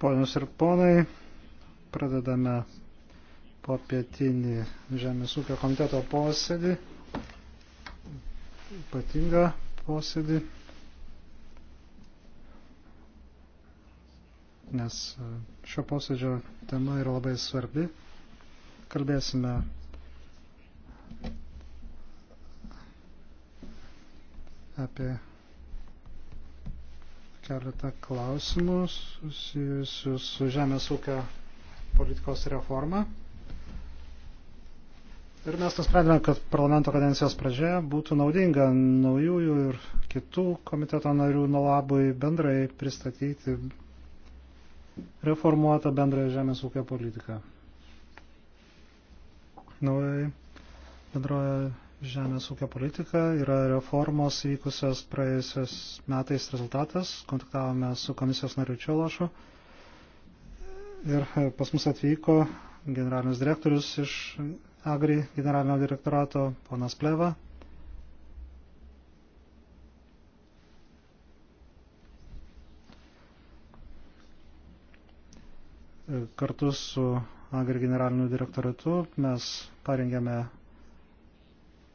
Ponios ir ponai, pradedame popietinį Žemės ūkio komiteto posėdį, ypatingą posėdį, nes šio posėdžio tema yra labai svarbi. Kalbėsime apie keletą klausimų susijusių su žemės ūkio politikos reforma. Ir mes nusprendėme, kad parlamento kadencijos pradžioje būtų naudinga naujųjų ir kitų komiteto narių nalabui bendrai pristatyti reformuotą bendrąją žemės ūkio politiką. Naujai bendroje žemės ūkio politika yra reformos vykusios praėjusios metais rezultatas. Kontaktavome su komisijos nariu Čiološu ir pas mus atvyko generalinis direktorius iš Agri generalinio direktorato, ponas Pleva. Kartu su Agri generaliniu direktoratu mes parengėme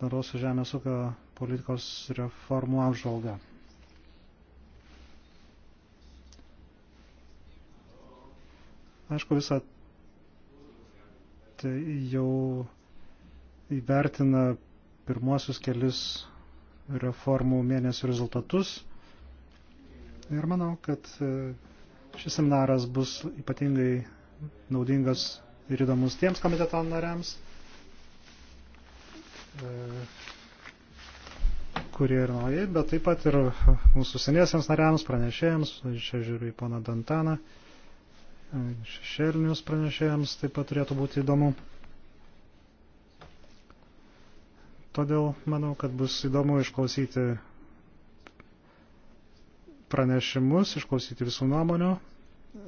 paros žemės ūkio politikos reformų apžvalgą. Aišku, visą tai jau įvertina pirmuosius kelis reformų mėnesių rezultatus. Ir manau, kad e, šis seminaras bus ypatingai naudingas ir įdomus tiems komiteto nariams, E, kurie ir naujai, bet taip pat ir mūsų seniesiams nariams, pranešėjams, čia žiūriu į poną Dantaną, e, šešėlinius pranešėjams taip pat turėtų būti įdomu. Todėl manau, kad bus įdomu išklausyti pranešimus, išklausyti visų nuomonių.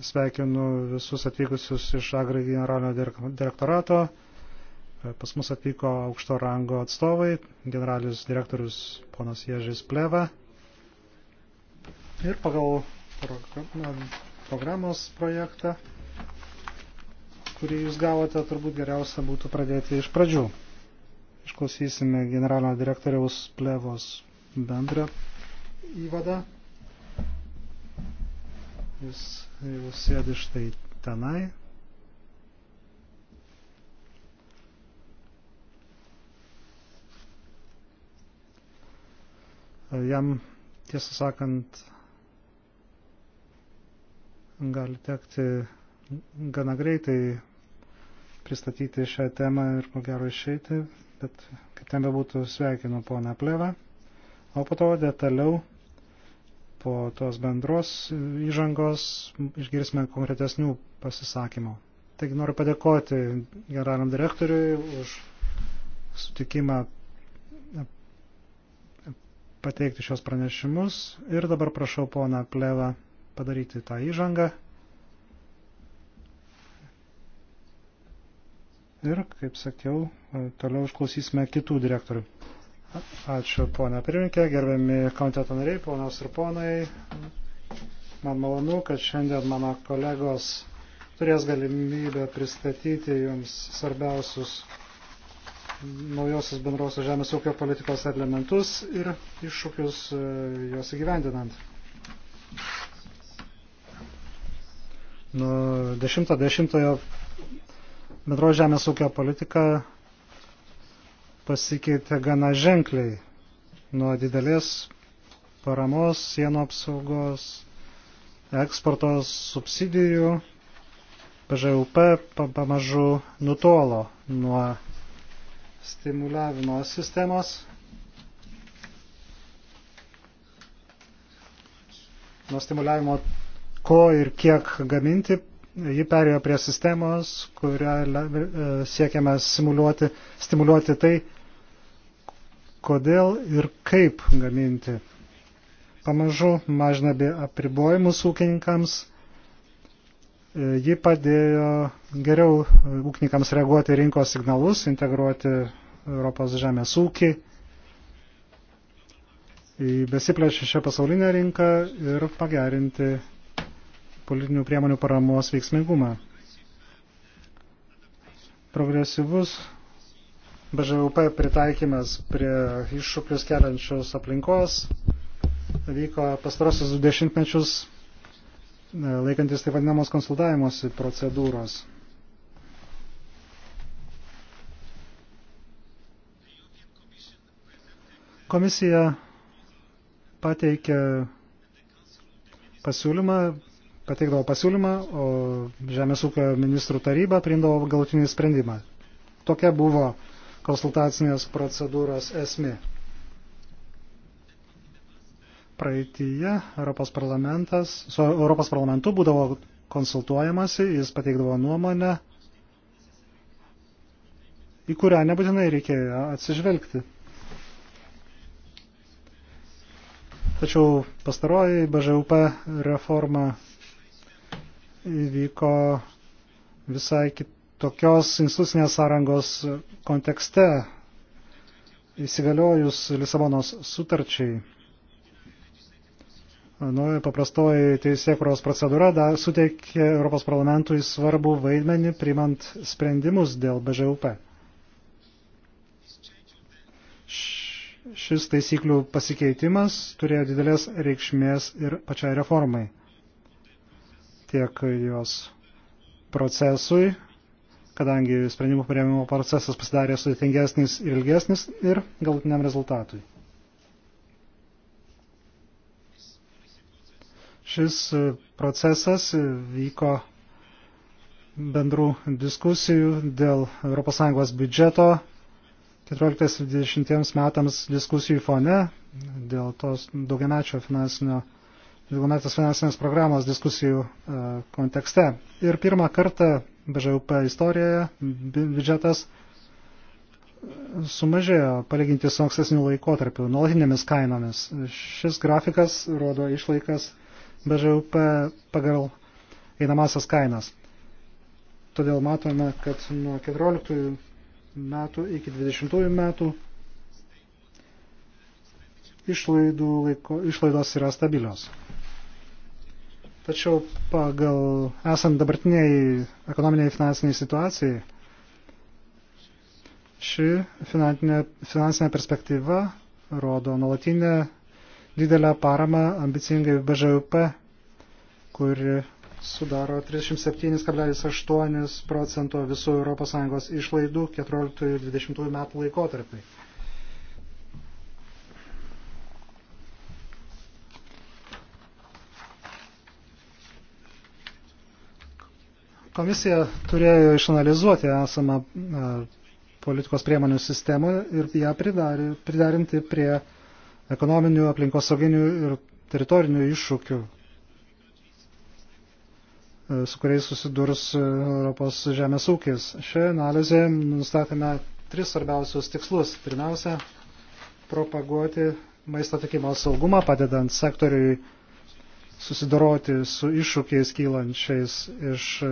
Sveikinu visus atvykusius iš Agri generalinio direktorato. E, pas mus atvyko aukšto rango atstovai, generalius direktorius ponas Ježis Pleva. Ir pagal programos projektą, kurį jūs gavote, turbūt geriausia būtų pradėti iš pradžių. Išklausysime generalinio direktoriaus Plevos bendrą įvadą. Jis jau sėdi štai tenai. jam, tiesą sakant, gali tekti gana greitai pristatyti šią temą ir ko gero išeiti, bet kaip ten bebūtų sveikinu poną Plevą. O po to detaliau, po tos bendros įžangos išgirsime konkretesnių pasisakymų. Taigi noriu padėkoti generaliniam direktoriui už sutikimą pateikti šios pranešimus ir dabar prašau poną Plevą padaryti tą įžangą. Ir, kaip sakiau, toliau išklausysime kitų direktorių. Ačiū, ponia pirmininkė, gerbiami komiteto nariai, ponios ir ponai. Man malonu, kad šiandien mano kolegos turės galimybę pristatyti jums svarbiausius naujosios bendrosios žemės ūkio politikos elementus ir iššūkius e, juos įgyvendinant. Nuo 10-10 bendros žemės ūkio politika pasikeitė gana ženkliai nuo didelės paramos, sienų apsaugos, eksportos subsidijų, PŽUP pamažu nutolo nuo stimuliavimo sistemos. Nuo stimuliavimo ko ir kiek gaminti, ji perėjo prie sistemos, kurią e, siekiame simuliuoti, stimuliuoti tai, kodėl ir kaip gaminti. Pamažu mažinami apribojimus ūkininkams Ji padėjo geriau e, ūkininkams reaguoti rinkos signalus, integruoti Europos žemės ūkį į besiplečiančią pasaulinę rinką ir pagerinti politinių priemonių paramos veiksmingumą. Progresyvus BŽUP pritaikymas prie iššūkius keliančios aplinkos vyko pastarosius dešimtmečius E, laikantis taip vadinamos konsultavimosi procedūros. Komisija pateikė pasiūlymą, pateikdavo pasiūlymą, o Žemės ūkio ministrų taryba priimdavo galutinį sprendimą. Tokia buvo konsultacinės procedūros esmė praeitįje Europos parlamentas, su Europos parlamentu būdavo konsultuojamasi, jis pateikdavo nuomonę, į kurią nebūtinai reikėjo atsižvelgti. Tačiau pastaroji BŽUP reforma įvyko visai kitokios institucinės sąrangos kontekste įsigaliojus Lisabonos sutarčiai. Nauja paprastoji teisėkuros procedūra da, suteikė Europos parlamentui svarbų vaidmenį primant sprendimus dėl BŽUP. Šis taisyklių pasikeitimas turėjo didelės reikšmės ir pačiai reformai. Tiek jos procesui, kadangi sprendimų prieimimo procesas pasidarė sudėtingesnis ir ilgesnis ir galutiniam rezultatui. Šis e, procesas vyko bendrų diskusijų dėl ES biudžeto 14-20 metams diskusijų fone dėl tos daugiamečio finansinio, daugiametės finansinės programos diskusijų e, kontekste. Ir pirmą kartą BŽUP istorijoje biudžetas sumažėjo palyginti su ankstesniu laikotarpiu, nuolatinėmis kainomis. Šis grafikas rodo išlaikas BŽUP pagal einamasias kainas. Todėl matome, kad nuo 14 metų iki 20 metų išlaidų laiko, išlaidos yra stabilios. Tačiau pagal esant dabartiniai ekonominiai finansiniai situacijai, ši finansinė, finansinė perspektyva rodo nuolatinę didelę paramą ambicingai BŽUP, kuri sudaro 37,8 procento visų ES išlaidų 14-20 metų laikotarpiai. Komisija turėjo išanalizuoti esamą e, politikos priemonių sistemą ir ją pridarinti prie ekonominių, aplinkosauginių ir teritorinių iššūkių, e, su kuriais susidurs e, Europos žemės ūkis. Šioje analizėje nustatėme tris svarbiausius tikslus. Pirmiausia, propaguoti maisto tikimo saugumą, padedant sektoriui susidoroti su iššūkiais kylančiais iš e,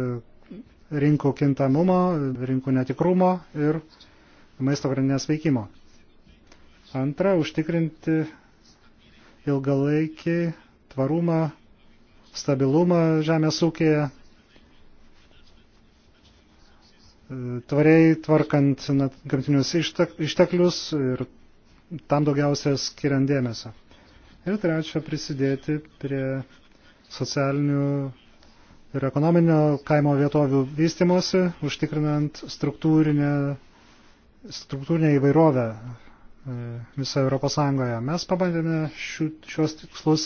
rinkų kintamumo, rinkų netikrumo ir maisto grandinės veikimo. Antra, užtikrinti ilgalaikį tvarumą, stabilumą žemės ūkėje, e, tvariai tvarkant gamtinius išteklius ir tam daugiausia skiriant dėmesio. Ir trečia, prisidėti prie socialinių ir ekonominio kaimo vietovių vystimosi, užtikrinant struktūrinę, struktūrinę įvairovę E, visoje Europos Sąjungoje. Mes pabandėme šių, šios tikslus,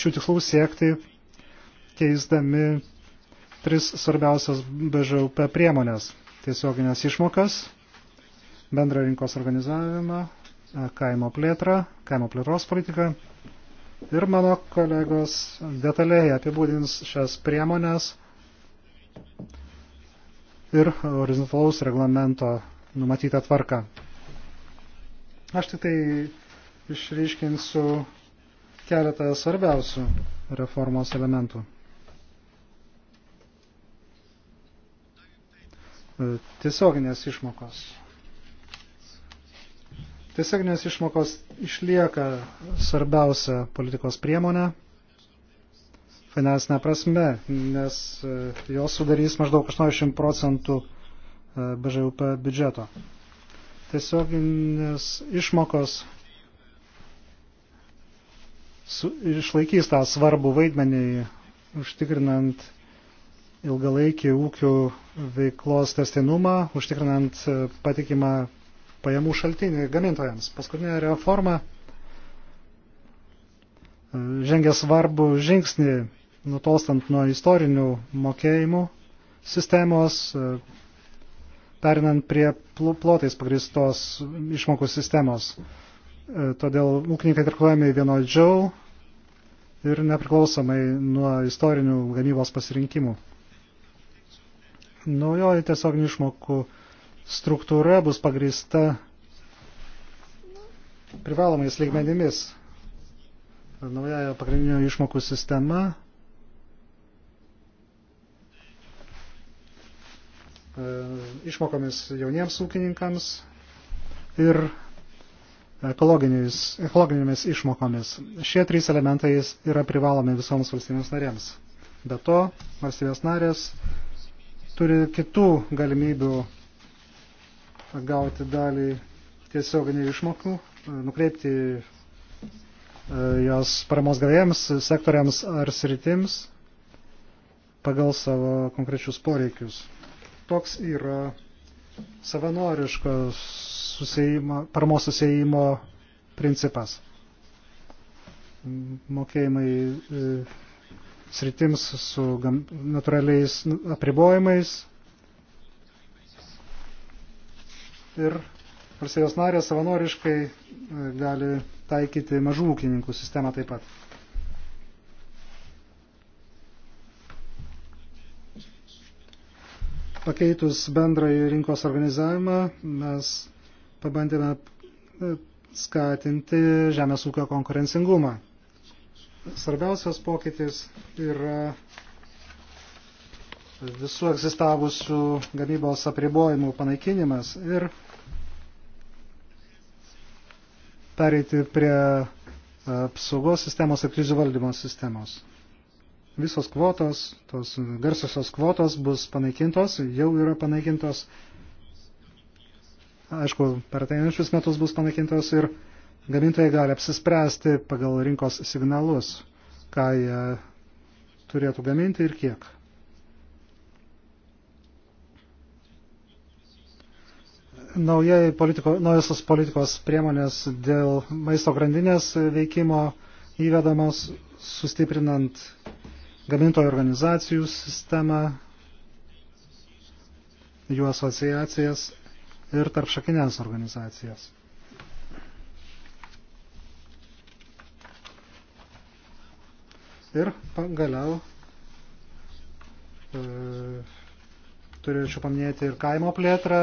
šių tikslų siekti keisdami tris svarbiausias BŽUP priemonės - tiesioginės išmokas, bendrą rinkos organizavimą, e, kaimo plėtrą, kaimo plėtros politiką. Ir mano kolegos detaliai apibūdins šias priemonės ir horizontalaus reglamento numatytą tvarką. Aš tik tai išryškinsiu keletą svarbiausių reformos elementų. E, tiesioginės išmokos. Tiesioginės išmokos išlieka svarbiausia politikos priemonė finansinę prasme, nes e, jos sudarys maždaug 80 procentų e, BŽUP biudžeto. Tiesioginės išmokos su, išlaikys tą svarbų vaidmenį, užtikrinant ilgalaikį ūkių veiklos testinumą, užtikrinant e, patikimą pajamų šaltinį gamintojams. Paskutinė reforma e, žengia svarbų žingsnį, nutolstant nuo istorinių mokėjimų sistemos, e, perinant prie plotais pagristos išmokų sistemos. E, todėl ūkininkai traktuojami vienodžiau ir nepriklausomai nuo istorinių gamybos pasirinkimų. Naujoji tiesioginių išmokų struktūra bus pagrįsta privalomais lygmenimis. Naujaja pagrindinio išmokų sistema E, išmokomis jauniems ūkininkams ir ekologinėmis išmokomis. Šie trys elementai yra privalomi visoms valstybėms narėms. Be to, valstybės narės turi kitų galimybių gauti dalį tiesioginių išmokų, e, nukreipti e, jos paramos gavėjams, sektoriams ar sritims pagal savo konkrečius poreikius toks yra savanoriško susėjimo, paramos susėjimo principas. Mokėjimai e, sritims su gam, natūraliais apribojimais ir valstybės narės savanoriškai e, gali taikyti mažų ūkininkų sistemą taip pat. Pakeitus bendrąjį rinkos organizavimą mes pabandėme e, skatinti žemės ūkio konkurencingumą. Svarbiausias pokytis yra visų egzistavusių gamybos apribojimų panaikinimas ir pereiti prie e, apsaugos sistemos ir krizių valdymo sistemos visos kvotos, tos garsiosios kvotos bus panaikintos, jau yra panaikintos, aišku, per ateinančius metus bus panaikintos ir gamintojai gali apsispręsti pagal rinkos signalus, ką jie turėtų gaminti ir kiek. Naujai politiko, naujasios politikos priemonės dėl maisto grandinės veikimo įvedamos sustiprinant gamintojų organizacijų sistemą, jų asociacijas ir tarpšakinės organizacijas. Ir galiau e, turėčiau paminėti ir kaimo plėtrą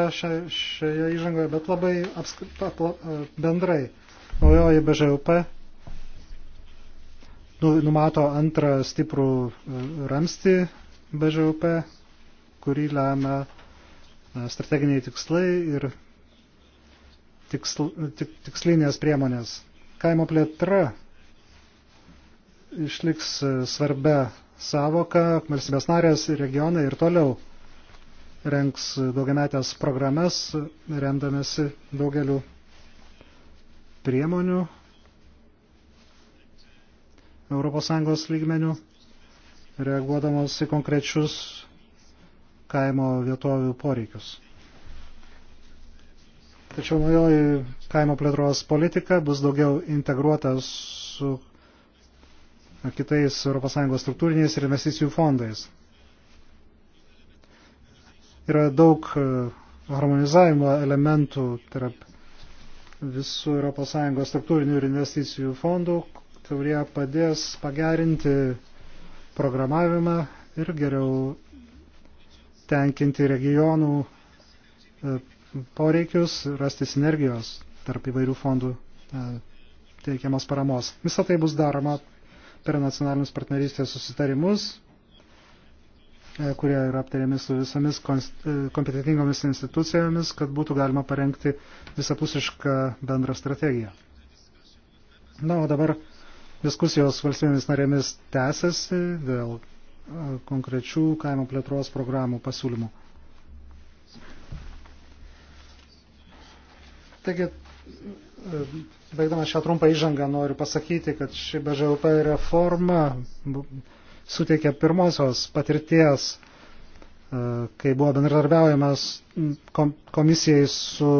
šioje įžangoje, bet labai apskri, e, bendrai. Naujoji BŽUP Nu, numato antrą stiprų e, ramstį BŽUP, kurį lemia e, strateginiai tikslai ir tiksl, tik, tikslinės priemonės. Kaimo plėtra išliks e, svarbia savoka, valstybės narės ir regionai ir toliau renks daugiametės programas, remdamėsi daugeliu priemonių ES lygmenių, reaguodamos į konkrečius kaimo vietovių poreikius. Tačiau naujoji kaimo plėtros politika bus daugiau integruota su kitais ES struktūriniais ir investicijų fondais. Yra daug e, harmonizavimo elementų tarp visų ES struktūrinių ir investicijų fondų, kurie padės pagerinti programavimą ir geriau tenkinti regionų e, poreikius, rasti sinergijos tarp įvairių fondų e, teikiamos paramos. Visą tai bus daroma per nacionalinius partnerystės susitarimus, e, kurie yra aptariami su visomis kompetitingomis institucijomis, kad būtų galima parengti visapusišką bendrą strategiją. Na, o dabar Diskusijos valstybėmis narėmis tęsiasi dėl e, konkrečių kaimo plėtros programų pasiūlymų. Taigi, e, baigdama šią trumpą įžangą, noriu pasakyti, kad ši BŽUP reforma suteikia pirmosios patirties, e, kai buvo bendradarbiaujamas komisijai su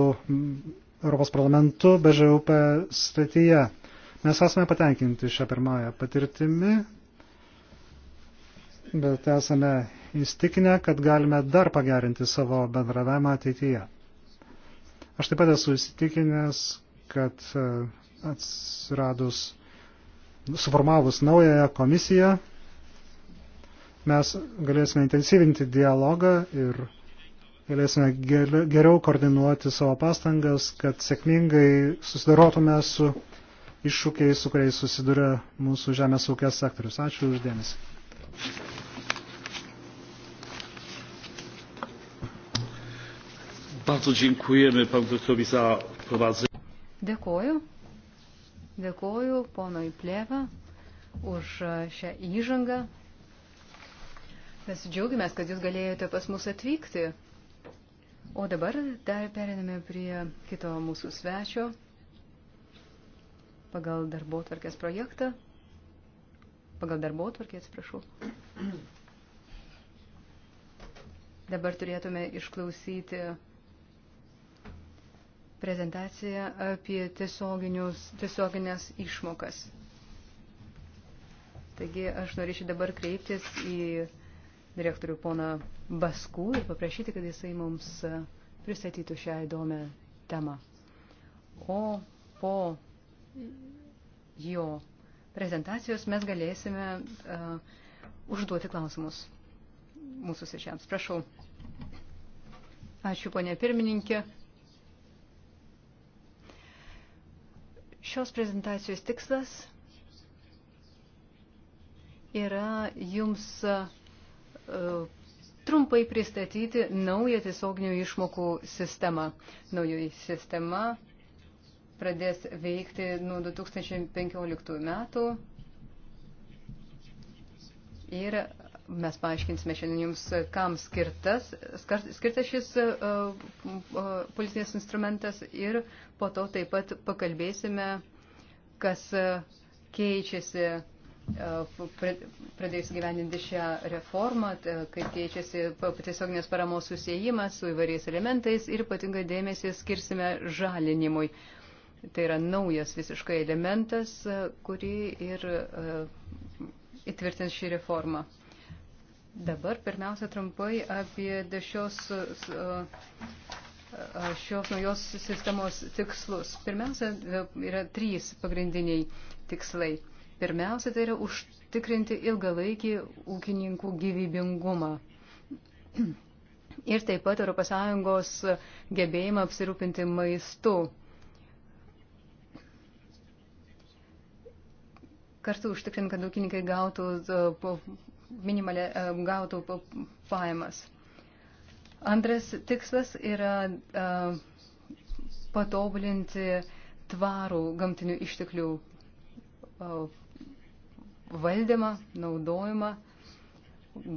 Europos parlamentu BŽUP srityje. Mes esame patenkinti šią pirmąją patirtimi, bet esame įstikinę, kad galime dar pagerinti savo bendravimą ateityje. Aš taip pat esu įsitikinęs, kad e, atsiradus, suformavus naująją komisiją, mes galėsime intensyvinti dialogą ir galėsime geriau koordinuoti savo pastangas, kad sėkmingai susidarotume su iššūkiai, su kuriais susiduria mūsų žemės ūkės sektorius. Ačiū uždėmesi. Bardzo dziękujemy panu doktorowi za prowadzenie. Dėkoju. Dėkoju ponui Pleva už e, šią įžangą. Mes džiaugiamės, kad jūs galėjote pas mus atvykti. O dabar dar periname prie kito mūsų svečio pagal darbo tvarkės projektą. Pagal darbo tvarkė, atsiprašau. Dabar turėtume išklausyti prezentaciją apie tiesioginės išmokas. Taigi aš norėčiau dabar kreiptis į direktorių poną Baskų ir paprašyti, kad jisai mums pristatytų šią įdomią temą. O po jo prezentacijos mes galėsime uh, užduoti klausimus mūsų svečiams. Prašau. Ačiū, ponė pirmininkė. Šios prezentacijos tikslas yra jums uh, trumpai pristatyti naują tiesioginių išmokų sistemą. Naujoji sistema pradės veikti nuo 2015 metų. Ir mes paaiškinsime šiandien jums, kam skirtas, skirtas šis uh, e, uh, e, politinės instrumentas ir po to taip pat pakalbėsime, kas e, keičiasi uh, pradėjus gyveninti šią reformą, tai, kaip keičiasi tiesioginės paramos susijimas su įvairiais elementais ir ypatingą dėmesį skirsime žalinimui. Uh, Tai yra naujas visiškai elementas, e, kurį ir e, įtvirtins šį reformą. Dabar pirmiausia trumpai apie šios, e, šios naujos sistemos tikslus. Pirmiausia yra trys pagrindiniai tikslai. Pirmiausia tai yra užtikrinti ilgalaikį ūkininkų gyvybingumą. Ir taip pat ES gebėjimą apsirūpinti maistu kartu užtikrint, kad ūkininkai gautų minimalę, e, gautų pajamas. Antras tikslas yra e, patobulinti tvarų gamtinių išteklių e, valdymą, naudojimą,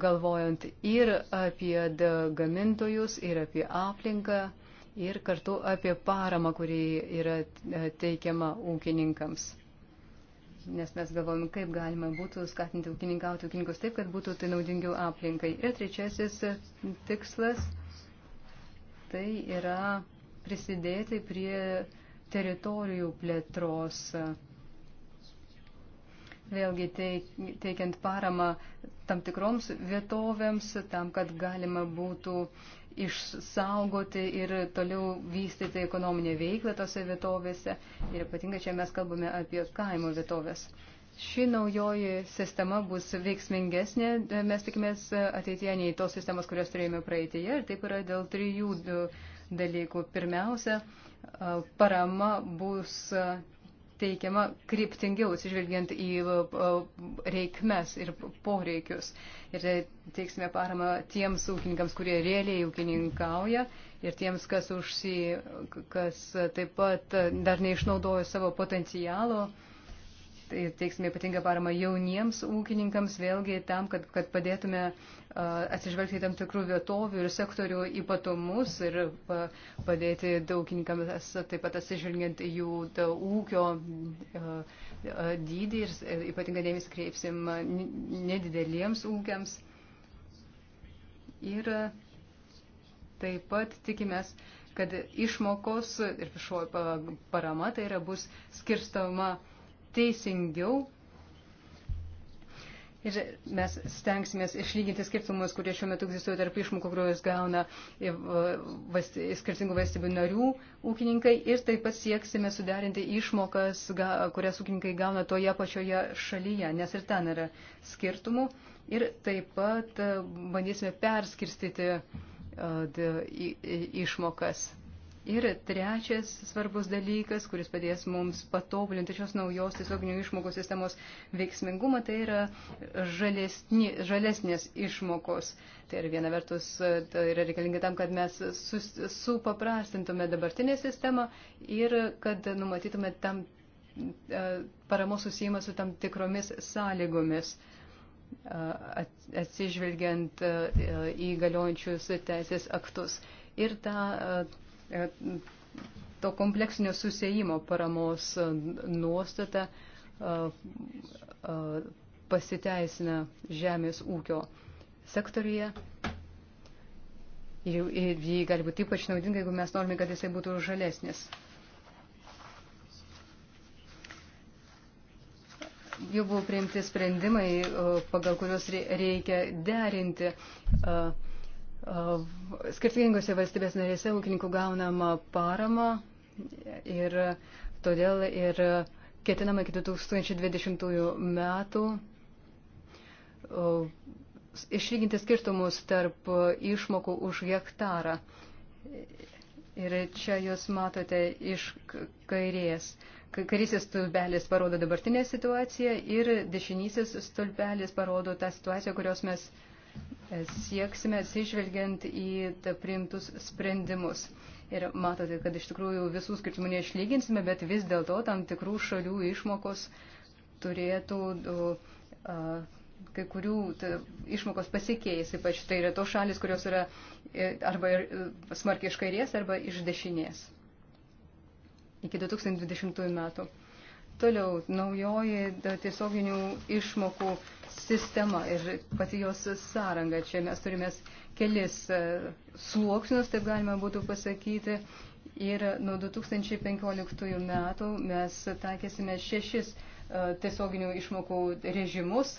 galvojant ir apie gamintojus, ir apie aplinką, ir kartu apie paramą, kuri yra teikiama ūkininkams nes mes galvojame, kaip galima būtų skatinti ūkininkauti ūkininkus taip, kad būtų tai naudingiau aplinkai. Ir trečiasis tikslas tai yra prisidėti prie teritorijų plėtros. Vėlgi tai, teikiant paramą tam tikroms vietovėms, tam, kad galima būtų uh, išsaugoti ir toliau vystyti ekonominę veiklą tose vietovėse. Ir ypatingai čia mes kalbame apie kaimo vietovės. Ši naujoji sistema bus veiksmingesnė, mes tikimės ateityje nei tos sistemos, kurias turėjome praeitėje. Ir taip yra dėl trijų dalykų. Pirmiausia, parama bus teikiama kryptingiau, atsižvelgiant į e, e, reikmes ir poreikius. Ir tai teiksime paramą tiems ūkininkams, kurie realiai ūkininkauja ir tiems, kas, užsi, kas taip pat dar neišnaudojo savo potencialo teiksime ypatingą paramą jauniems ūkininkams, vėlgi tam, kad, kad padėtume atsižvelgti tam tikrų vietovių ir sektorių ypatumus ir padėti daugininkams taip pat atsižvelgiant jų ūkio dydį ir ypatingą dėmesį kreipsim nedideliems ūkiams. Ir taip pat tikimės, kad išmokos ir viešoji parama tai yra bus skirstama teisingiau. Ir mes stengsimės išlyginti skirtumus, kurie šiuo metu egzistuoja tarp išmokų, kurios gauna skirtingų valstybių narių ūkininkai ir taip pat sieksime suderinti išmokas, kurias ūkininkai gauna toje pačioje šalyje, nes ir ten yra skirtumų. Ir taip pat e, bandysime perskirstyti e, išmokas. Ir trečias svarbus dalykas, kuris padės mums patobulinti šios naujos tiesioginių išmokų sistemos veiksmingumą, tai yra žalesni, žalesnės išmokos. Tai yra viena vertus tai yra reikalinga tam, kad mes sus, supaprastintume dabartinę sistemą ir kad numatytume tam e, paramos susijimą su tam tikromis sąlygomis atsižvelgiant e, į galiojančius teisės aktus. Ir tą e, E, to kompleksinio susijimo paramos nuostata e, e, pasiteisina žemės ūkio sektorija. Ir, ir jį gali būti ypač naudinga, jeigu mes norime, kad jisai būtų žalesnis. Jau buvo priimti sprendimai, pagal kuriuos reikia derinti uh, skirtingose valstybės narėse ūkininkų gaunama parama ir todėl ir ketinama iki 2020 metų išlyginti skirtumus tarp išmokų už hektarą. Ir čia jūs matote iš kairės. Kairysis stulpelis parodo dabartinę situaciją ir dešinysis stulpelis parodo tą situaciją, kurios mes uh, sieksime atsižvelgiant į priimtus sprendimus. Ir matote, kad iš tikrųjų visų skirtumų neišlyginsime, bet vis dėlto tam tikrų šalių išmokos turėtų, o, kai kurių ta, išmokos pasikeis, ypač tai yra tos šalis, kurios yra e, arba e, smarkiai iš kairės, arba iš dešinės iki 2020 metų. Toliau, naujoji tiesioginių išmokų sistema ir pati jos sąranga. Čia mes turime kelis e, sluoksnius, taip galima būtų pasakyti. Ir nuo 2015 metų mes taikėsime šešis e, tiesioginių išmokų režimus.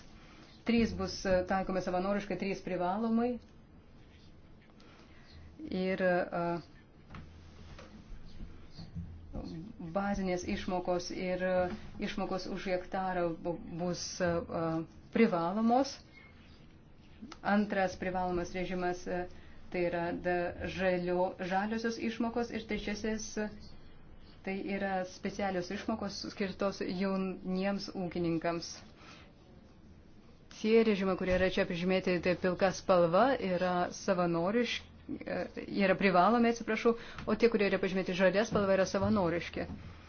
Trys bus taikomi savanoriškai, trys privalomai. Ir e, bazinės išmokos ir išmokos už hektarą bus. Uh, privalomos. Antras privalomas režimas e, tai yra žalio, žaliosios išmokos ir trečiasis e, tai yra specialios išmokos skirtos jauniems ūkininkams. Tie režimai, kurie yra čia pažymėti, tai pilka spalva, yra savanoriški, e, yra privalomi, atsiprašau, o tie, kurie yra pažymėti žalės spalva, yra savanoriški. Uh,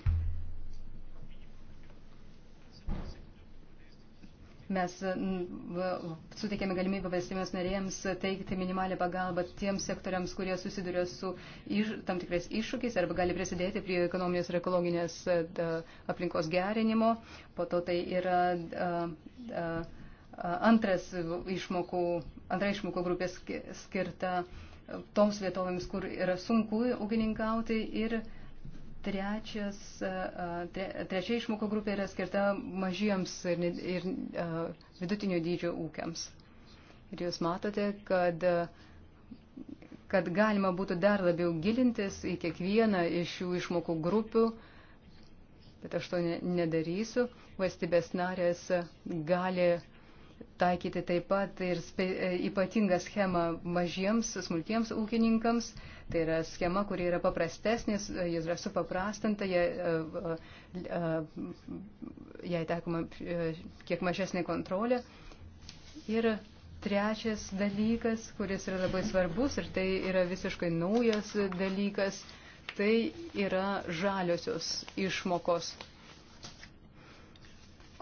Mes suteikėme galimybę valstybės narėjams teikti minimalę pagalbą tiems sektoriams, kurie susiduria su iš, tam tikrais iššūkiais arba gali prisidėti prie ekonominės ir ekologinės e, da, aplinkos gerinimo. Po to tai yra da, da, antras išmokų, antra išmokų grupė skirta toms vietovėms, kur yra sunku ūkininkauti ir uh, Trečias, tre, trečia išmokų grupė yra skirta mažiems ir, ir vidutinio dydžio ūkiams. Ir jūs matote, kad, kad galima būtų dar labiau gilintis į kiekvieną iš šių išmokų grupių, bet aš to nedarysiu. Valstybės narės gali taikyti taip pat ir spe, e, ypatingą schemą mažiems, smulkiems ūkininkams. Tai yra schema, kuri yra paprastesnės, e, jis yra supaprastinta, e, jai, jai taikoma kiek mažesnė kontrolė. Ir trečias dalykas, kuris yra labai svarbus ir tai yra visiškai naujas dalykas, tai yra žaliosios išmokos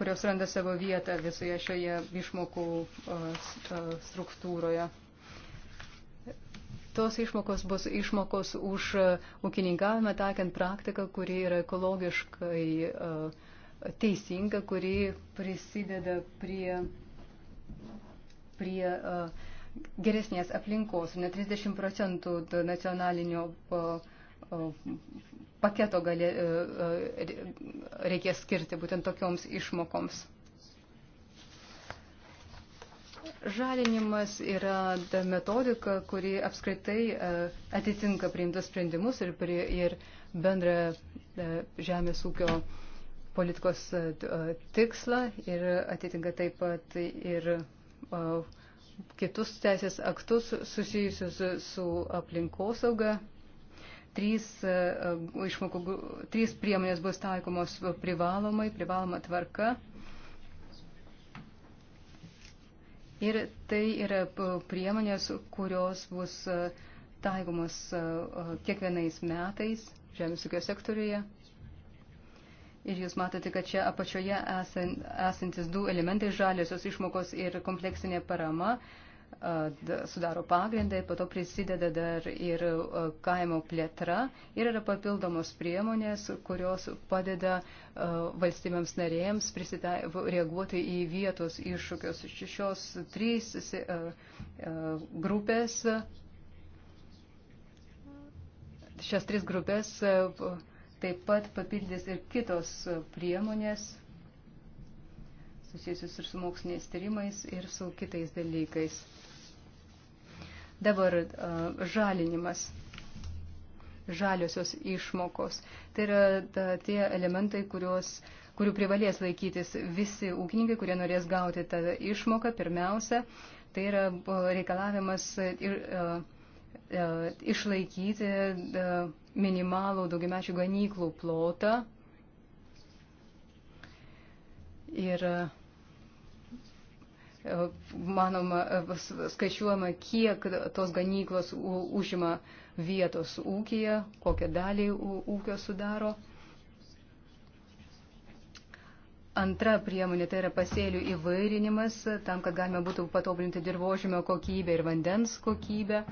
kurios randa savo vietą visoje šioje išmokų struktūroje. Tos išmokos bus išmokos už e, ūkininkavimą, takiant praktiką, kuri yra ekologiškai teisinga, kuri prisideda prie, prie geresnės aplinkos. Ne 30 procentų nacionalinio paketo galė, e, e, reikės skirti būtent tokioms išmokoms. Žalinimas yra metodika, kuri apskritai e, atitinka priimtus sprendimus ir, ir bendrą žemės ūkio politikos tikslą ir atitinka taip pat ir kitus teisės aktus susijusius su aplinkosauga Trys, e, e, išmokų, trys priemonės bus taikomos privalomai, privaloma tvarka. Ir tai yra priemonės, kurios bus e, taikomos kiekvienais metais žemės ūkio sektoriuje. Ir jūs matote, kad čia apačioje esantis du elementai - žaliosios išmokos ir kompleksinė parama. Uh, sudaro pagrindai, po to prisideda dar ir kaimo plėtra ir yra papildomos priemonės, kurios padeda valstybėms narėjams reaguoti į vietos iššūkius. Šios trys grupės, šias tris grupės taip pat papildys ir kitos priemonės susijusius ir su moksliniais tyrimais, ir su kitais dalykais. Dabar žalinimas, žaliosios išmokos. Tai yra ta, tie elementai, kurios, kurių privalės laikytis visi ūkininkai, kurie norės gauti tą išmoką pirmiausia. Tai yra reikalavimas ir, išlaikyti minimalų daugiamečių ganyklų plotą Ir uh, E, manoma, e, skaičiuojama, kiek tos ganyklos užima vietos ūkija, kokią dalį ūkio sudaro. Antra priemonė tai yra pasėlių įvairinimas, tam, kad galima būtų patobulinti dirbožymio kokybę ir vandens kokybę.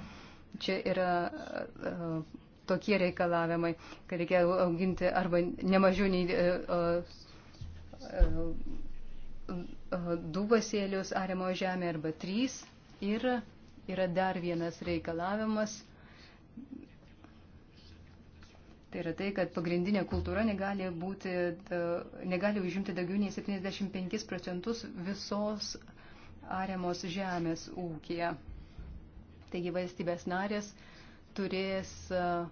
Čia yra uh, tokie reikalavimai, kad reikia auginti arba nemažiau nei uh, uh, du vasėlius ariamoje žemėje arba trys. Ir yra dar vienas reikalavimas. Tai yra tai, kad pagrindinė kultūra negali, būti, negali užimti daugiau nei 75 procentus visos ariamos žemės ūkija. Taigi valstybės narės turės uh,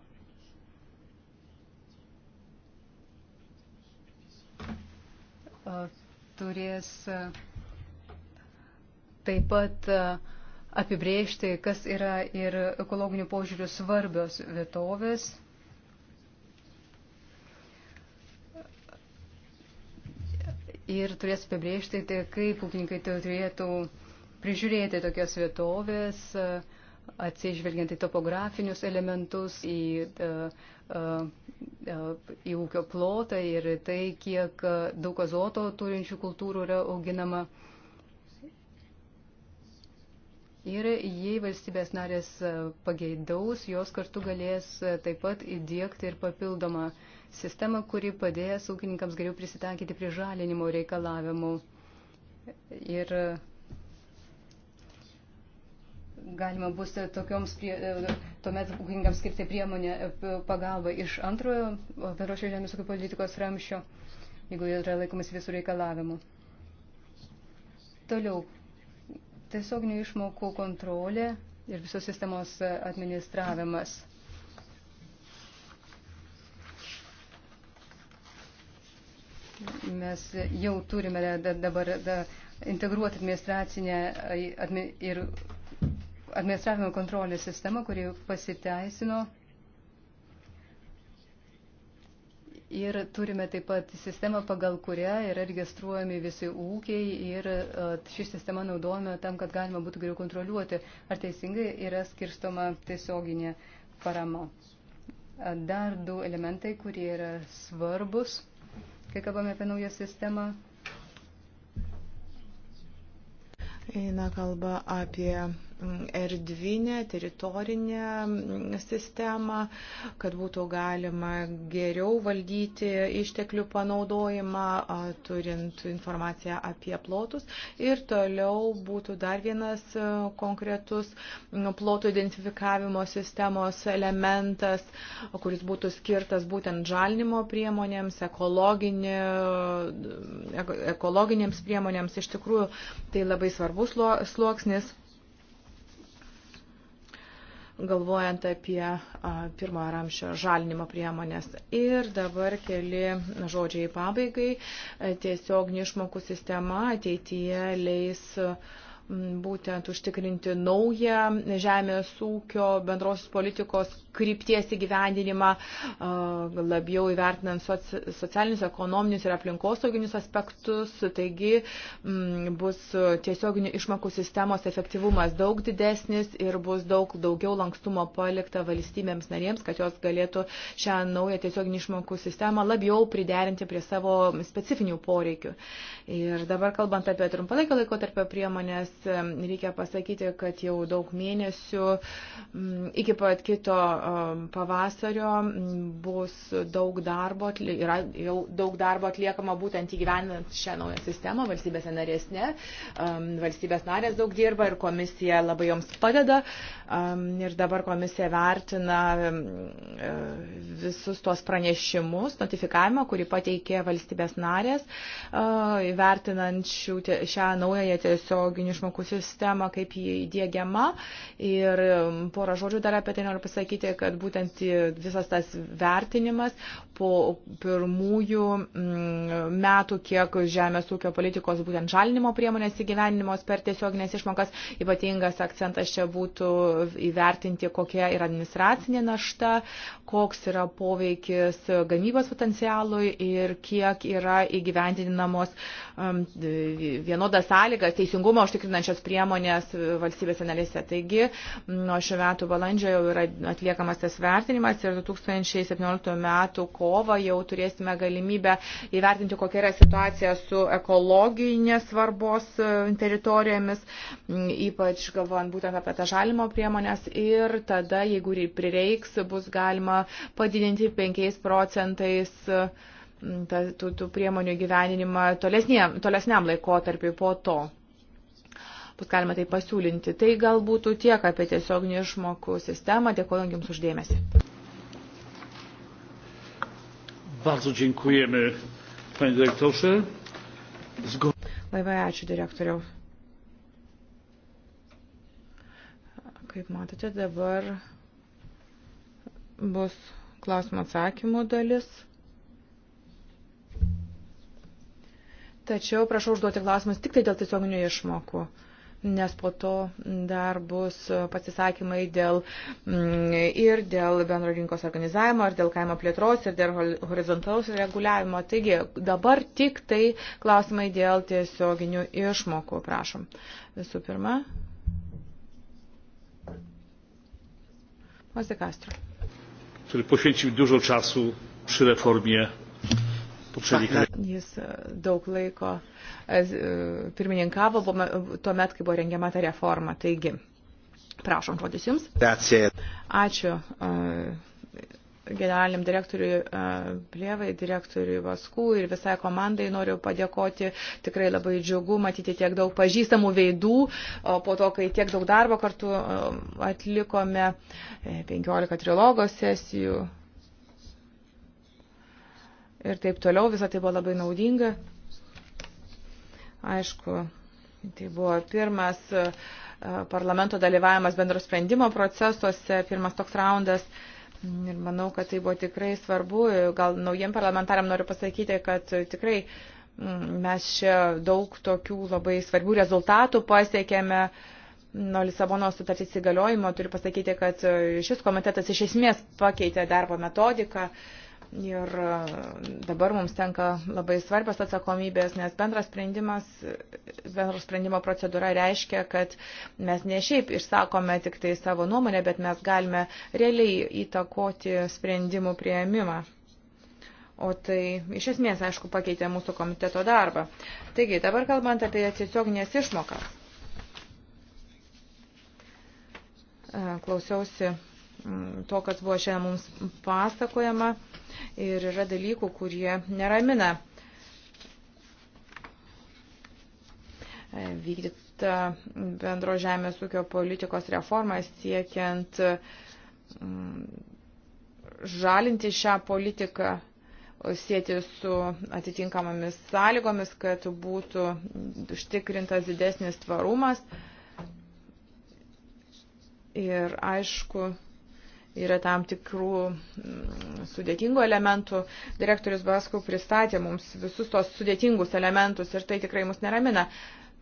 turės e, taip pat e, apibrėžti, kas yra ir ekologinių požiūrių svarbios vietovės. Ir turės apibrėžti, tai kaip ūkininkai turėtų prižiūrėti tokias vietovės, uh, atsižvelgiant į topografinius elementus, į, e, e, e, į ūkio plotą ir tai, kiek daug azoto turinčių kultūrų yra auginama. Ir jei valstybės narės pageidaus, jos kartu galės taip pat įdėkti ir papildomą sistemą, kuri padės ūkininkams geriau prisitaikyti prie žalinimo reikalavimų. Ir galima bus tokioms prie, e, tuomet ūkininkams skirti priemonę e, pagalbą iš antrojo bendrošio žemės ūkio politikos ramščio, jeigu yra laikomas visų reikalavimų. Toliau, tiesioginių išmokų kontrolė ir visos sistemos e, administravimas. Mes jau turime dabar integruoti administracinę ir administravimo kontrolės sistema, kuri pasiteisino. Ir turime taip pat sistemą, pagal kurią yra registruojami visi ūkiai ir e, ši sistema naudojame tam, kad galima būtų geriau kontroliuoti, ar teisingai yra skirstoma tiesioginė parama. E, dar du elementai, kurie yra svarbus, kai kalbame apie naują sistemą. Eina kalba apie erdvinę, teritorinę mm, sistemą, kad būtų galima geriau valdyti išteklių panaudojimą, turint informaciją apie plotus. Ir toliau būtų dar vienas konkretus mm, plotų identifikavimo sistemos elementas, kuris būtų skirtas būtent žalinimo priemonėms, ekologinė, mm, ekologinėms priemonėms. Iš tikrųjų, tai labai svarbus sluoksnis. Lo, galvojant apie pirmojo ramšio žalinimo priemonės. Ir dabar keli žodžiai pabaigai. E, Tiesiog nišmokų sistema ateityje leis uh, būtent užtikrinti naują žemės ūkio bendrosios politikos krypties įgyvendinimą, labiau įvertinant socialinius, ekonominius ir aplinkosauginius aspektus. Taigi mm, bus tiesioginių išmokų sistemos efektyvumas daug didesnis ir bus daug daugiau lankstumo palikta valstybėms narėms, kad jos galėtų šią naują tiesioginių išmokų sistemą labiau priderinti prie savo specifinių poreikių. Ir dabar kalbant apie trumpalaikio laiko tarp priemonės, reikia pasakyti, kad jau daug mėnesių iki pat kito pavasario bus daug darbo, yra jau daug darbo atliekama būtent įgyvenant šią naują sistemą valstybėse narėsne. Valstybės narės daug dirba ir komisija labai joms padeda. Ir dabar komisija vertina e, visus tuos pranešimus, notifikavimą, kurį pateikė valstybės narės, vertinant šią naująją tiesioginių išmokų išmokų sistemą, kaip jį įdėgiama. Ir um, porą žodžių dar apie tai noriu pasakyti, kad būtent visas tas vertinimas po pirmųjų mm, metų, kiek žemės ūkio politikos būtent žalinimo priemonės įgyveninimos per tiesioginės išmokas, ypatingas akcentas čia būtų įvertinti, kokia yra administracinė našta, koks yra poveikis gamybos potencialui ir kiek yra įgyvendinamos uh, Um, vienodas sąlygas, teisingumo užtikrinančios priemonės uh, valstybėse narėse. Taigi, mm, nuo šių metų balandžio jau yra atliekamas tas vertinimas ir 2017 metų kovo jau turėsime galimybę įvertinti, kokia yra situacija su ekologinės svarbos uh, teritorijomis, mm, ypač galvojant būtent apie tą žalimo priemonės ir tada, jeigu prireiks, bus galima padidinti 5 procentais uh, ta, tų, tų priemonių gyveninimą tolesniam laikotarpiu po to. Bus galima tai pasiūlinti. Tai gal būtų tiek apie tiesioginių išmokų sistemą. Dėkuoju Jums uždėmesi. Bardzo dziękujemy, panie dyrektorze. Zgod... Labai ačiū, direktoriau. Kaip matote, dabar bus klausimų atsakymų dalis. Tačiau prašau užduoti klausimus tik tai dėl tiesioginių išmokų, nes po to dar bus pasisakymai dėl mm, ir dėl bendro rinkos organizavimo, ir dėl kaimo plėtros, ir dėl horizontalaus reguliavimo. Taigi dabar tik tai klausimai dėl tiesioginių išmokų, prašom. Visų pirma. Poświęcił dużo czasu przy reformie Jis e, daug laiko e, e, pirmininkavo tuo met, kai buvo rengiama ta reforma. Taigi, prašom žodis Jums. Ačiū generaliniam direktoriui Plėvai, direktoriui Vaskų ir visai komandai noriu padėkoti. Tikrai labai džiugu matyti tiek daug pažįstamų veidų, po to, kai tiek daug darbo kartu atlikome 15 trilogo sesijų, ir taip toliau. Visą tai buvo labai naudinga. Aišku, tai buvo pirmas e, parlamento dalyvavimas bendro sprendimo procesuose, pirmas toks raundas. Ir manau, kad tai buvo tikrai svarbu. Gal naujiem parlamentariam noriu pasakyti, kad tikrai mm, mes čia daug tokių labai svarbių rezultatų pasiekėme. Nuo Lisabono sutartys įgaliojimo turiu pasakyti, kad e, šis komitetas iš esmės pakeitė darbo metodiką. Uh, Ir e, dabar mums tenka labai svarbios atsakomybės, nes bendras sprendimas, bendro sprendimo procedūra reiškia, kad mes ne šiaip išsakome tik tai savo nuomonę, bet mes galime realiai įtakoti sprendimų prieimimą. O tai iš esmės, aišku, pakeitė mūsų komiteto darbą. Taigi, dabar kalbant apie tiesioginės išmokas. E, klausiausi mm, to, kas buvo šiandien mums pasakojama ir yra dalykų, kurie neramina. Vykdyta bendro žemės ūkio politikos reforma siekiant mm, žalinti šią politiką, sėti su atitinkamomis sąlygomis, kad būtų užtikrintas didesnis tvarumas. Ir aišku, yra tam tikrų mm, sudėtingų elementų. Direktorius Baskų pristatė mums visus tos sudėtingus elementus ir tai tikrai mus neramina.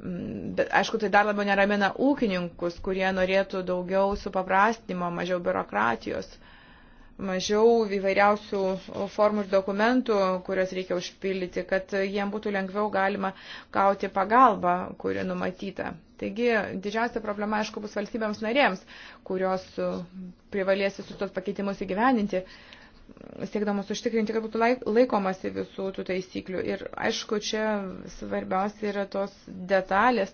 Mm, bet, aišku, tai dar labiau neramina ūkininkus, kurie norėtų daugiau supaprastinimo, mažiau biurokratijos, mažiau įvairiausių formų ir dokumentų, kurias reikia užpildyti, kad jiem būtų lengviau galima gauti pagalbą, kuri numatyta. Taigi didžiausia problema, aišku, bus valstybėms narėms, kurios e, privalės visus tos pakeitimus įgyveninti siekdamas užtikrinti, kad būtų laikomasi visų tų taisyklių. Ir aišku, čia svarbiausia yra tos detalės,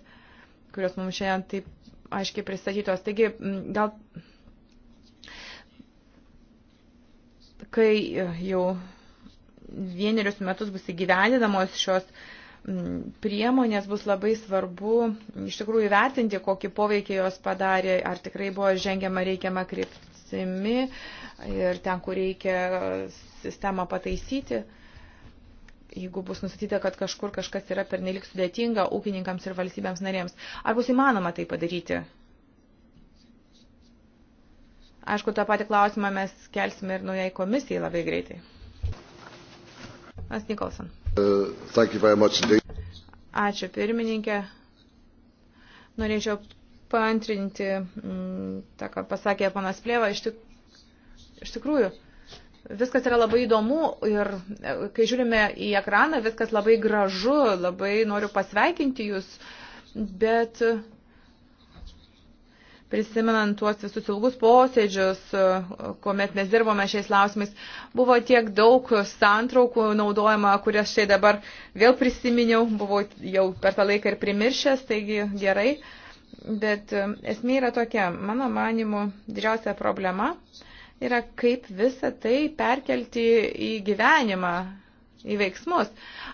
kurios mums šiandien taip aiškiai pristatytos. Taigi, gal kai jau vienerius metus bus įgyvendinamos šios uh, priemonės bus labai svarbu iš tikrųjų vertinti, kokį poveikį jos padarė, ar tikrai buvo žengiama reikiama kryptimi ir ten, kur reikia sistemą pataisyti. Jeigu bus nustatyta, kad kažkur kažkas yra pernelik sudėtinga ūkininkams ir valstybėms narėms, ar bus įmanoma tai padaryti? Aišku, tą patį klausimą mes kelsime ir naujai komisijai labai greitai. As Nikolson. Ačiū pirmininkė. Norėčiau paantrinti mm, tą, ką pasakė panas Plėva. Iš, tik, iš tikrųjų, viskas yra labai įdomu ir e, kai žiūrime į ekraną, viskas labai gražu, labai noriu pasveikinti jūs, bet prisimenant tuos visus ilgus posėdžius, e, kuomet mes dirbome šiais klausimais, buvo tiek daug santraukų naudojama, kurias štai dabar vėl prisiminiau, buvau jau per tą laiką ir primiršęs, taigi gerai. Bet e, esmė yra tokia, mano manimu, didžiausia problema yra kaip visą tai perkelti į gyvenimą, į veiksmus.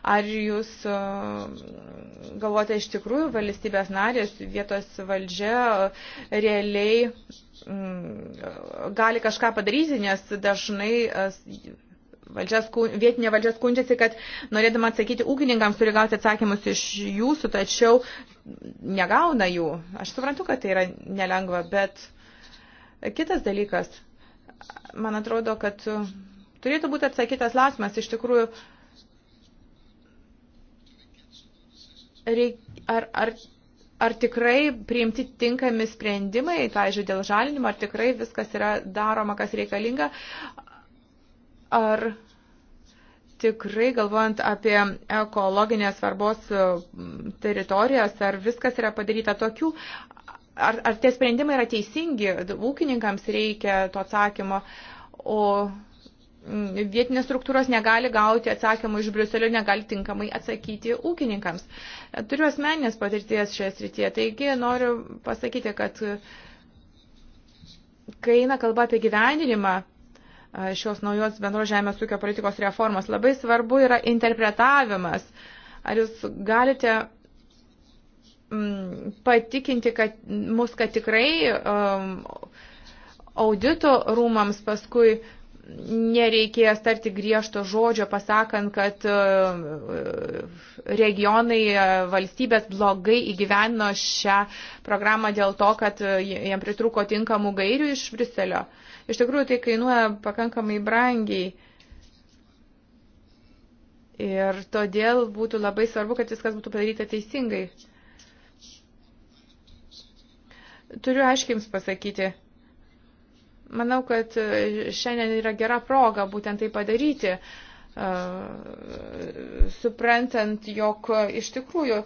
Ar jūs e, galvote iš tikrųjų valstybės narės, vietos valdžia e, realiai mm, gali kažką padaryti, nes dažnai e, valdžia, vietinė valdžia skundžiasi, kad norėdama atsakyti ūkininkams turi gauti atsakymus iš jūsų, tačiau negauna jų. Aš suprantu, kad tai yra nelengva, bet kitas dalykas, man atrodo, kad turėtų būti atsakytas lasmas iš tikrųjų reik, ar, ar, ar tikrai priimti tinkami sprendimai, pavyzdžiui, dėl žalinimo, ar tikrai viskas yra daroma, kas reikalinga, ar tikrai galvojant apie ekologinės svarbos teritorijas, ar viskas yra padaryta tokių, ar, ar tie sprendimai yra teisingi, ūkininkams reikia to atsakymo, o Mm, vietinės struktūros negali gauti atsakymų iš Briuselio, negali tinkamai atsakyti ūkininkams. Turiu asmeninės patirties šioje srityje, taigi noriu pasakyti, kad kai eina kalba apie gyvendinimą šios naujos bendros žemės ūkio politikos reformos, labai svarbu yra interpretavimas. Ar jūs galite mm, patikinti kad, mus, kad tikrai um, audito rūmams paskui uh, nereikės tarti griežto žodžio, pasakant, kad e, regionai e, valstybės blogai įgyveno šią programą dėl to, kad e, jiem pritruko tinkamų gairių iš Briselio. Iš tikrųjų, tai kainuoja pakankamai brangiai. Ir todėl būtų labai svarbu, kad viskas būtų padaryta teisingai. Turiu aiškiai jums pasakyti Manau, kad e, šiandien yra gera proga būtent tai padaryti, e, suprantant, jog iš tikrųjų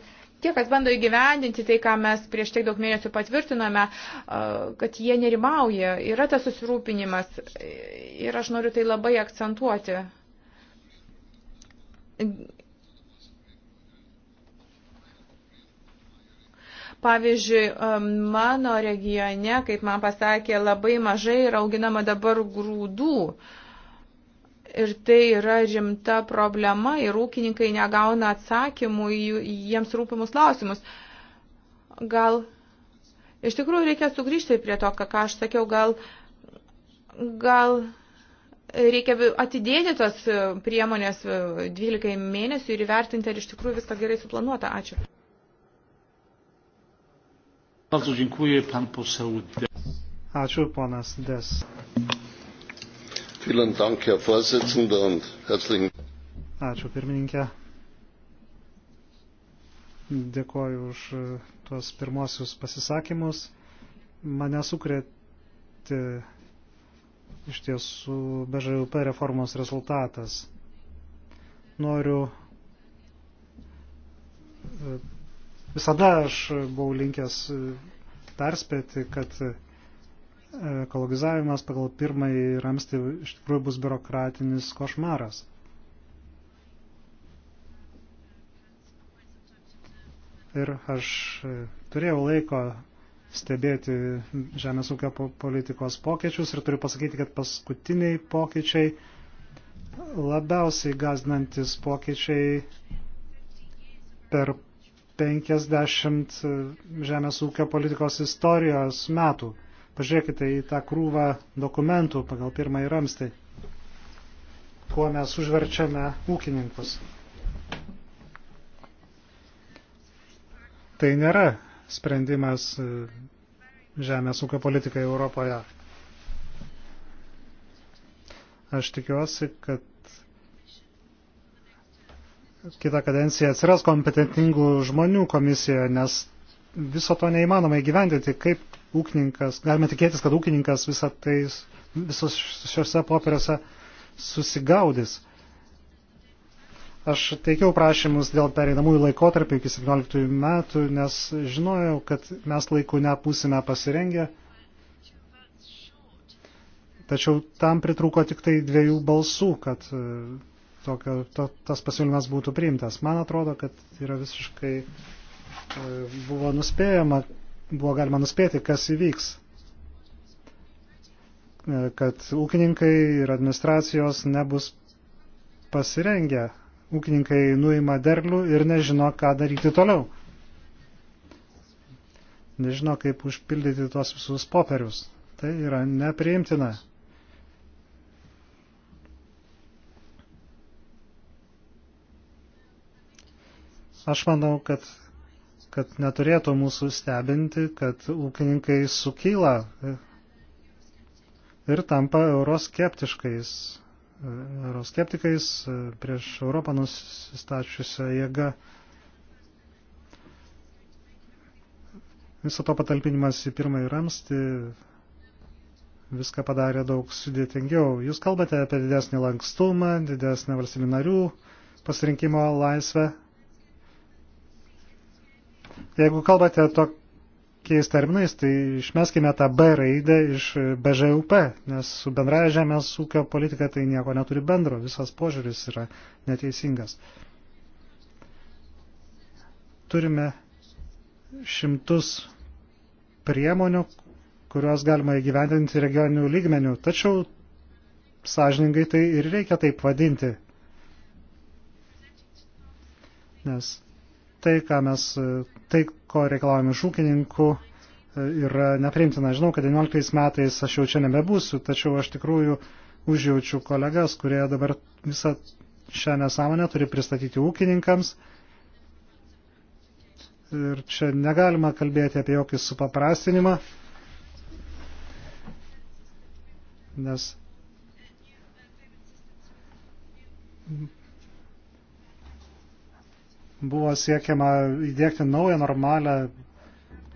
tie, kas bando įgyvendinti tai, ką mes prieš tiek daug mėnesių patvirtinome, e, kad jie nerimauja, yra tas susirūpinimas ir aš noriu tai labai akcentuoti Pavyzdžiui, mano regione, kaip man pasakė, labai mažai yra auginama dabar grūdų. Ir tai yra rimta problema ir ūkininkai negauna atsakymų į jiems rūpimus klausimus. Gal iš tikrųjų reikia sugrįžti prie to, ką aš sakiau, gal, gal reikia atidėti tas priemonės 12 e, mėnesių ir įvertinti, ar iš tikrųjų viskas gerai suplanuota. Ačiū. Bardzo dziękuję, pan poseł Des. Ačiū, ponas Des. Vielen Dank, Herr Vorsitzender, und herzlichen Ačiū, pirmininkė. Dėkoju už e, tuos pirmosius pasisakymus. Mane sukrėtė iš tiesų BŽUP reformos rezultatas. Noriu e, Visada aš buvau linkęs e, perspėti, kad e, ekologizavimas pagal pirmąjį ramstį iš tikrųjų bus biurokratinis košmaras. Ir aš e, turėjau laiko stebėti žemės ūkio politikos pokyčius ir turiu pasakyti, kad paskutiniai pokyčiai, labiausiai gazdinantis pokyčiai per 50 e, žemės ūkio politikos istorijos metų. Pažiūrėkite į tą krūvą dokumentų pagal pirmąjį ramstį, kuo mes užverčiame ūkininkus. Tai nėra sprendimas e, žemės ūkio politikai Europoje. Aš tikiuosi, kad kitą kadenciją atsiras kompetentingų žmonių komisijoje, nes viso to neįmanoma įgyvendinti. Kaip ūkininkas, galime tikėtis, kad ūkininkas visą tai, visos šiuose popieriuose susigaudys. Aš teikiau prašymus dėl pereinamųjų laikotarpių iki 17 metų, nes žinojau, kad mes laiku nepūsime pasirengę. Tačiau tam pritrūko tik tai dviejų balsų, kad tokio, to, tas pasiūlymas būtų priimtas. Man atrodo, kad yra visiškai e, buvo nuspėjama, buvo galima nuspėti, kas įvyks. E, kad ūkininkai ir administracijos nebus pasirengę. Ūkininkai nuima derlių ir nežino, ką daryti toliau. Nežino, kaip užpildyti tuos visus popierius. Tai yra nepriimtina. Aš manau, kad, kad neturėtų mūsų stebinti, kad ūkininkai sukyla ir tampa euroskeptiškais, euroskeptikais prieš Europą nusistačiusią jėgą. Viso to patalpinimas į pirmąjį ramstį viską padarė daug sudėtingiau. Jūs kalbate apie didesnį lankstumą, didesnį valstybių narių pasirinkimo laisvę. Jeigu kalbate tokiais terminais, tai išmeskime tą B raidę iš BŽUP, nes su bendraja žemės ūkio politika tai nieko neturi bendro, visas požiūris yra neteisingas. Turime šimtus priemonių, kuriuos galima įgyvendinti regioninių lygmenių, tačiau sąžiningai tai ir reikia taip vadinti. Nes tai, ką mes, tai, ko reikalavome iš ūkininkų, e, yra nepriimtina. Žinau, kad 19 metais aš jau čia nebebūsiu, tačiau aš tikrųjų užjaučiu kolegas, kurie dabar visą šią nesąmonę turi pristatyti ūkininkams. Ir čia negalima kalbėti apie jokį supaprastinimą, nes buvo siekiama įdėkti naują normalią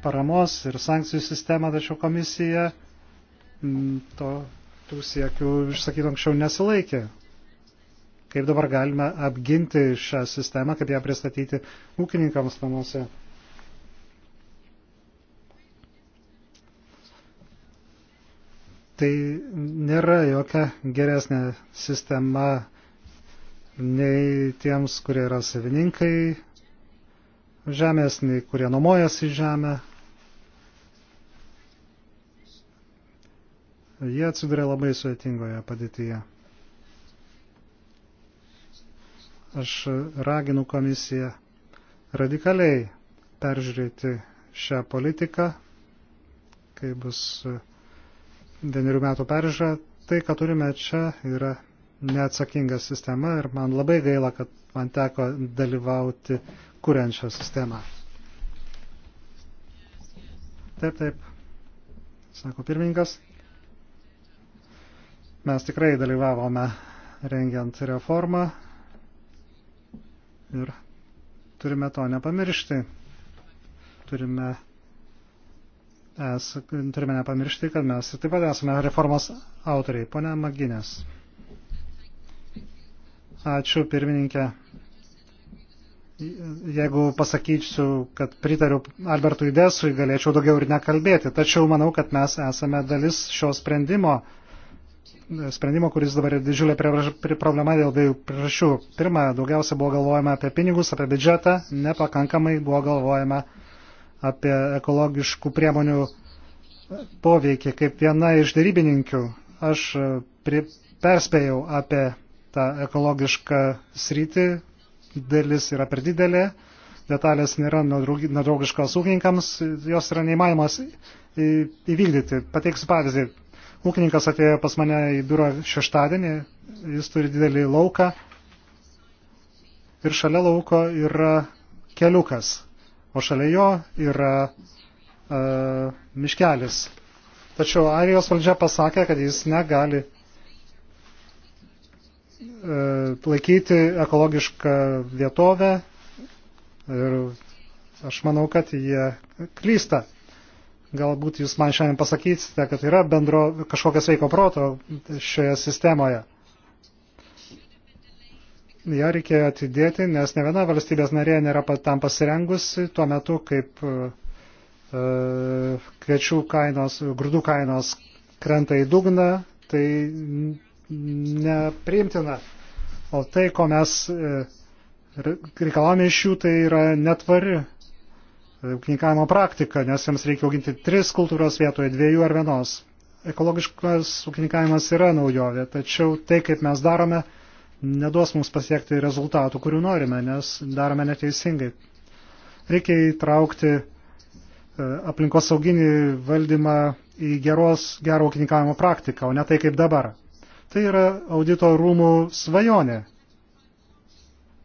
paramos ir sankcijų sistemą, tačiau komisija mm, to, tų siekių, išsakyt anksčiau, nesilaikė. Kaip dabar galime apginti šią sistemą, kaip ją pristatyti ūkininkams namuose? Tai nėra jokia geresnė sistema nei tiems, kurie yra savininkai žemės, nei kurie nuomojasi žemę. Jie atsiduria labai sudėtingoje padėtyje. Aš raginu komisiją radikaliai peržiūrėti šią politiką, kai bus vienerių metų peržiūra. Tai, ką turime čia, yra neatsakinga sistema ir man labai gaila, kad man teko dalyvauti kuriant šią sistemą. Taip, taip, sako pirmininkas. Mes tikrai dalyvavome rengiant reformą ir turime to nepamiršti. Turime, es, turime nepamiršti, kad mes taip pat esame reformos autoriai. Pone Maginės. Ačiū, pirmininkė. Jeigu pasakysiu, kad pritariu Albertui Desui, galėčiau daugiau ir nekalbėti. Tačiau manau, kad mes esame dalis šio sprendimo, sprendimo, kuris dabar yra didžiulė problema dėl dviejų priežasčių. Pirma, daugiausia buvo galvojama apie pinigus, apie biudžetą, nepakankamai buvo galvojama apie ekologiškų priemonių poveikį. Kaip viena iš darybininkių aš pri, perspėjau apie tą ekologišką sritį, dalis yra per didelė, detalės nėra nedraugiškos ūkininkams, jos yra neįmanomas įvykdyti. Pateiksiu pavyzdį. Ūkininkas atėjo pas mane į biurą šeštadienį, jis turi didelį lauką ir šalia lauko yra keliukas, o šalia jo yra uh, miškelis. Tačiau Airijos valdžia pasakė, kad jis negali E, laikyti ekologišką vietovę ir aš manau, kad jie klysta. Galbūt jūs man šiandien pasakysite, kad yra bendro kažkokio sveiko proto šioje sistemoje. Ja reikėjo atidėti, nes ne viena valstybės narė nėra tam pasirengusi tuo metu, kaip e, e, kviečių kainos, grūdų kainos krenta į dugną, tai nepriimtina. O tai, ko mes e, reikalavome iš jų, tai yra netvari e, ūkininkavimo praktika, nes jiems reikia auginti tris kultūros vietoje dviejų ar vienos. Ekologiškas ūkininkavimas yra naujovė, tačiau tai, kaip mes darome, neduos mums pasiekti rezultatų, kurių norime, nes darome neteisingai. Reikia įtraukti e, aplinkosauginį valdymą į geros, gero ūkininkavimo praktiką, o ne tai kaip dabar. Tai yra audito rūmų svajonė.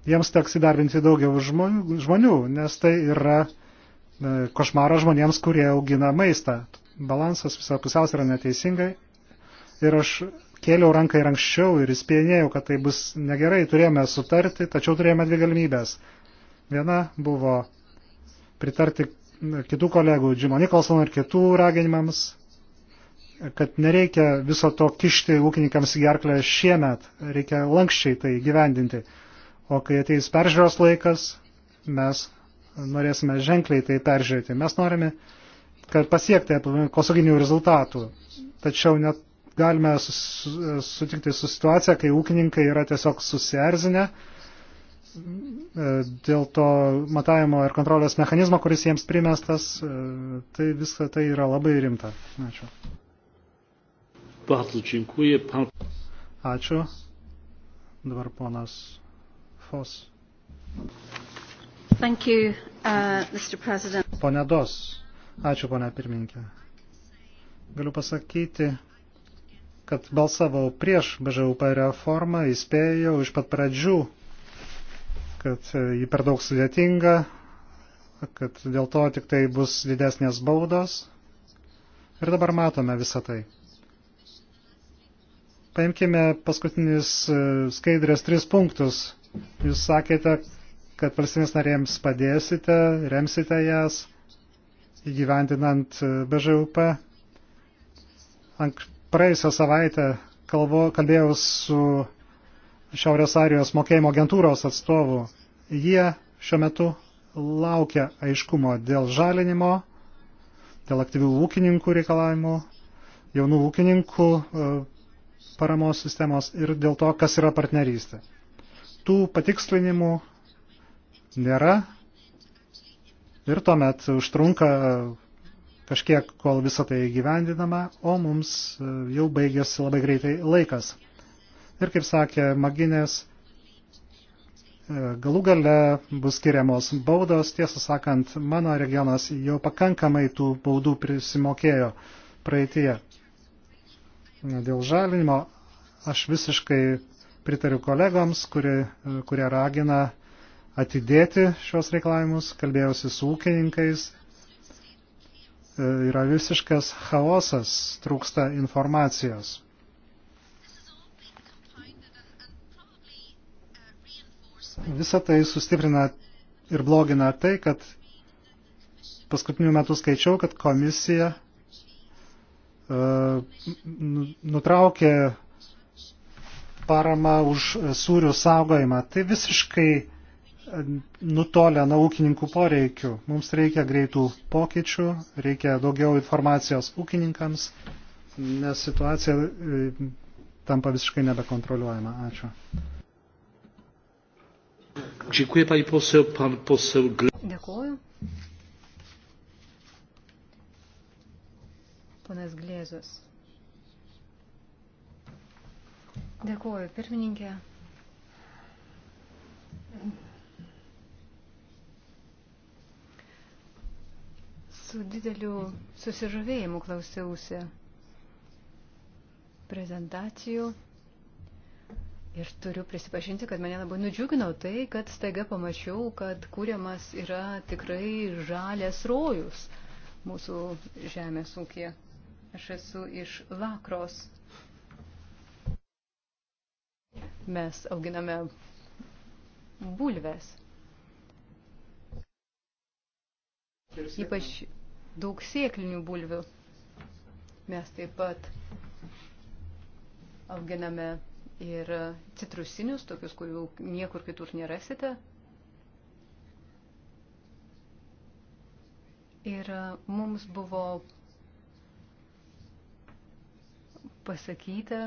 Jiems teks įdarbinti daugiau žmonių, nes tai yra e, košmaro žmonėms, kurie augina maistą. Balansas visą pusiaus yra neteisingai. Ir aš kėliau ranką ir anksčiau ir įspėjau, kad tai bus negerai. Turėjome sutarti, tačiau turėjome dvi galimybės. Viena buvo pritarti kitų kolegų, Džimo Nikolsono ir kitų raginimams, kad nereikia viso to kišti ūkininkams į gerklę šiemet, reikia lankščiai tai gyvendinti. O kai ateis peržiūros laikas, mes norėsime ženkliai tai peržiūrėti. Mes norime, kad pasiekti aplinkosauginių rezultatų. Tačiau net galime sutikti su situacija, kai ūkininkai yra tiesiog susierzinę e, dėl to matavimo ir kontrolės mechanizmo, kuris jiems primestas, e, tai visą tai yra labai rimta. Ačiū. Bardzo dziękuję. Pan... Ačiū. Dabar ponas Fos. Thank you, uh, Mr. President. Pone Dos. Ačiū, pone pirmininkė. Galiu pasakyti, kad balsavau prieš BŽUP reformą, įspėjau iš pat pradžių, kad ji per daug sudėtinga, kad dėl to tik tai bus didesnės baudos. Ir dabar matome visą tai. Paimkime paskutinis e, skaidrės tris punktus. Jūs sakėte, kad valstybės narėms padėsite, remsite jas įgyvendinant e, BŽUP. Praėjusią savaitę kalbu, kalbėjau su Šiaurės Arijos mokėjimo agentūros atstovu. Jie šiuo metu laukia aiškumo dėl žalinimo, dėl aktyvių ūkininkų reikalavimų, jaunų ūkininkų e, paramos sistemos ir dėl to, kas yra partnerystė. Tų patikslinimų nėra ir tuomet užtrunka e, kažkiek, kol visą tai gyvendinama, o mums e, jau baigėsi labai greitai laikas. Ir kaip sakė Maginės, e, galų gale bus skiriamos baudos, tiesą sakant, mano regionas jau pakankamai tų baudų prisimokėjo praeitie. Dėl žalinimo aš visiškai pritariu kolegoms, kurie, kurie ragina atidėti šios reikalavimus, kalbėjausi su ūkininkais. E, yra visiškas chaosas, trūksta informacijos. Visą tai sustiprina ir blogina tai, kad paskutinių metų skaičiau, kad komisija E, nu, nutraukė paramą už sūrių saugojimą. Tai visiškai nutolę nuo ūkininkų poreikių. Mums reikia greitų pokyčių, reikia daugiau informacijos ūkininkams, nes situacija e, tampa visiškai nebekontroliuojama. Ačiū. Dėkuoju. Ponas Glėzos. Dėkuoju, pirmininkė. Su dideliu susižavėjimu klausiausi prezentacijų ir turiu prisipažinti, kad mane labai nudžiugino tai, kad staiga pamačiau, kad kūriamas yra tikrai žalės rojus mūsų žemės ūkėje. Aš esu iš Lakros. Mes auginame bulves. Ypač daug sėklinių bulvių. Mes taip pat auginame ir citrusinius, tokius, kurių niekur kitur nerasite. Ir mums buvo pasakyta,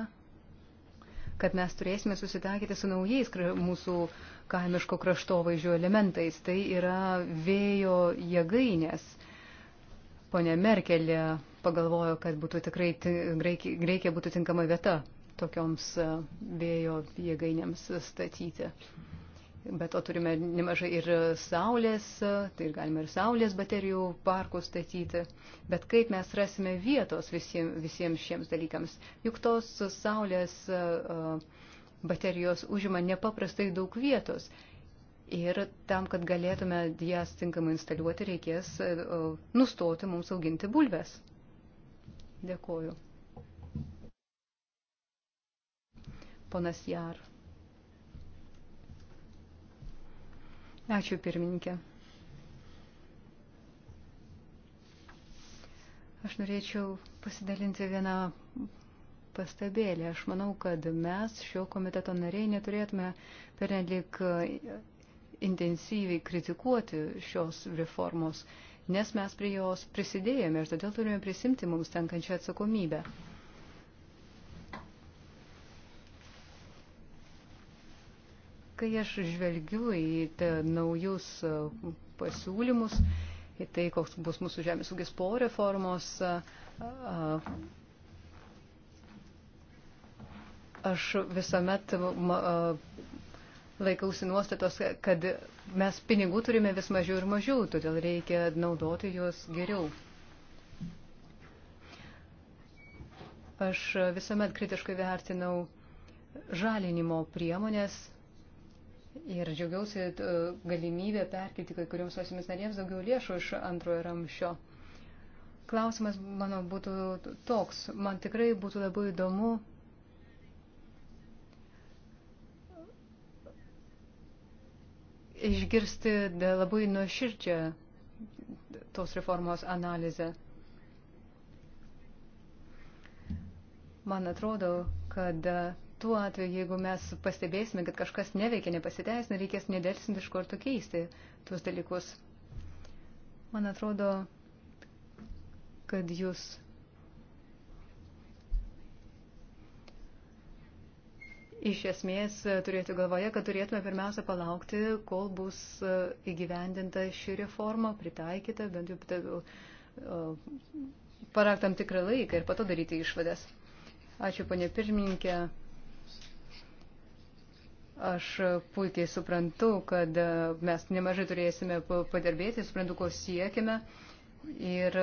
kad mes turėsime susitaikyti su naujais mūsų kaimiško kraštovaizdžio elementais. Tai yra vėjo jėgainės. Pone Merkelė pagalvojo, kad būtų tikrai Graikija būtų tinkama vieta tokioms e, vėjo jėgainėms statyti. Bet to turime nemažai ir saulės, tai galime ir saulės baterijų parkų statyti. Bet kaip mes rasime vietos visiems, visiems šiems dalykams? Juk tos saulės baterijos užima nepaprastai daug vietos. Ir tam, kad galėtume jas tinkamai instaliuoti, reikės nustoti mums auginti bulves. Dėkuoju. Ponas Jar. Ačiū pirmininkė. Aš norėčiau pasidalinti vieną pastabėlį. Aš manau, kad mes šio komiteto nariai neturėtume pernelik intensyviai kritikuoti šios reformos, nes mes prie jos prisidėjome ir todėl turime prisimti mums tenkančią atsakomybę. kai aš žvelgiu į naujus e, pasiūlymus, į tai, koks bus mūsų žemės ūkis po reformos, e, e, aš visuomet laikausi nuostatos, kad mes pinigų turime vis mažiau ir mažiau, todėl reikia naudoti juos geriau. Aš visuomet kritiškai vertinau žalinimo priemonės Ir džiaugiausi e, galimybę perkelti kai kurioms valstybės narėms daugiau lėšų iš antrojo ramšio. Klausimas mano būtų toks. Man tikrai būtų labai įdomu išgirsti labai nuoširdžią tos reformos analizę. Man atrodo, kad tuo atveju, jeigu mes pastebėsime, kad kažkas neveikia, nepasiteisina, reikės nedelsinti iš karto keisti tuos dalykus. Man atrodo, kad jūs iš esmės turėtų galvoje, kad turėtume pirmiausia palaukti, kol bus e, įgyvendinta ši reforma, pritaikyta bent jau parak tam tikrą laiką ir pato daryti išvadas. Ačiū, ponė pirmininkė. Aš puikiai suprantu, kad e, mes nemažai turėsime padirbėti, suprantu, ko siekime. Ir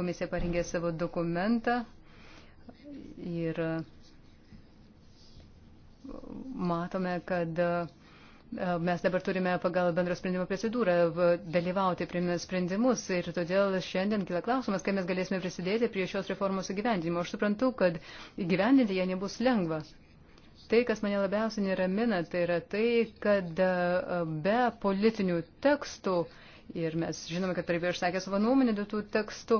komisija parengė savo dokumentą ir matome, kad e, mes dabar turime pagal bendro sprendimo procedūrą dalyvauti priimant sprendimus ir todėl šiandien kila klausimas, kaip mes galėsime prisidėti prie šios reformos įgyvendinimo. Aš suprantu, kad įgyvendinti ją nebus lengva. Tai, kas mane labiausiai neramina, tai yra tai, kad e, be politinių tekstų, ir mes žinome, kad tarybė išsakė savo nuomonę dėl tų tekstų,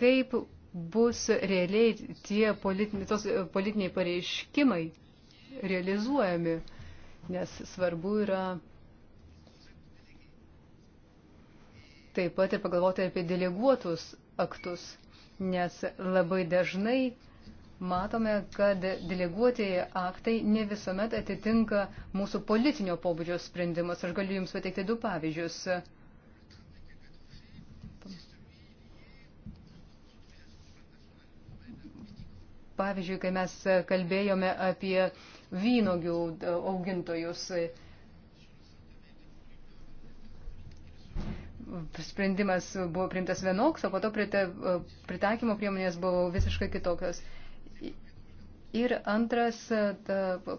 kaip bus realiai tie politiniai, tos e, politiniai pareiškimai realizuojami, nes svarbu yra taip pat ir pagalvoti apie deleguotus aktus, nes labai dažnai matome, kad deleguotieji aktai ne visuomet atitinka mūsų politinio pobūdžio sprendimus. Aš galiu Jums pateikti du pavyzdžius. Pavyzdžiui, kai mes kalbėjome apie vynogių augintojus. Sprendimas buvo primtas vienoks, o po to pritaikymo priemonės buvo visiškai kitokios. Ir antras e,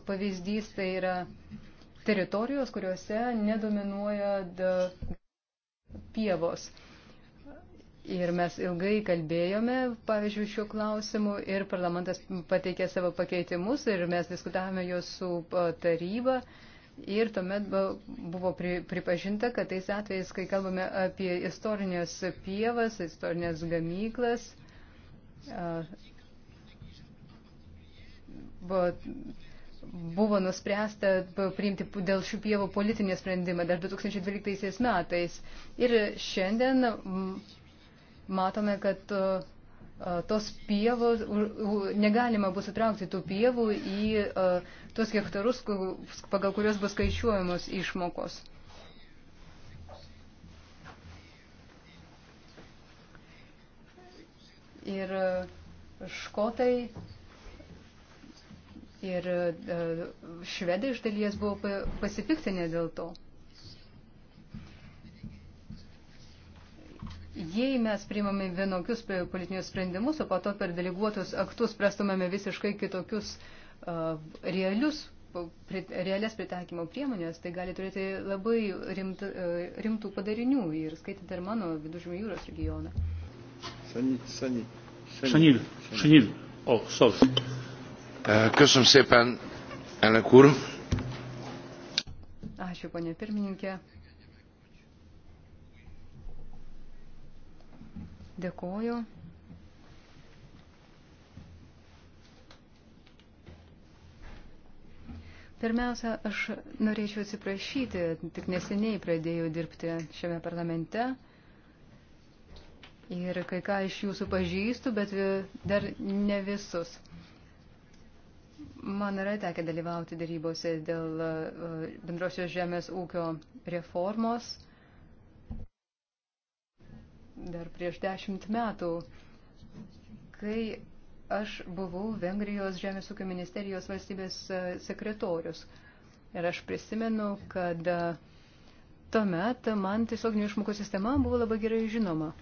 pavyzdys tai yra teritorijos, kuriuose nedominuoja pievos. Ir mes ilgai kalbėjome, pavyzdžiui, šiuo klausimu ir parlamentas pateikė savo pakeitimus ir mes diskutavome juos su taryba. Ir tuomet buvo pripažinta, kad tais atvejais, kai kalbame apie istorinės pievas, istorinės gamyklas, buvo nuspręsta priimti dėl šių pievų politinį sprendimą dar 2012 metais. Ir šiandien matome, kad e, tos pievos, negalima bus atraukti tų pievų į e, tos hektarus, pagal kurios bus skaičiuojamos išmokos. Ir e, škotai Ir e, švedai iš dalies buvo pasipiktinę dėl to. Jei mes priimame vienokius politinius sprendimus, o po to per deleguotus aktus prastumėme visiškai kitokius uh, realius, prit, realias pritaikymo priemonės, tai gali turėti labai rimt, uh, rimtų padarinių ir skaitant ir mano vidužmio jūros regioną. Sanil. Sanil. Sanil. O, oh, sorry. Eh, Köszönöm szépen, elnök úr. Ačiū, ponė pirmininkė. Dėkoju. Pirmiausia, aš norėčiau atsiprašyti, tik neseniai pradėjau dirbti šiame parlamente. Ir kai ką iš jūsų pažįstu, bet dar ne visus. Man yra tekę dalyvauti darybose dėl e, bendrosios žemės ūkio reformos. Dar prieš dešimt metų, kai aš buvau Vengrijos žemės ūkio ministerijos valstybės e, sekretorius. Ir aš prisimenu, kad e, tuomet man tiesiog išmokų sistema buvo labai gerai žinoma.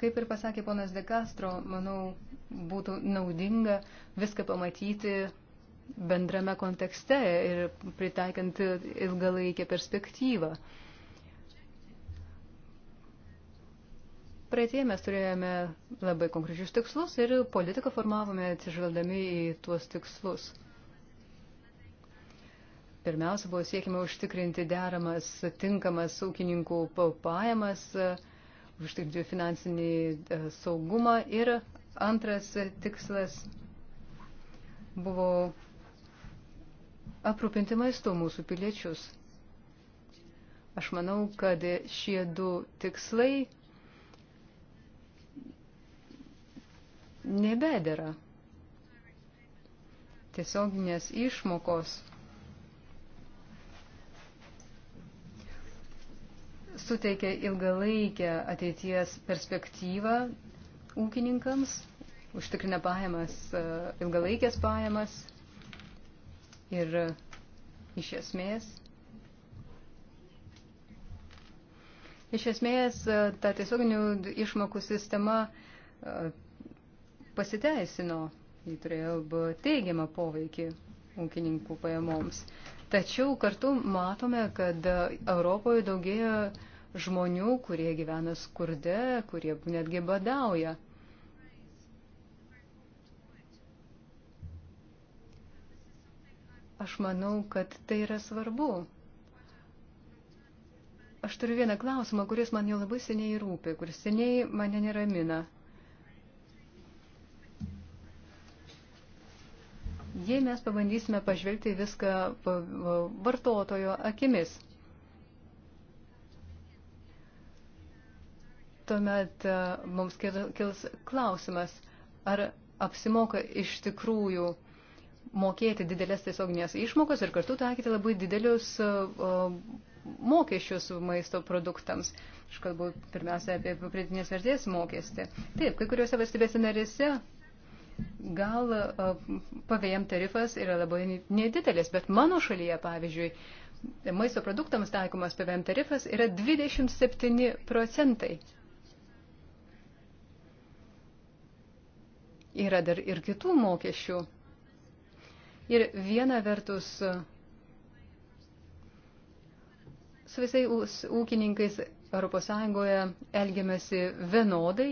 Kaip ir pasakė ponas De Castro, manau, būtų naudinga viską pamatyti bendrame kontekste ir pritaikant ilgalaikę perspektyvą. Praeitie mes turėjome labai konkrečius tikslus ir politiką formavome atsižvelgdami į tuos tikslus. Pirmiausia, buvo siekime užtikrinti deramas, tinkamas ūkininkų pajamas, uh, užtikrinti finansinį e, saugumą. Ir antras tikslas buvo aprūpinti maistu mūsų piliečius. Aš manau, kad šie du tikslai nebedera. Tiesioginės išmokos suteikia ilgalaikę ateities perspektyvą ūkininkams, užtikrina pajamas, e, ilgalaikės pajamas ir e, iš esmės. Iš esmės, e, ta tiesioginių išmokų sistema pasiteisino, ji turėjo teigiamą poveikį ūkininkų pajamoms. Tačiau kartu matome, kad Europoje daugėja žmonių, kurie gyvena skurde, kurie netgi badauja. Aš manau, kad tai yra svarbu. Aš turiu vieną klausimą, kuris man jau labai seniai rūpi, kuris seniai mane neramina. jei mes pabandysime pažvelgti viską vartotojo akimis. Tuomet e, mums kils klausimas, ar apsimoka iš tikrųjų mokėti didelės tiesioginės išmokas ir kartu taikyti labai didelius e, mokesčius maisto produktams. Aš kalbu pirmiausia apie pridėtinės vertės mokestį. Taip, kai kuriuose valstybėse narėse Gal pavėjam tarifas yra labai nedidelis, bet mano šalyje, pavyzdžiui, maisto produktams taikomas pavėjam tarifas yra 27 procentai. Yra dar ir kitų mokesčių. Ir viena vertus su visais ūkininkais ES elgiamasi vienodai,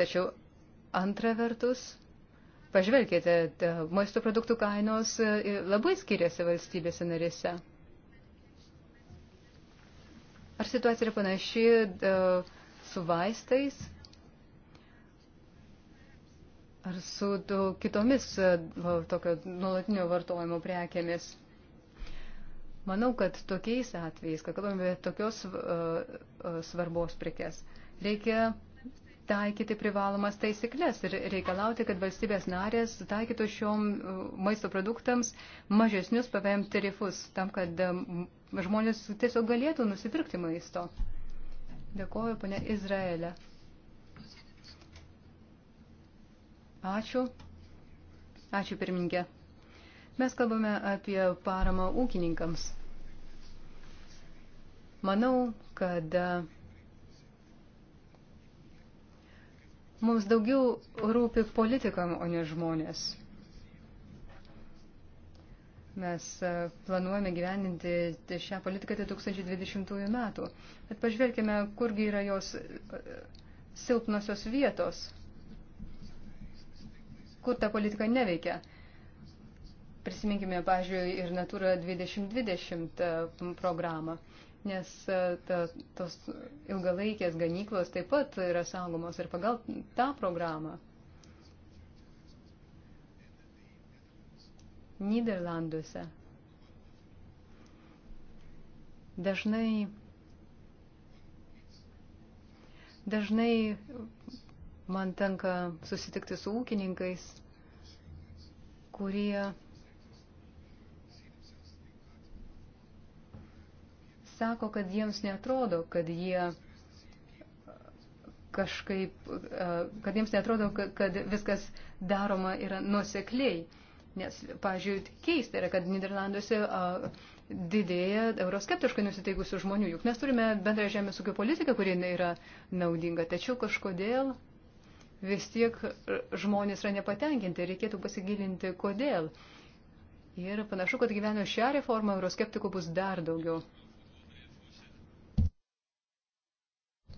tačiau antra vertus Pažvelkite, maisto produktų kainos e, labai skiriasi valstybėse narėse. Ar situacija yra panaši e, su vaistais? Ar su kitomis e, tokio nuolatinio vartojimo prekėmis? Manau, kad tokiais atvejais, kai kalbame tokios svarbos prekes, reikia taikyti privalomas taisyklės ir reikalauti, kad valstybės narės taikytų šiom uh, maisto produktams mažesnius PVM tarifus, tam, kad um, žmonės tiesiog galėtų nusipirkti maisto. Dėkuoju, ponė Izraelė. Ačiū. Ačiū, pirmininkė. Mes kalbame apie paramą ūkininkams. Manau, kad uh, Mums daugiau rūpi politikam, o ne žmonės. Mes e, planuojame gyveninti šią politiką 2020 metų. Bet pažvelkime, kurgi yra jos e, silpnosios vietos, kur ta politika neveikia. Prisiminkime, pažiūrėjau, ir Natura 2020 e, programą nes e, ta, tos ilgalaikės ganyklos taip pat yra saugomos ir pagal tą programą. Niderlanduose dažnai, dažnai man tenka susitikti su ūkininkais, kurie sako, kad jiems netrodo, kad jie kažkaip, e, kad jiems netrodo, kad viskas daroma yra nusekliai. Nes, pažiūrėjau, keista yra, kad Niderlanduose e, didėja euroskeptiškai nusiteikusių žmonių, juk mes turime bendrą žemės ūkio politiką, kuri yra naudinga, tačiau kažkodėl vis tiek žmonės yra nepatenkinti, reikėtų pasigilinti, kodėl. Ir panašu, kad gyveno šią reformą euroskeptikų bus dar daugiau.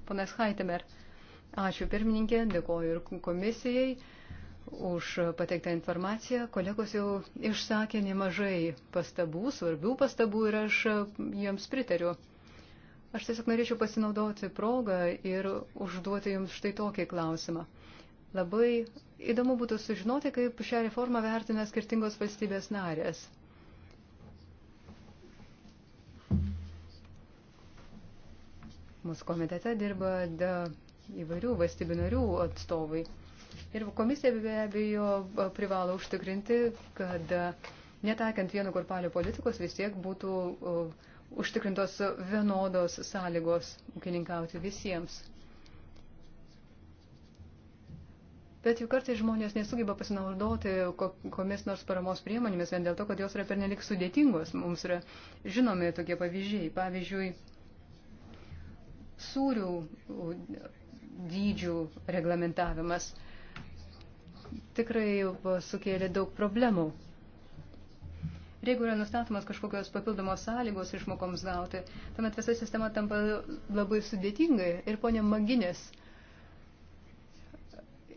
Ponas Haitemer, ačiū pirmininkė, dėkoju ir komisijai už pateiktą informaciją. Kolegos jau išsakė nemažai pastabų, svarbių pastabų ir aš jiems pritariu. Aš tiesiog norėčiau pasinaudoti progą ir užduoti jums štai tokį klausimą. Labai įdomu būtų sužinoti, kaip šią reformą vertina skirtingos valstybės narės. Mūsų komitete dirba įvairių valstybių narių atstovai. Ir komisija be abejo privalo užtikrinti, kad netakant vieno korpalio politikos vis tiek būtų uh, užtikrintos vienodos sąlygos ūkininkauti visiems. Bet juk kartais žmonės nesugeba pasinaudoti kokiamis nors paramos priemonėmis vien dėl to, kad jos yra pernelik sudėtingos. Mums yra žinomi tokie pavyzdžiai. Pavyzdžiui, sūrių dydžių reglamentavimas tikrai sukėlė daug problemų. Ir jeigu yra nustatomas kažkokios papildomos sąlygos išmokoms gauti, tuomet visa sistema tampa labai sudėtingai. Ir ponė Maginės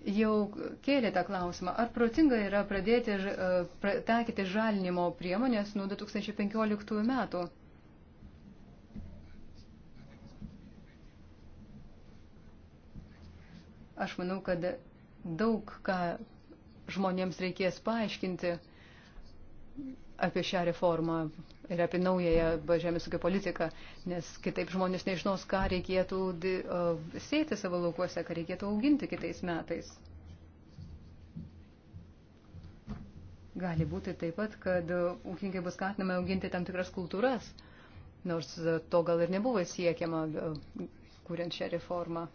jau kėlė tą klausimą, ar protinga yra pradėti e, taikyti žalinimo priemonės nuo 2015 metų. Aš manau, kad daug ką žmonėms reikės paaiškinti apie šią reformą ir apie naująją žemės ūkio politiką, nes kitaip žmonės nežinos, ką reikėtų sėti savo laukuose, ką reikėtų auginti kitais metais. Gali būti taip pat, kad ūkininkai bus skatinami auginti tam tikras kultūras, nors to gal ir nebuvo siekiama, kuriant šią reformą.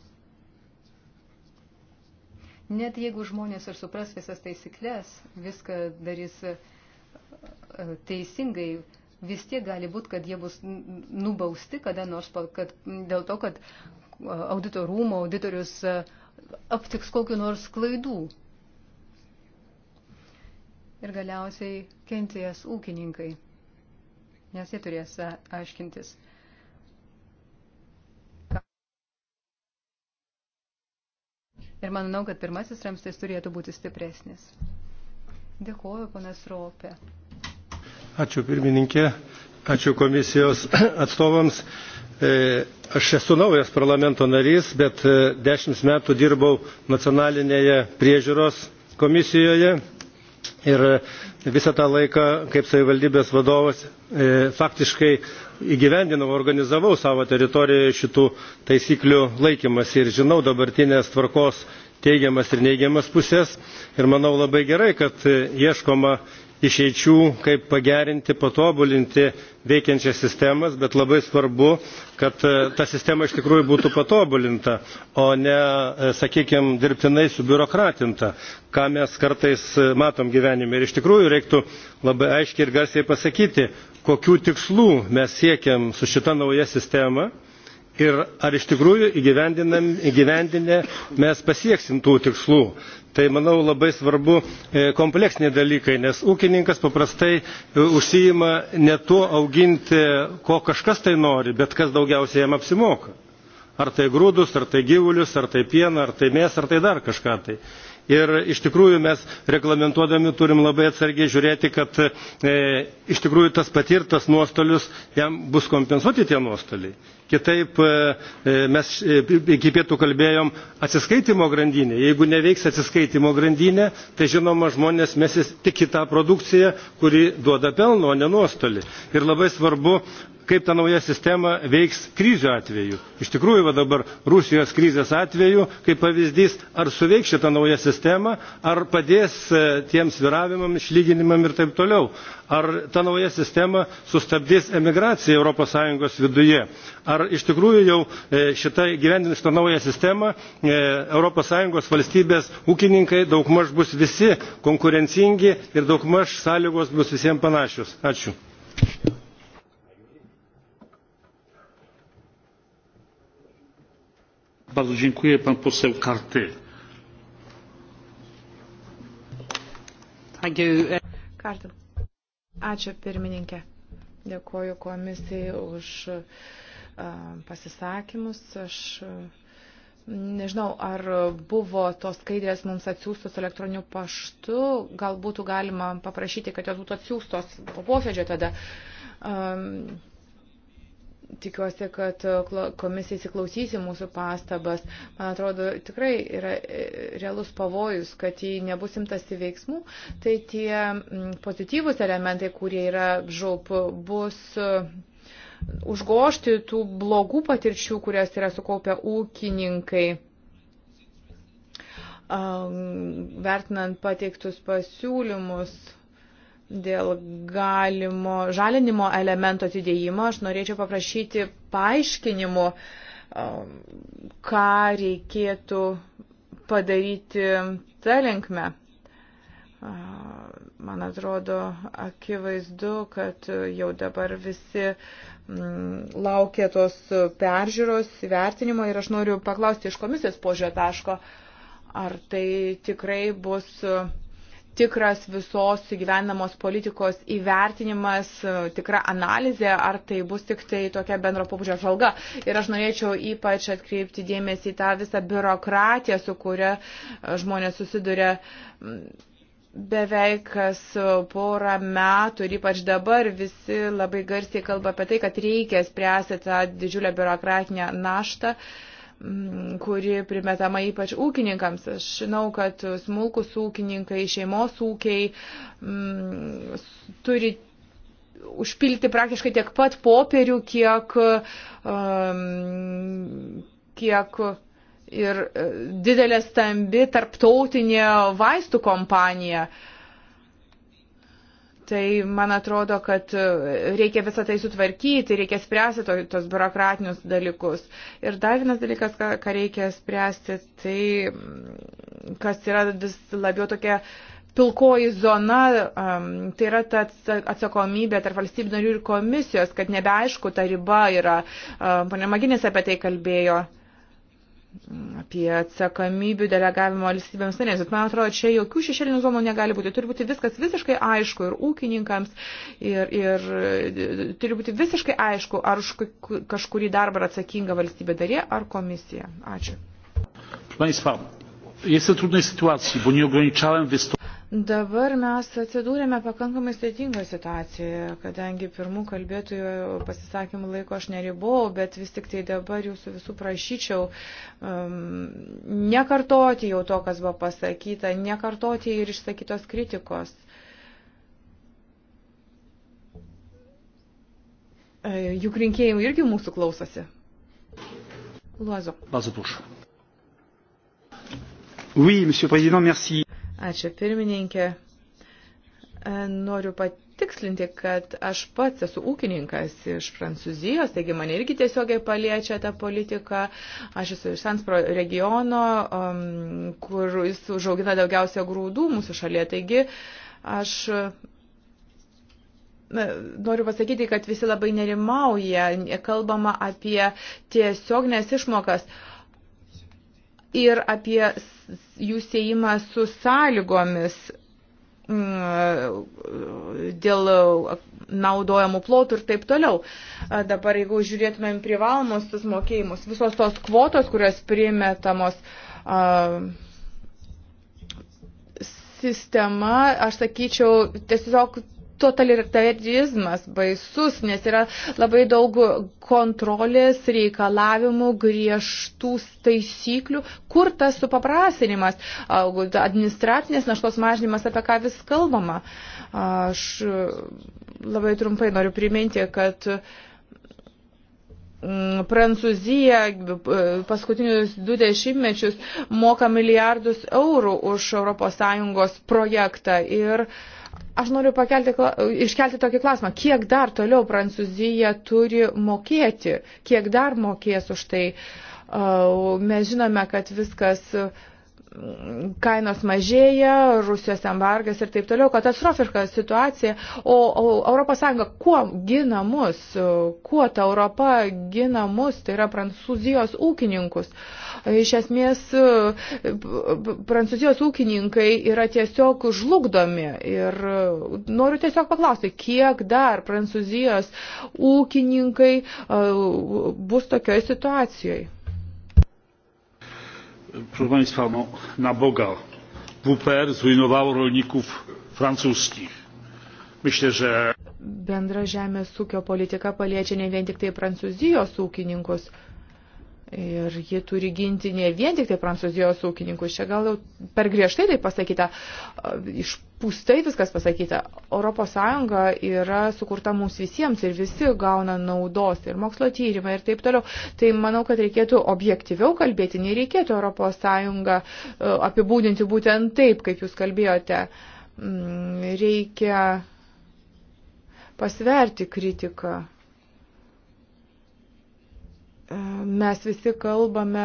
Net jeigu žmonės ir supras visas taisyklės, viską darys e, e, teisingai, vis tiek gali būti, kad jie bus nubausti kada nors, kad dėl to, kad e, audito rūmo auditorius aptiks kokiu nors klaidų. Ir galiausiai kentės ūkininkai, nes jie turės aiškintis. Ir manau, kad pirmasis ramstis turėtų būti stipresnis. Dėkuoju, ponas Ropė. Ačiū pirmininkė, ačiū komisijos atstovams. E, aš esu naujas parlamento narys, bet e, dešimt metų dirbau nacionalinėje priežiūros komisijoje ir visą tą laiką kaip savivaldybės vadovas e, faktiškai įgyvendinau organizavau savo teritorijoje šitų taisyklių laikymąsi ir žinau dabartinės tvarkos teigiamas ir neigiamas puses ir manau labai gerai kad ieškoma išeičių kaip pagerinti patobulinti veikiančias sistemas bet labai svarbu kad e, ta sistema iš tikrųjų būtų patobulinta o ne e, sakykime dirbtinai subiurokratinta ką mes kartais e, matome gyvenime ir iš tikrųjų reiktų labai aiškiai ir garsiai pasakyti kokių tikslų mes siekiam su šita nauja sistema ir ar iš tikrųjų įgyvendinę mes pasieksim tų tikslų. tai manau labai svarbu e, kompleksiniai dalykai nes ūkininkas paprastai e, užsiima ne tuo auginti ko kažkas tai nori bet kas daugiausiai jam apsimoka ar tai grūdus ar tai gyvulius ar tai pieną ar tai mėsą ar tai dar kažką tai ir iš tikrųjų mes reglamentuodami turime labai atsargiai žiūrėti kad e, iš tikrųjų tas patirtas nuostolis jam bus kompensuoti tie nuostoliai kitaip e, e, mes e, iki pietų kalbėjom atsiskaitimo grandinė jeigu neveiks atsiskaitimo grandinė tai žinoma žmonės mesis tik į tą produkciją kuri duoda pelną o ne nuostolį ir labai svarbu kaip ta nauja sistema veiks krizių atveju iš tikrųjų va dabar rusijos krizės atveju kaip pavyzdys ar suveiks šita nauja sistema ar padės tiem svyravimam išlyginimam ir taip toliau ar ta nauja sistema sustabdys emigraciją europos sąjungos viduje ar iš tikrųjų jau e, šita įgyvendinus šitą naują sistemą e, europos sąjungos valstybės ūkininkai daugmaž bus visi konkurencingi ir daugmaž sąlygos bus visiems panašios. ačiū. Bardzo dziękuję pan poseł Karty. Thank you. Kartu. Ačiū pirmininkė. Dėkoju komisijai už pasisakymus. Aš Nežinau, ar buvo tos skaidrės mums atsiųstos elektroniniu paštu, gal būtų galima paprašyti, kad jos būtų atsiųstos po posėdžio tada. Um, tikiuosi, kad e, komisija įsiklausys į mūsų pastabas. Man atrodo, tikrai yra e, realus pavojus, kad jei nebus imtasi veiksmų, tai tie pozityvus elementai, kurie yra žaup, bus e, užgošti tų blogų patirčių, kurias yra sukaupę ūkininkai vertinant pateiktus pasiūlymus dėl galimo žalinimo elemento atidėjimo, aš norėčiau paprašyti paaiškinimų, um, ką reikėtų padaryti tą linkmę. Uh, man atrodo, akivaizdu, kad jau dabar visi mm, laukia tos peržiūros, vertinimo ir aš noriu paklausti iš komisijos požiūrio taško, ar tai tikrai bus uh, tikras visos gyvenamos politikos įvertinimas, e, tikra analizė, ar tai bus tik tai tokia bendro pobūdžio žalga. Ir aš norėčiau ypač atkreipti dėmesį į tą visą biurokratiją, su kuria e, žmonės susiduria beveik kas porą metų ir ypač dabar visi labai garsiai kalba apie tai, kad reikia spręsti tą didžiulę biurokratinę naštą. Uh, Mm, kuri primetama ypač ūkininkams. Aš žinau, kad smulkus ūkininkai, šeimos ūkiai m, mm, turi užpilti praktiškai tiek pat popierių, kiek, um, kiek ir e, didelė stambi tarptautinė vaistų kompanija. Uh, Tai man atrodo, kad e, reikia visą tai sutvarkyti, reikia spręsti to, tos biurokratinius dalykus. Ir dar vienas dalykas, ką, ką reikia spręsti, tai mm, kas yra vis labiau tokia pilkoji zona, um, tai yra ta atsakomybė tarp valstybių narių ir komisijos, kad nebeaišku ta riba yra. Um, Pane Maginis apie tai kalbėjo. Uh, apie atsakomybių delegavimo valstybėms narėms. Bet man atrodo, čia jokių šešėlinių zonų negali būti. Turi būti viskas visiškai aišku ir ūkininkams, ir, ir turi būti visiškai aišku, ar už kažkurį darbą atsakinga valstybė darė, ar komisija. Ačiū. Proszę Państwa, jestem w trudnej sytuacji, bo nie ograniczałem wystąpień. Dabar mes atsidūrėme pakankamai sėtingoje situacijoje, kadangi pirmų kalbėtojų pasisakymų laiko aš neribau, bet vis tik tai dabar jūsų visų prašyčiau um, nekartoti jau to, kas buvo pasakyta, nekartoti ir išsakytos kritikos. E, juk rinkėjai irgi mūsų klausosi. Luozo. Oui, monsieur le président, merci. Ačiū pirmininkė. E, noriu patikslinti, kad aš pats esu ūkininkas iš Prancūzijos, taigi mane irgi tiesiogiai paliečia tą politiką. Aš esu iš Sanspro regiono, um, kur jis užaugina daugiausia grūdų mūsų šalyje. Taigi aš noriu pasakyti, kad visi labai nerimauja, kalbama apie tiesiognės išmokas. Uh, ir apie jų siejimą su sąlygomis mm, dėl naudojamų plotų ir taip toliau. Dabar, jeigu žiūrėtumėm privalomus mokėjimus, visos tos kvotos, kurios primetamos sistema, aš sakyčiau, tiesiog totalitarizmas baisus, nes yra labai daug kontrolės, reikalavimų, griežtų taisyklių. Kur tas supaprasinimas, administracinės naštos mažinimas, apie ką vis kalbama? Aš labai trumpai noriu priminti, kad mm, Prancūzija e, paskutinius du dešimtmečius moka milijardus eurų už ES projektą ir uh, Aš noriu pakelti, iškelti tokį klausimą, kiek dar toliau Prancūzija turi mokėti, kiek dar mokės už tai. Mes žinome, kad viskas mm, kainos mažėja, Rusijos embargas ir taip toliau, katastrofiška situacija. O, o ES kuo gina mus, kuo ta Europa gina mus, tai yra prancūzijos ūkininkus. Uh, Iš esmės, prancūzijos ūkininkai yra tiesiog žlugdomi. Ir noriu tiesiog paklausti, kiek dar prancūzijos ūkininkai bus tokioje situacijoje? Proszę Państwa, no, na Boga, WPR zrujnowało rolników francuskich myślę, że bendra žemės ūkio politika paliečia ne vien tik tai prancūzijos ūkininkus, Ir ji turi ginti ne vien tik tai prancūzijos ūkininkus, čia gal jau per griežtai tai pasakyta, išpūstai viskas pasakyta. Europos Sąjunga yra sukurta mums visiems ir visi gauna naudos ir mokslo tyrimai ir taip toliau. Tai manau, kad reikėtų objektyviau kalbėti, nereikėtų Europos Sąjungą e, apibūdinti būtent taip, kaip jūs kalbėjote. Mm, reikia pasverti kritiką mes visi kalbame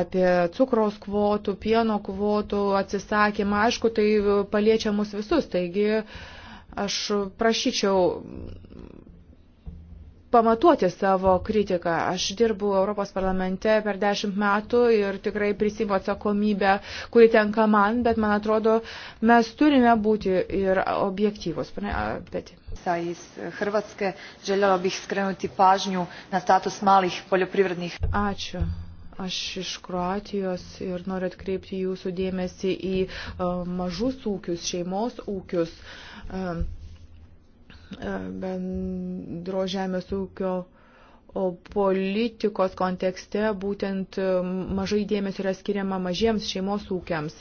apie cukros kvotų, pieno kvotų atsisakymą. Aišku, tai paliečia mus visus. Taigi aš prašyčiau pamatuoti savo kritiką. Aš dirbu Europos parlamente per dešimt metų ir tikrai prisimu atsakomybę, kuri tenka man, bet man atrodo, mes turime būti ir objektyvus. iz Hrvatske željela bih skrenuti pažnju na status malih poljoprivrednih. Ačiū. Aš iš Kroatijos ir noriu atkreipti jūsų dėmesį į uh, mažus ūkius, šeimos ūkius. Uh, E, bendro žemės ūkio politikos kontekste būtent e, mažai dėmesio yra skiriama mažiems šeimos ūkiams.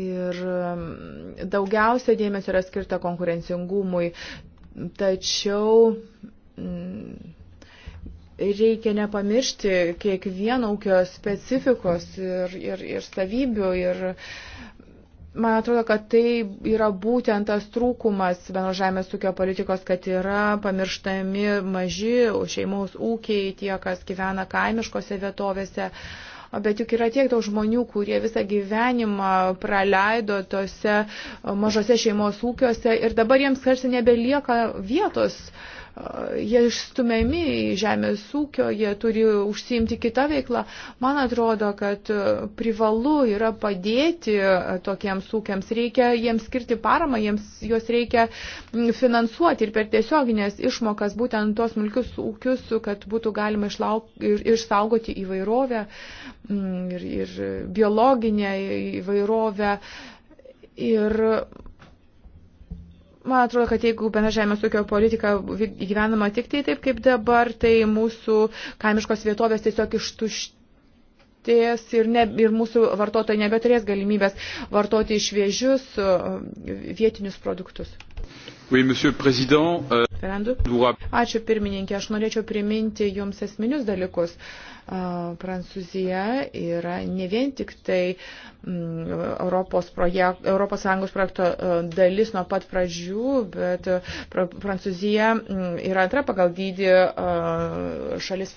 Ir e, daugiausia dėmesio yra skirta konkurencingumui. Tačiau mm, reikia nepamiršti kiekvieno ūkio specifikos ir, ir, ir savybių. Ir Man atrodo, kad tai yra būtent tas trūkumas bendro žemės ūkio politikos, kad yra pamirštami maži šeimos ūkiai, tie, kas gyvena kaimiškose vietovėse. Bet juk yra tiek daug žmonių, kurie visą gyvenimą praleido tose mažose šeimos ūkiuose ir dabar jiems tarsi nebelieka vietos uh, jie išstumiami į žemės ūkio, jie turi užsiimti kitą veiklą. Man atrodo, kad privalu yra padėti tokiems ūkiams, reikia jiems skirti paramą, jiems juos reikia finansuoti ir per tiesioginės išmokas būtent tos smulkius ūkius, kad būtų galima išlauk, ir, išsaugoti įvairovę mm, ir, ir biologinę įvairovę. Ir Man atrodo, kad jeigu bendra žemės ūkio politika gyvenama tik tai taip kaip dabar, tai mūsų kaimiškos vietovės tiesiog ištušti ties ir, ne, ir mūsų vartotojai nebeturės galimybės vartoti šviežius uh, vietinius produktus. Oui, Ferendu. Ačiū pirmininkė, aš norėčiau priminti jums esminius dalykus. Prancūzija yra ne vien tik tai mm, Europos, projekt, Europos Sąjungos projekto dalis nuo pat pradžių, bet Prancūzija mm, yra antra pagal dydį šalis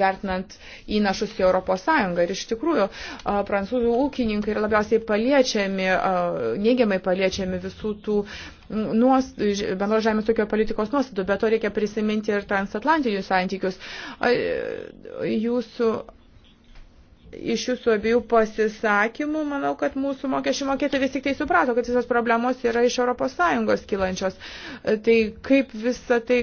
vertinant įnašus į Europos Sąjungą. Ir iš tikrųjų, prancūzų ūkininkai yra labiausiai paliečiami, neigiamai paliečiami visų tų bendros žemės tokio politikos nuostatų, bet to reikia prisiminti ir transatlantinius santykius. Jūsų iš jūsų abiejų pasisakymų, manau, kad mūsų mokesčių mokėtai vis tik tai suprato, kad visos problemos yra iš ES kilančios. Tai kaip visą tai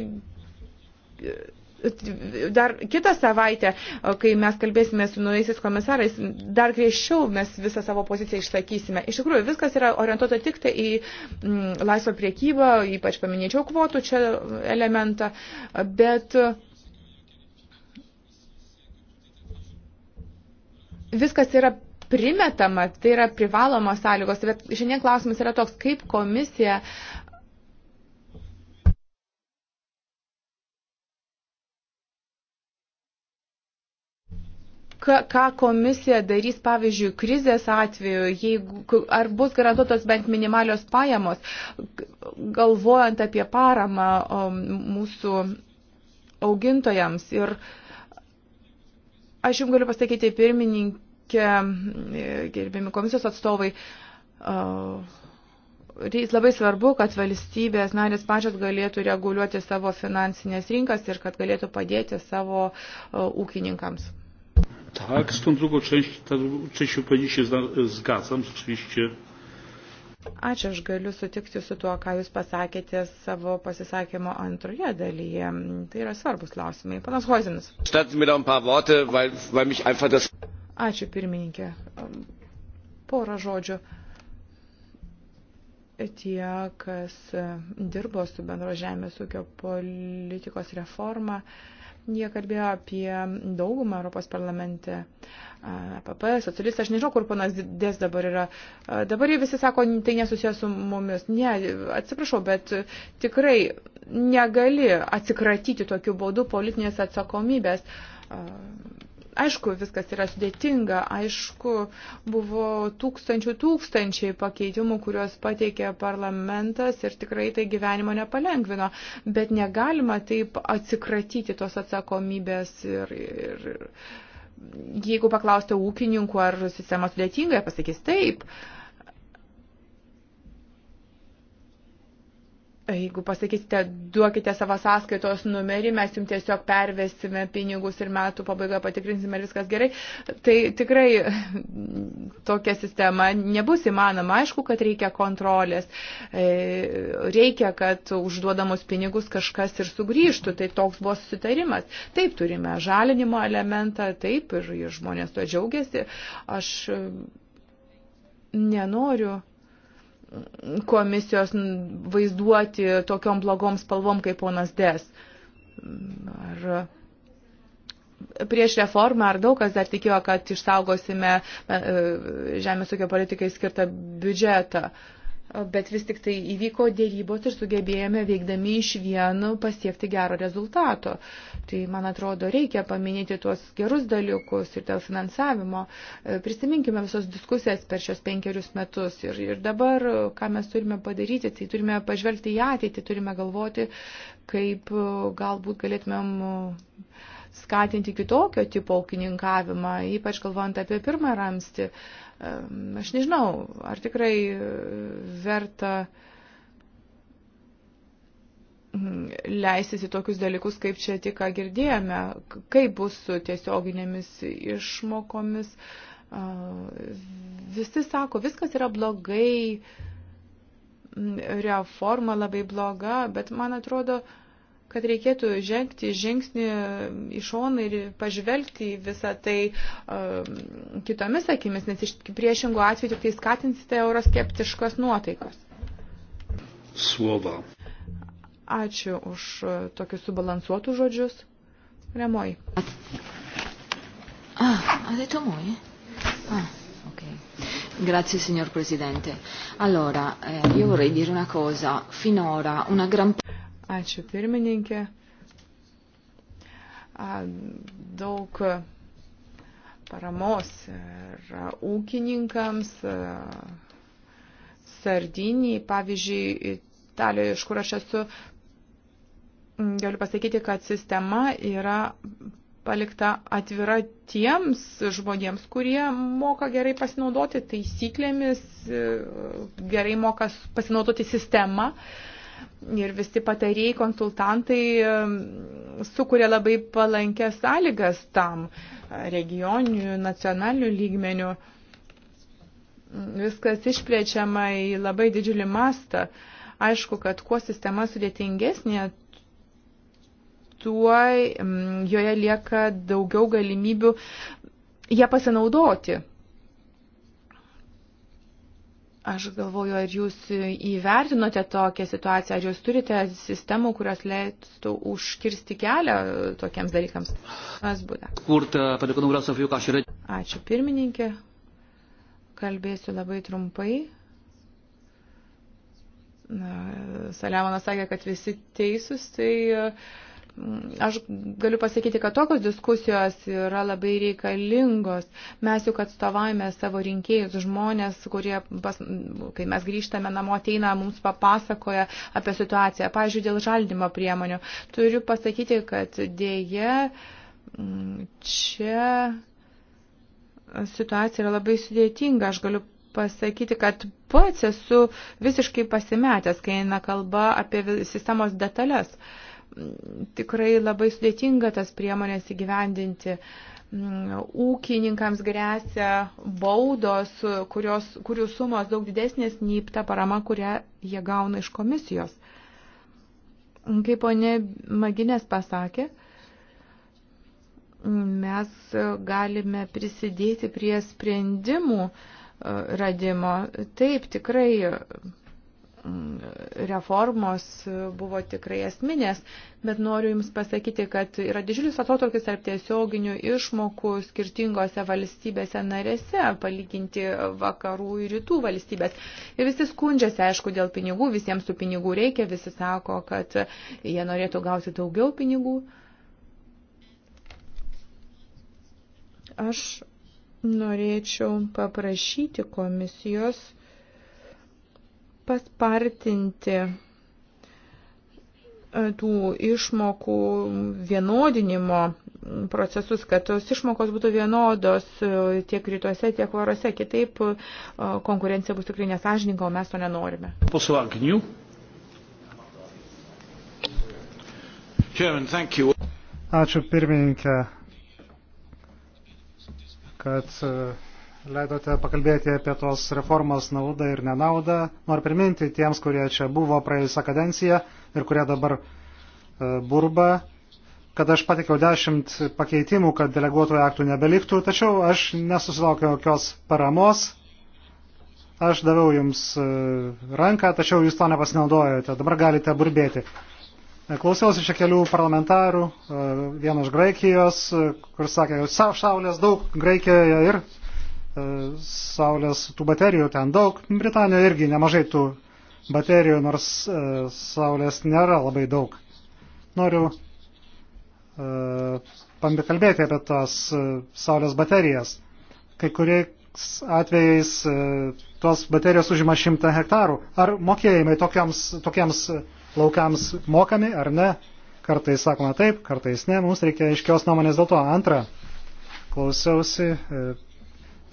dar kitą savaitę, kai mes kalbėsime su naujaisiais komisarais, dar griežčiau mes visą savo poziciją išsakysime. Iš tikrųjų, viskas yra orientuota tik tai į m, mm, laisvą priekybą, ypač paminėčiau kvotų čia elementą, bet viskas yra primetama, tai yra privalomos sąlygos, bet šiandien klausimas yra toks, kaip komisija uh, ką komisija darys, pavyzdžiui, krizės atveju, jeigu, ar bus garantuotos bent minimalios pajamos, galvojant apie paramą mūsų augintojams. Ir aš jums galiu pasakyti, pirmininkė, gerbėmi komisijos atstovai, labai svarbu, kad valstybės narės pačios galėtų reguliuoti savo finansinės rinkas ir kad galėtų padėti savo ūkininkams. Tak, z tą drugą część, ta częścią pewnie się zgadzam, rzeczywiście. Ačiū, aš galiu sutikti su tuo, ką Jūs pasakėte savo pasisakymo antroje dalyje. Tai yra svarbus klausimai. Panas Hozinas. Ačiū, pirmininkė. Porą žodžių. Tie, kas dirbo su bendro žemės ūkio politikos reforma, uh, Jie kalbėjo apie daugumą Europos parlamente, APP, socialistą, aš nežinau, kur panas Dės dabar yra. Dabar jie visi sako, tai nesusijęs su mumis. Ne, atsiprašau, bet tikrai negali atsikratyti tokiu būdu politinės atsakomybės Aišku, viskas yra sudėtinga, aišku, buvo tūkstančių tūkstančiai pakeitimų, kuriuos pateikė parlamentas ir tikrai tai gyvenimo nepalengvino, bet negalima taip atsikratyti tos atsakomybės ir, ir, ir jeigu paklausite ūkininkų, ar sistema sudėtinga, pasakys taip. Uh, Jeigu pasakysite, duokite savo sąskaitos numerį, mes jums tiesiog pervesime pinigus ir metų pabaigoje patikrinsime ir viskas gerai, tai tikrai mm, tokia sistema nebus įmanoma. Aišku, kad reikia kontrolės, e, reikia, kad užduodamus pinigus kažkas ir sugrįžtų, tai toks buvo susitarimas. Taip, turime žalinimo elementą, taip, ir, ir žmonės to džiaugiasi. Aš mm, nenoriu komisijos vaizduoti tokiom blogom spalvom kaip ponas Des. Ar prieš reformą ar daug kas dar tikėjo, kad išsaugosime e, e, žemės ūkio politikai skirtą biudžetą? Uh, bet vis tik tai įvyko dėrybos ir sugebėjome veikdami iš vienų pasiekti gero rezultato. Tai, man atrodo, reikia paminėti tuos gerus dalykus ir dėl finansavimo. E, prisiminkime visos diskusijas per šios penkerius metus ir, ir dabar, ką mes turime padaryti, tai turime pažvelgti į ateitį, turime galvoti, kaip e, galbūt galėtumėm e, skatinti kitokio tipo ūkininkavimą, ypač galvojant apie pirmą ramstį. Uh, Aš nežinau, ar tikrai e, verta leistis į tokius dalykus, kaip čia tik ką girdėjome, kaip bus su tiesioginėmis išmokomis. Visi sako, viskas yra blogai, reforma labai bloga, bet man atrodo, kad reikėtų žengti žingsnį į šoną ir pažvelgti į visą tai um, kitomis akimis, nes iš priešingų atveju tik tai skatinsite euroskeptiškas nuotaikas. Slova. Ačiū už tokius subalansuotus žodžius. Remoj. Ah, ha ah, detto moi? Ah, ok. Grazie signor Presidente. Allora, eh, io vorrei dire una cosa. Finora una gran parte Ačiū pirmininkė. Daug paramos ir ūkininkams, Sardinijai, pavyzdžiui, Italijoje, iš kur aš esu, galiu pasakyti, kad sistema yra palikta atvira tiems žmonėms, kurie moka gerai pasinaudoti taisyklėmis, e, gerai moka pasinaudoti sistemą. Uh, ir visi patarėjai, konsultantai sukuria labai palankęs sąlygas tam regioninių, nacionalinių lygmenių. Viskas išplečiama į labai didžiulį mastą. Aišku, kad kuo sistema sudėtingesnė, tuo joje lieka daugiau galimybių ją pasinaudoti. Aš galvoju, ar jūs įvertinote tokią situaciją, ar jūs turite sistemų, kurios leistų užkirsti kelią tokiems dalykams. Mas būda. Nu, Ačiū pirmininkė. Kalbėsiu labai trumpai. Saliamonas sakė, kad visi teisūs, tai Aš galiu pasakyti, kad tokios diskusijos yra labai reikalingos. Mes juk atstovaujame savo rinkėjus, žmonės, kurie, pas, kai mes grįžtame namo, ateina, mums papasakoja apie situaciją. Pavyzdžiui, dėl žaldimo priemonių. Turiu pasakyti, kad dėje mm, čia situacija yra labai sudėtinga. Aš galiu pasakyti, kad pats esu visiškai pasimetęs, kai eina kalba apie sistemos detalės. Uh, tikrai labai sudėtinga tas priemonės įgyvendinti. Mm, ūkininkams grėsia baudos, kurios, kurių sumos daug didesnės nei ta parama, kurią jie gauna iš komisijos. Kaip ponė Maginės pasakė, mes galime prisidėti prie sprendimų e, radimo. Taip, tikrai Mm, reformos buvo tikrai esminės, bet noriu Jums pasakyti, kad yra didžiulis atotrukis tarp tiesioginių išmokų skirtingose valstybėse narėse, palyginti vakarų ir rytų valstybės. Ir visi skundžiasi, aišku, dėl pinigų, visiems tų pinigų reikia, visi sako, kad jie norėtų gauti daugiau pinigų. Aš norėčiau paprašyti komisijos paspartinti e, tų išmokų vienodinimo procesus, kad tos išmokos būtų vienodos e, tiek rytuose, tiek varuose. Kitaip e, konkurencija bus tikrai nesažininka, o mes to nenorime. Poslavginių. Ačiū pirmininkė, kad leidote pakalbėti apie tos reformos naudą ir nenaudą. Noriu priminti tiems, kurie čia buvo praėjusią kadenciją ir kurie dabar e, burba, kad aš patikiau dešimt pakeitimų, kad deleguotojų aktų nebeliktų, tačiau aš nesusilaukiau jokios paramos. Aš daviau jums e, ranką, tačiau jūs to nepasinaudojote. Dabar galite burbėti. E, klausiausi čia kelių parlamentarų, vieno iš Graikijos, kur sakė, saulės daug Graikijoje ir E, saulės tų baterijų ten daug. Britanijoje irgi nemažai tų baterijų, nors e, saulės nėra labai daug. Noriu e, kalbėti apie tas saulės baterijas. Kai kuriais atvejais tos baterijos užima 100 hektarų. Ar mokėjimai tokiams, tokiems laukams mokami ar ne? Kartais sakoma taip, kartais ne. Mums reikia aiškios nuomonės dėl to. Antra, klausiausi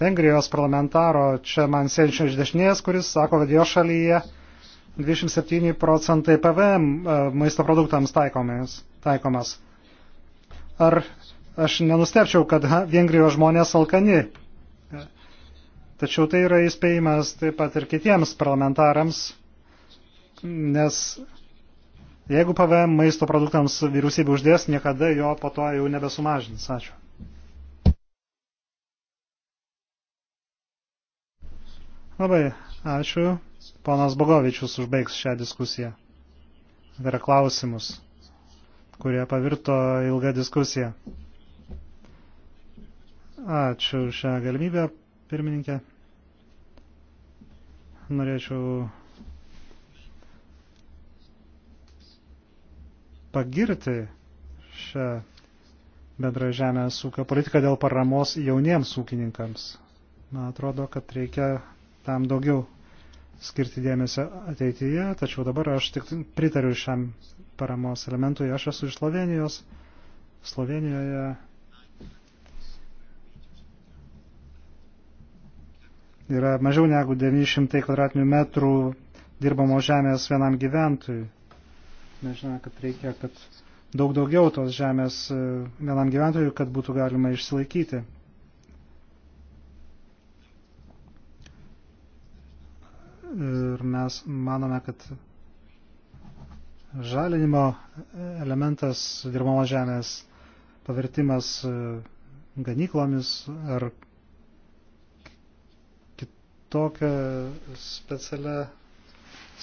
Vengrijos parlamentaro čia man sėdžiu iš dešinės, kuris sako, kad jo šalyje 27 procentai PVM e, maisto produktams taikomas. Ar aš nenustepčiau, kad Vengrijos žmonės alkani? Tačiau tai yra įspėjimas taip pat ir kitiems parlamentarams, nes jeigu PVM maisto produktams vyriausybė uždės, niekada jo po to jau nebesumažins. Ačiū. Labai ačiū. Ponas Bogovičius užbaigs šią diskusiją. Tai yra klausimus, kurie pavirto ilgą diskusiją. Ačiū šią galimybę, pirmininkė. Norėčiau pagirti šią bendrą žemės ūkio politiką dėl paramos jauniems ūkininkams. Man atrodo, kad reikia tam daugiau skirti dėmesio ateityje, tačiau dabar aš tik pritariu šiam paramos elementui. Aš esu iš Slovenijos. Slovenijoje yra mažiau negu 900 kvadratinių metrų dirbamos žemės vienam gyventojui. Nežinau, kad reikia, kad daug daugiau tos žemės e, vienam gyventojui, kad būtų galima išsilaikyti. ir mes manome, kad žalinimo elementas dirbamos žemės pavertimas e, ganyklomis ar kitokia specialia,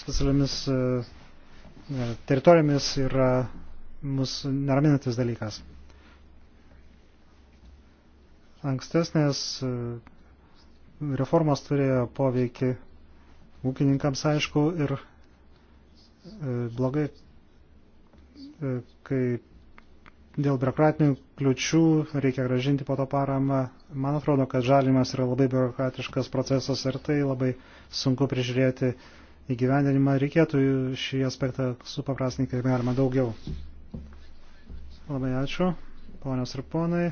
specialiomis e, teritorijomis yra mūsų neraminantis dalykas. Ankstesnės e, reformos turėjo poveikį ūkininkams aišku ir e, blogai, e, kai dėl biurokratinių kliučių reikia gražinti po to paramą. Man atrodo, kad žalimas yra labai biurokratiškas procesas ir tai labai sunku prižiūrėti įgyvendinimą. Reikėtų šį aspektą supaprastinti, kaip galima daugiau. Labai ačiū, ponios ir ponai.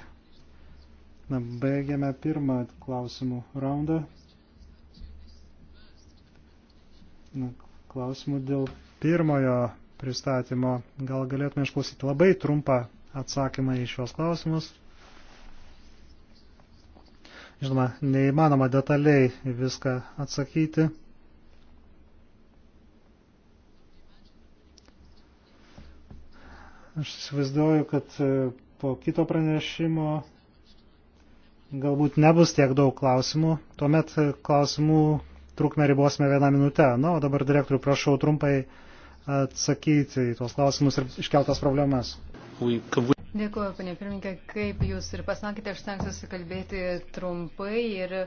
Na, baigiame pirmą klausimų raundą. Nu, klausimų dėl pirmojo pristatymo. Gal galėtume išklausyti labai trumpą atsakymą į šios klausimus. Žinoma, neįmanoma detaliai viską atsakyti. Aš įsivaizduoju, kad e, po kito pranešimo galbūt nebus tiek daug klausimų. Tuomet e, klausimų trukmę ribosime vieną minutę. Na, o dabar direktorių prašau trumpai atsakyti į tuos klausimus ir iškeltas problemas. Dėkuoju, panė pirmininkė, kaip jūs ir pasakėte, aš stengsiuosi kalbėti trumpai ir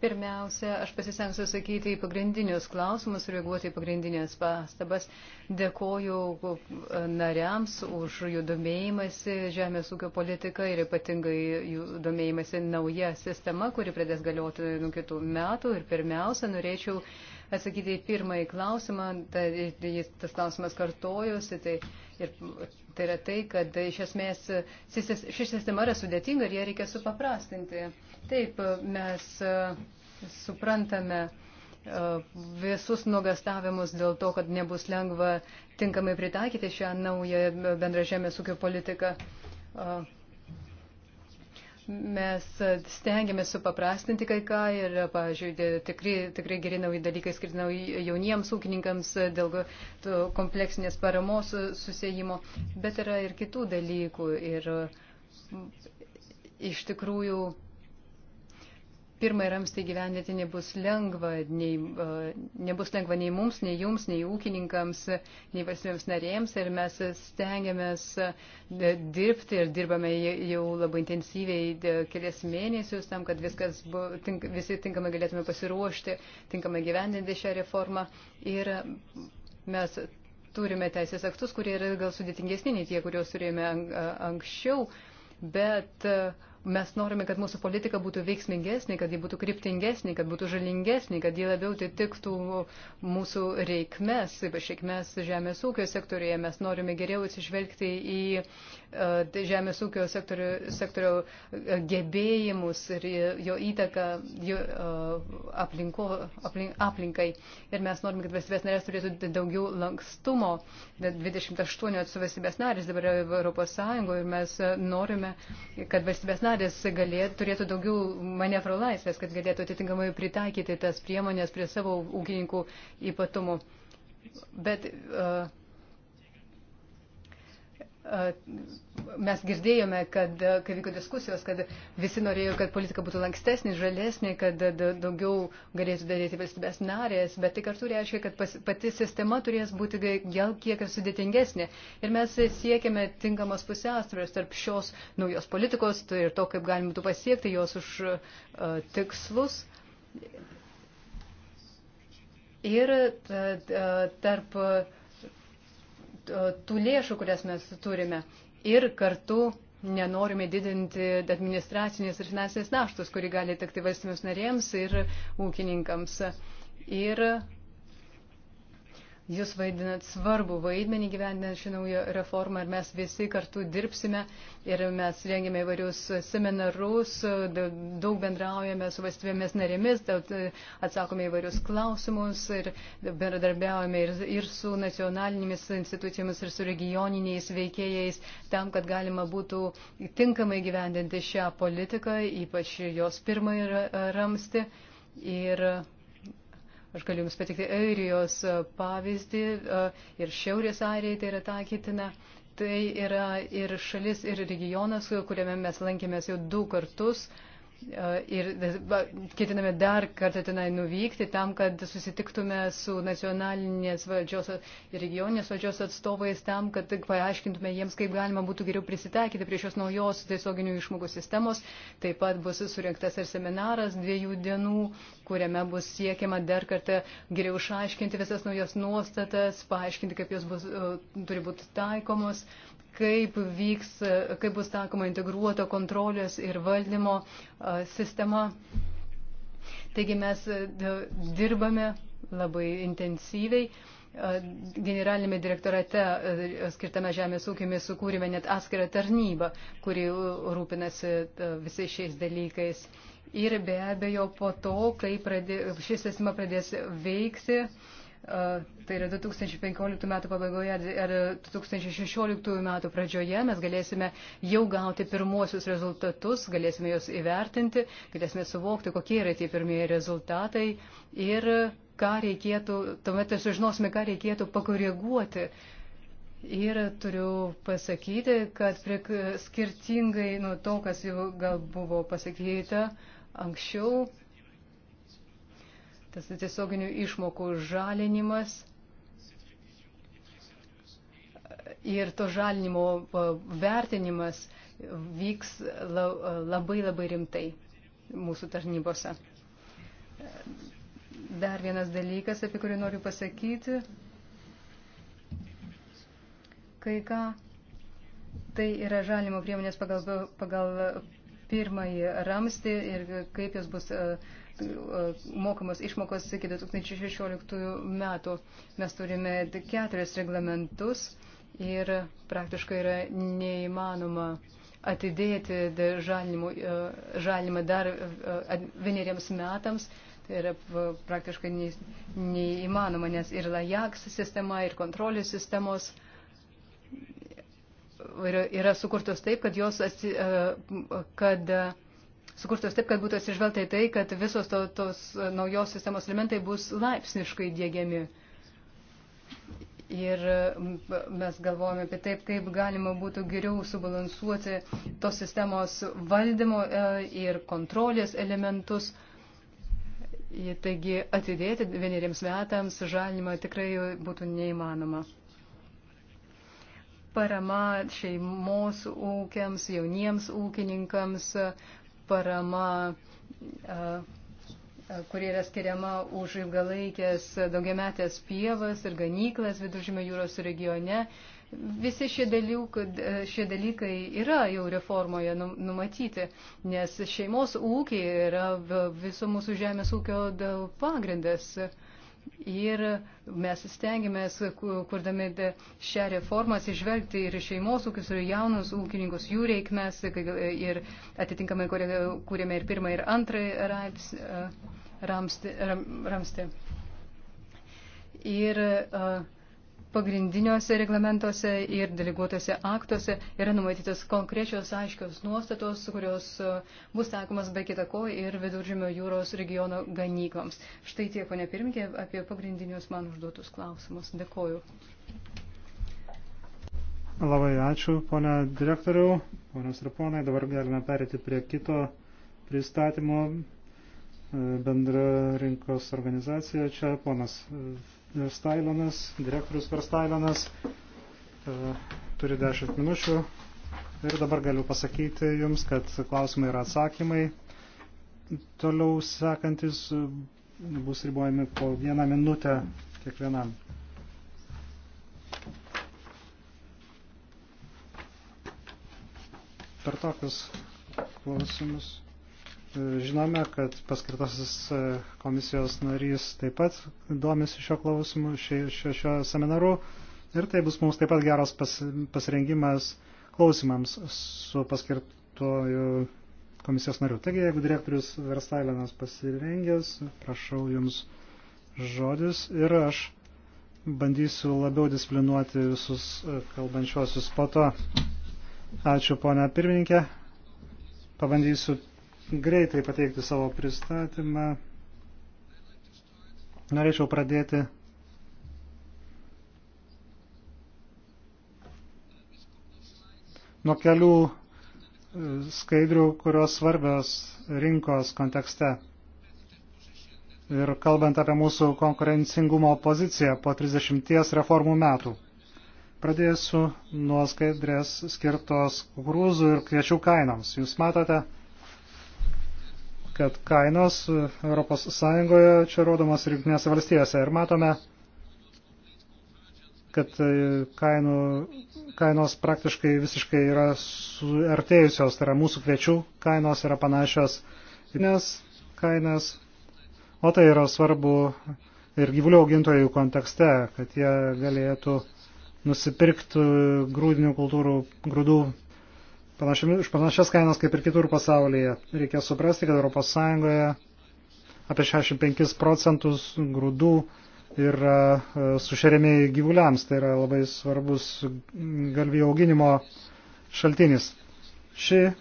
Pirmiausia, aš pasisengsiu sakyti į pagrindinius klausimus, reaguoti į pagrindinės pastabas. Dėkoju e, nariams už jų domėjimąsi žemės ūkio politiką ir ypatingai jų domėjimąsi nauja sistema, kuri pradės galioti nuo kitų metų. Ir pirmiausia, norėčiau atsakyti į pirmąjį klausimą, tai, tai tas klausimas kartojosi tai ir Tai yra tai, kad iš esmės ši sistema yra sudėtinga ir ją reikia supaprastinti. Taip, mes e, suprantame e, visus nuogastavimus dėl to, kad nebus lengva tinkamai pritaikyti šią naują bendrą žemės ūkio politiką. E, Mes stengiamės supaprastinti kai ką ir, pažiūrėjau, tikrai, tikrai geri nauji dalykai skirti nauji jauniems ūkininkams dėl kompleksinės paramos susijimo, bet yra ir kitų dalykų. Ir iš tikrųjų pirmąjį ramstį gyvendyti nebus lengva, nei, e, nebus lengva nei mums, nei jums, nei ūkininkams, nei valstybėms narėjams ir mes stengiamės e, dirbti ir dirbame jau labai intensyviai e, kelias mėnesius tam, kad viskas bu, tink, visi tinkamai galėtume pasiruošti, tinkamai gyvendinti šią reformą ir mes turime teisės aktus, kurie yra gal sudėtingesni nei tie, kuriuos turėjome anksčiau, bet uh, mes norime, kad mūsų politika būtų veiksmingesnė, kad ji būtų kryptingesnė, kad būtų žalingesnė, kad ji labiau atitiktų mūsų reikmes, ypač reikmes žemės ūkio sektorėje. Mes norime geriau atsižvelgti į e, žemės ūkio sektorio, sektorio e, gebėjimus ir jo įtaką jo, e, aplinko, aplink, aplinkai. Ir mes norime, kad valstybės narės turėtų daugiau lankstumo. 28 valstybės narės dabar yra Europos Sąjungoje ir mes norime, kad valstybės narės narės galėt, turėtų daugiau manevro laisvės, kad galėtų atitinkamai pritaikyti tas priemonės prie savo ūkininkų ypatumų. Bet uh, Mes girdėjome, kad, kai vyko diskusijos, kad visi norėjo, kad politika būtų lankstesnė, žalesnė, kad daugiau galėtų daryti valstybės narės, bet tai kartu reiškia, kad pas, pati sistema turės būti gal kiek ir sudėtingesnė. Ir mes siekiame tinkamos pusiausvėros tarp šios naujos politikos tai ir to, kaip galima būtų pasiekti jos už uh, tikslus. Ir uh, tarp. Uh, tų lėšų, kurias mes turime. Ir kartu nenorime didinti administracinės ir finansinės naštos, kuri gali tekti valstybės narėms ir ūkininkams. Ir Jūs vaidinat svarbų vaidmenį gyvendinant šį naują reformą ir mes visi kartu dirbsime ir mes rengiame įvairius seminarus, daug bendraujame su valstybėmis narėmis, atsakome įvairius klausimus ir bendradarbiaujame ir, ir su nacionalinėmis institucijomis, ir su regioniniais veikėjais, tam, kad galima būtų tinkamai gyvendinti šią politiką, ypač jos pirmąjį ramsti. Ir Aš galiu Jums patikti Airijos e, pavyzdį e, ir Šiaurės Airijai tai yra takytina. Tai yra ir šalis, ir regionas, kuriame mes lankėmės jau du kartus. Uh, E, ir ketiname dar kartą tenai nuvykti tam, kad susitiktume su nacionalinės valdžios ir regioninės valdžios atstovais tam, kad paaiškintume jiems, kaip galima būtų geriau prisitaikyti prie šios naujos tiesioginių išmokų sistemos. Taip pat bus surinktas ir seminaras dviejų dienų, kuriame bus siekiama dar kartą geriau išaiškinti visas naujas nuostatas, paaiškinti, kaip jos bus, e, turi būti taikomos. Uh, kaip, vyks, kaip bus takoma integruoto kontrolės ir valdymo sistema. Taigi mes dirbame labai intensyviai generalinėme direktorate skirtame žemės ūkimi sukūrėme net atskirą tarnybą, kuri rūpinasi visais šiais dalykais. Ir be abejo, po to, kai pradė, šis sistema pradės veikti, uh, tai yra 2015 metų pabaigoje ar 2016 metų pradžioje mes galėsime jau gauti pirmuosius rezultatus, galėsime juos įvertinti, galėsime suvokti, kokie yra tie pirmieji rezultatai ir ką reikėtų, tuomet sužinosime, ką reikėtų pakoreguoti. Ir turiu pasakyti, kad skirtingai nuo to, kas jau gal buvo pasakyta anksčiau, tas tiesioginių išmokų žalinimas. Ir to žalinimo vertinimas vyks labai labai rimtai mūsų tarnybose. Dar vienas dalykas, apie kurį noriu pasakyti, kai ką, tai yra žalimo priemonės pagal, pagal pirmąjį ramstį ir kaip jos bus uh, E, mokamos išmokos iki 2016 metų. Mes turime keturis reglamentus ir praktiškai yra neįmanoma atidėti žalimą e, dar e, vieneriems metams. Tai yra praktiškai neįmanoma, nes ir LAJAX sistema, ir kontrolės sistemos yra, yra sukurtos taip, kad jos, atsi, kad sukurtos taip, kad būtų atsižvelgta į tai, kad visos to, tos e, naujos sistemos elementai bus laipsniškai dėgiami. Ir e, mes galvojame apie taip, kaip galima būtų geriau subalansuoti tos sistemos valdymo e, ir kontrolės elementus. Taigi atidėti vieneriems metams žalinimą tikrai būtų neįmanoma parama šeimos ūkiams, jauniems ūkininkams, parama, kurie yra skiriama už ilgalaikės daugiametės pievas ir ganyklas Viduržymio jūros regione. Visi šie dalykai, šie dalykai yra jau reformoje numatyti, nes šeimos ūkiai yra viso mūsų žemės ūkio pagrindas. Ir mes stengiamės, kurdami šią reformą, atsižvelgti ir šeimos ūkius, ir jaunus ūkininkus, jų reikmes, ir atitinkamai kūrėme ir pirmą, ir antrą ramstį. ramstį. Ir uh, pagrindiniuose reglamentuose ir deleguotuose aktuose yra numatytas konkrečios aiškios nuostatos, kurios e, bus taikomas be kita ko ir viduržymio jūros regiono ganykloms. Štai tiek, ponė pirmininkė, apie pagrindinius man užduotus klausimus. Dėkoju. Labai ačiū, ponė direktoriau, ponios ir ponai. Dabar galime perėti prie kito pristatymo e, bendra rinkos organizacija. Čia ponas Stailenas, direktorius Verstailenas, e, turi 10 minučių. Ir dabar galiu pasakyti Jums, kad klausimai ir atsakymai toliau sekantis bus ribojami po vieną minutę kiekvienam. Per tokius klausimus. Žinome, kad paskirtasis e, komisijos narys taip pat domisi šio klausimu, šio, šio, šio seminaru. Ir tai bus mums taip pat geras pas, pasirengimas klausimams su paskirtoju komisijos nariu. Taigi, jeigu direktorius Verstailenas pasirengęs, prašau jums žodis ir aš bandysiu labiau disciplinuoti visus e, kalbančiuosius po to. Ačiū, ponia pirmininkė. Pabandysiu greitai pateikti savo pristatymą. Norėčiau pradėti nuo kelių e, skaidrių, kurios svarbios rinkos kontekste. Ir kalbant apie mūsų konkurencingumo poziciją po 30 reformų metų. Pradėsiu nuo skaidrės skirtos kukurūzų ir kviečių kainoms. Jūs matote, kad kainos ES čia rodomos ir jungtinėse valstijose. Ir matome, kad e, kainų, kainos praktiškai visiškai yra suartėjusios, tai yra mūsų kviečių kainos yra panašios nes kainas, o tai yra svarbu ir gyvulių augintojų kontekste, kad jie galėtų nusipirkti e, grūdinių kultūrų grūdų už panašias kainas kaip ir kitur pasaulyje. Reikia suprasti, kad ES apie 65 procentus grūdų yra e, sušeriami gyvuliams. Tai yra labai svarbus galvijų auginimo šaltinis. Ši e,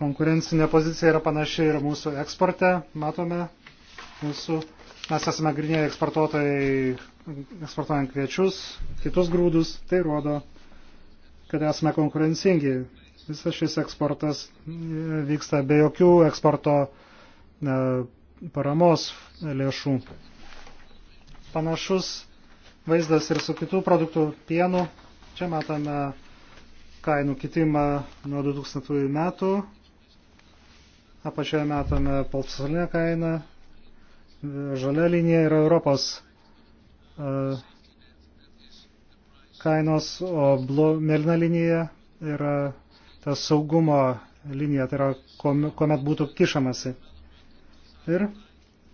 konkurencinė pozicija yra panaši ir mūsų eksporte. Matome, mūsų, mes esame grinėje eksportuotojai, eksportuojant kviečius, kitus grūdus. Tai rodo kad esame konkurencingi. Visas šis eksportas e, vyksta be jokių eksporto e, paramos lėšų. Panašus vaizdas ir su kitų produktų pienu. Čia matome kainų kitimą nuo 2000 metų. Apačioje matome pasaulinę kainą. Žalia linija yra Europos e, kainos, o mėlyna linija yra ta saugumo linija, tai yra kuomet būtų kišamasi. Ir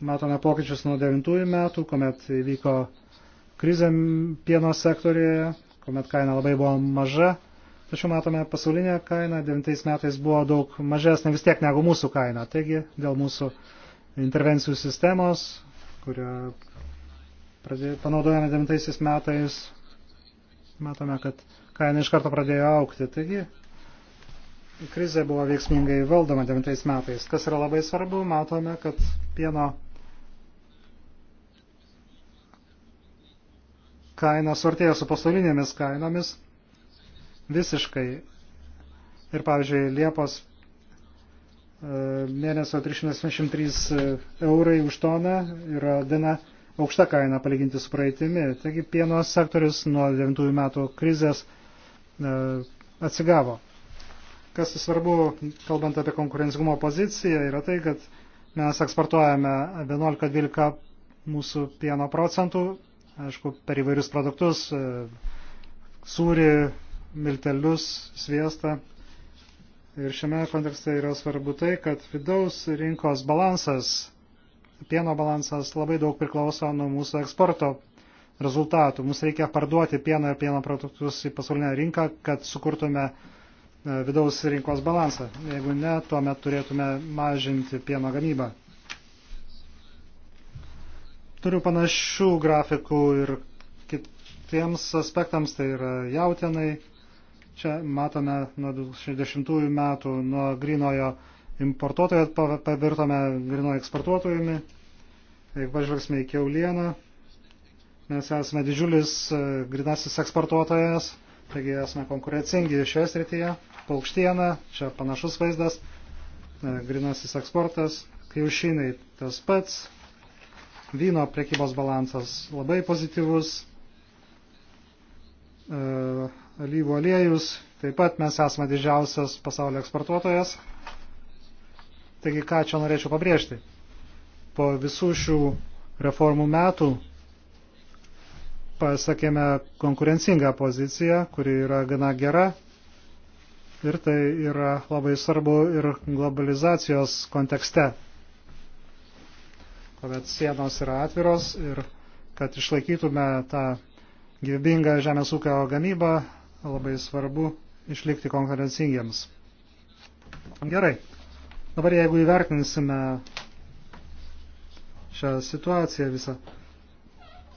matome pokyčius nuo 9 metų, kuomet įvyko krizė pieno sektorijoje, kuomet kaina labai buvo maža. Tačiau matome pasaulinę kainą, 9 metais buvo daug mažesnė vis tiek negu mūsų kaina. Taigi dėl mūsų intervencijų sistemos, kurią pradė, panaudojame 9 metais, matome, kad kaina iš karto pradėjo aukti. Taigi, krizė buvo veiksmingai valdoma 9 metais. Kas yra labai svarbu, matome, kad pieno kaina suartėjo su pasaulinėmis kainomis visiškai. Ir pavyzdžiui, Liepos e, mėnesio 373 eurai už toną yra diena aukšta kaina palyginti su praeitimi. Taigi pieno sektorius nuo 9 metų krizės e, atsigavo. Kas svarbu, kalbant apie konkurencingumo poziciją, yra tai, kad mes eksportuojame 11-12 mūsų pieno procentų, aišku, per įvairius produktus, e, sūrį, miltelius, sviestą. Ir šiame kontekste yra svarbu tai, kad vidaus rinkos balansas pieno balansas labai daug priklauso nuo mūsų eksporto rezultatų. Mums reikia parduoti pieną ir pieno produktus į pasaulinę rinką, kad sukurtume e, vidaus rinkos balansą. Jeigu ne, tuomet turėtume mažinti pieno gamybą. Turiu panašių grafikų ir kitiems aspektams, tai yra jautienai. Čia matome nuo 2010 metų nuo grinojo importuotoją pavirtome grino eksportuotojumi. Jeigu pažvelgsime į keulieną, mes esame didžiulis e, grinasis eksportuotojas, taigi esame konkurencingi šioje srityje. Paukštiena, čia panašus vaizdas, e, grinasis eksportas, kiaušiniai tas pats, vyno prekybos balansas labai pozityvus, e, alyvų aliejus, taip pat mes esame didžiausias pasaulio eksportuotojas, Taigi, ką čia norėčiau pabrėžti? Po visų šių reformų metų pasakėme konkurencingą poziciją, kuri yra gana gera. Ir tai yra labai svarbu ir globalizacijos kontekste, kuomet sienos yra atviros ir kad išlaikytume tą gyvybingą žemės ūkio gamybą, labai svarbu išlikti konkurencingiems. Gerai. Dabar jeigu įvertinsime šią situaciją visą,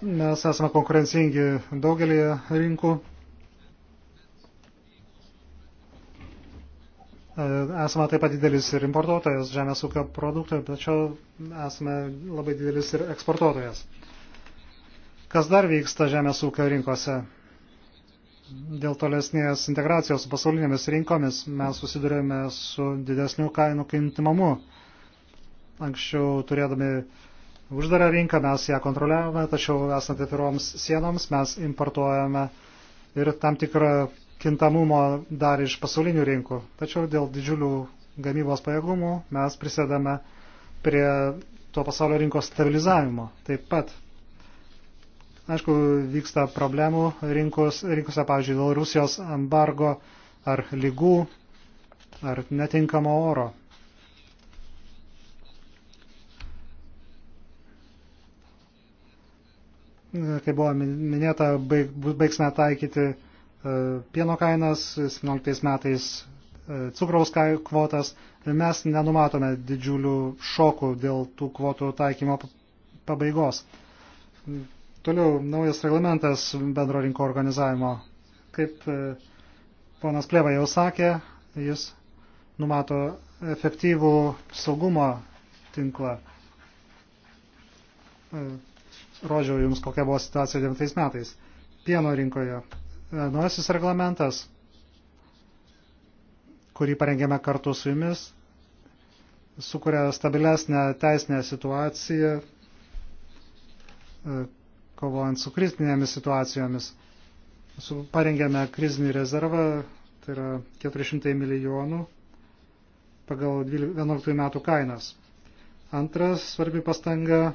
mes esame konkurencingi daugelį rinkų. Esame taip pat didelis ir importuotojas žemės ūkio produktų, tačiau esame labai didelis ir eksportuotojas. Kas dar vyksta žemės ūkio rinkose? dėl tolesnės integracijos su pasaulinėmis rinkomis mes susidurėme su didesniu kainų kintimamu. Anksčiau turėdami uždarą rinką mes ją kontroliavome, tačiau esant atviroms sienoms mes importuojame ir tam tikrą kintamumo dar iš pasaulinių rinkų. Tačiau dėl didžiulių gamybos pajėgumų mes prisėdame prie to pasaulio rinkos stabilizavimo. Taip pat Aišku, vyksta problemų rinkos, rinkose, pavyzdžiui, dėl Rusijos embargo ar lygų ar netinkamo oro. Kaip buvo minėta, baig, baigsime taikyti e, pieno kainas, 17 metais e, cukraus kvotas. Mes nenumatome didžiulių šokų dėl tų kvotų taikymo pabaigos Toliau naujas reglamentas bendro rinko organizavimo. Kaip e, ponas Kleva jau sakė, jis numato efektyvų saugumo tinklą. E, rodžiau jums, kokia buvo situacija 9 metais. Pieno rinkoje. E, naujasis reglamentas, kurį parengėme kartu su jumis, sukuria stabilesnę teisinę situaciją kovojant su krizinėmis situacijomis. Su, parengėme krizinį rezervą, tai yra 400 milijonų pagal 2011 metų kainas. Antras svarbi pastanga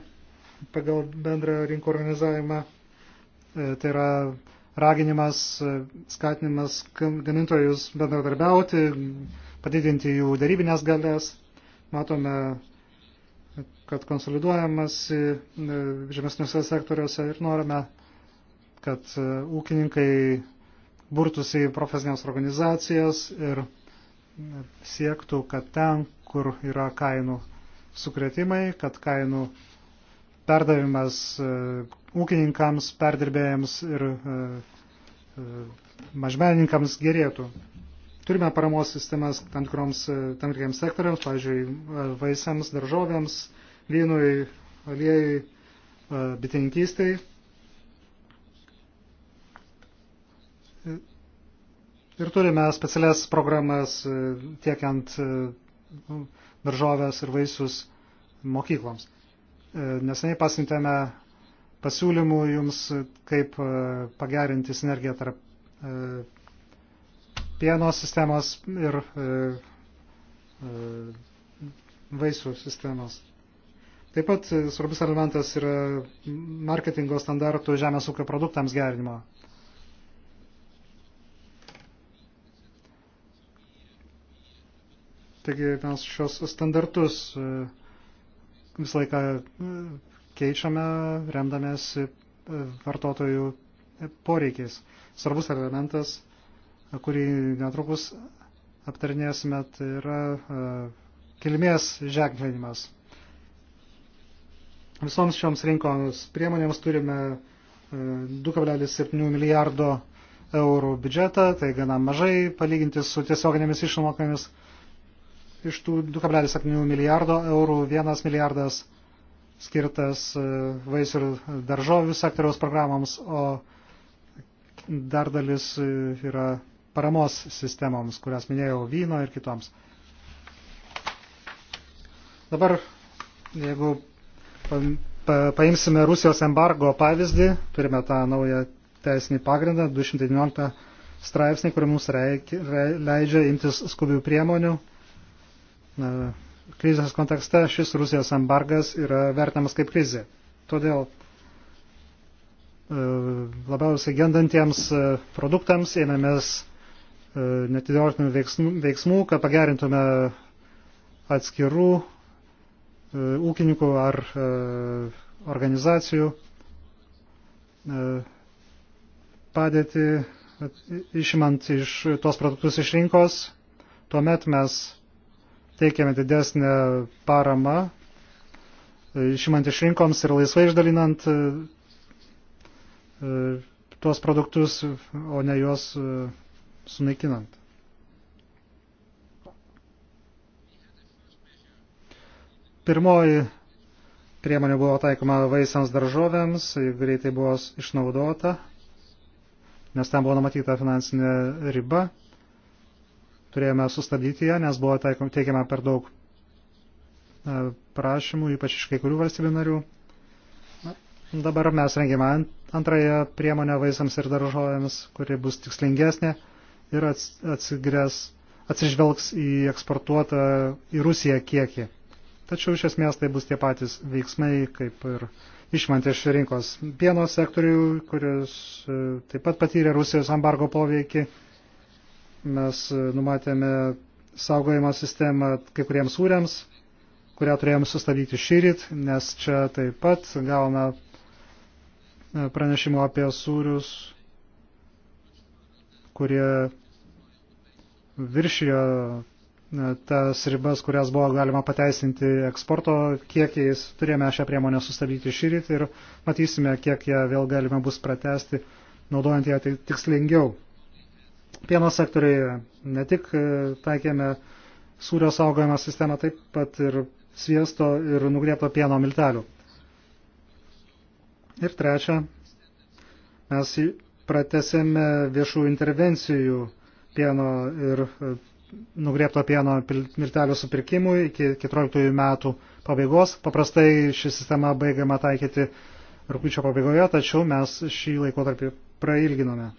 pagal bendrą rinkų organizavimą, e, tai yra raginimas, e, skatinimas gamintojus bendradarbiauti, padidinti jų darybinės galės. Matome kad konsoliduojamas e, žemesniuose sektoriuose ir norime, kad e, ūkininkai burtųsi į profesinės organizacijas ir e, siektų, kad ten, kur yra kainų sukretimai, kad kainų perdavimas ūkininkams, perdirbėjams ir mažmenininkams gerėtų. Turime paramos sistemas tam tikriems sektoriams, pavyzdžiui, vaisiams, daržovėms, vynui, aliejui, bitininkystai. Ir turime specialias programas e, tiekiant e, daržovės ir vaisius mokykloms. E, neseniai pasintėme pasiūlymų jums, kaip pagerinti sinergiją tarp pieno sistemos ir vaisių sistemos. Taip pat e, svarbus elementas yra marketingo standartų žemės ūkio produktams gerinimo. Taigi mes šios standartus e, visą laiką e, keičiame, remdamėsi vartotojų poreikiais. Svarbus elementas, kurį netrukus aptarinėsime, tai yra kilmės ženklinimas. Visoms šioms rinkoms priemonėms turime 2,7 e, milijardo eurų biudžetą, tai gana mažai palyginti su tiesioginėmis išmokomis. Iš tų 2,7 milijardo eurų 1 milijardas skirtas e, vaisių ir daržovių sektoriaus programams, o dar dalis e, yra paramos sistemoms, kurias minėjau vyno ir kitoms. Dabar, jeigu pa, pa, paimsime Rusijos embargo pavyzdį, turime tą naują teisinį pagrindą, 219 straipsnį, kur mums reik, re, leidžia imtis skubių priemonių. Na, krizės kontekste šis Rusijos embargas yra vertinamas kaip krizė. Todėl e, labiausiai gendantiems e, produktams ėmėmės e, netidėliotinių veiksmų, veiksmų, kad pagerintume atskirų E, ūkininkų ar e, organizacijų e, padėtį, išimant iš tuos produktus iš rinkos, tuomet mes teikiame didesnę paramą, išimant iš rinkoms ir laisvai išdalinant tuos produktus, o ne juos sunaikinant. Pirmoji priemonė buvo taikoma vaisiams daržovėms, greitai buvo išnaudota, nes ten buvo numatyta finansinė riba. Turėjome sustabdyti ją, nes buvo taikom, teikiama per daug e, prašymų, ypač iš kai kurių valstybių narių. Dabar mes rengėme antrąją priemonę vaisiams ir daržovėms, kuri bus tikslingesnė ir atsigrės, atsižvelgs į eksportuotą į Rusiją kiekį. Tačiau iš esmės tai bus tie patys veiksmai, kaip ir išmantė iš rinkos pieno sektorių, kuris e, taip pat patyrė Rusijos embargo poveikį. Mes e, numatėme saugojimo sistemą kai kuriems sūriams, kurią turėjom sustabdyti šyrit, nes čia taip pat gauna e, pranešimų apie sūrius, kurie viršijo tas ribas, kurias buvo galima pateisinti eksporto kiekiais. Turėjome šią priemonę sustabdyti šį rytį ir matysime, kiek ją vėl galima bus pratesti, naudojant ją tikslingiau. Pieno sektoriuje ne tik e, taikėme sūrio saugojimo sistemą, taip pat ir sviesto ir nugrėto pieno miltelių. Ir trečia, mes pratesėme viešų intervencijų pieno ir e, nugriepto pieno miltelių supirkimui iki 14 metų pabaigos. Paprastai ši sistema baigiama taikyti rūpiučio pabaigoje, tačiau mes šį laikotarpį prailginome.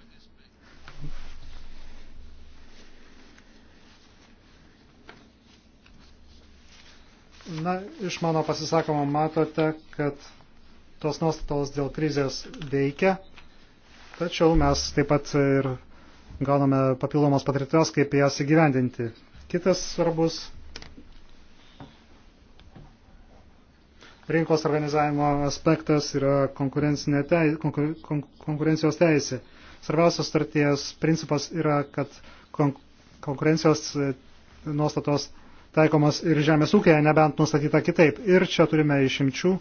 Na, iš mano pasisakomo matote, kad tos nuostatos dėl krizės veikia, tačiau mes taip pat ir gauname papildomos patirties, kaip jas įgyvendinti. Kitas svarbus rinkos organizavimo aspektas yra teis, konkur, kon, konkurencijos teisė. Svarbiausias starties principas yra, kad kon, konkurencijos e, nuostatos taikomas ir žemės ūkėje, nebent nustatyta kitaip. Ir čia turime išimčių.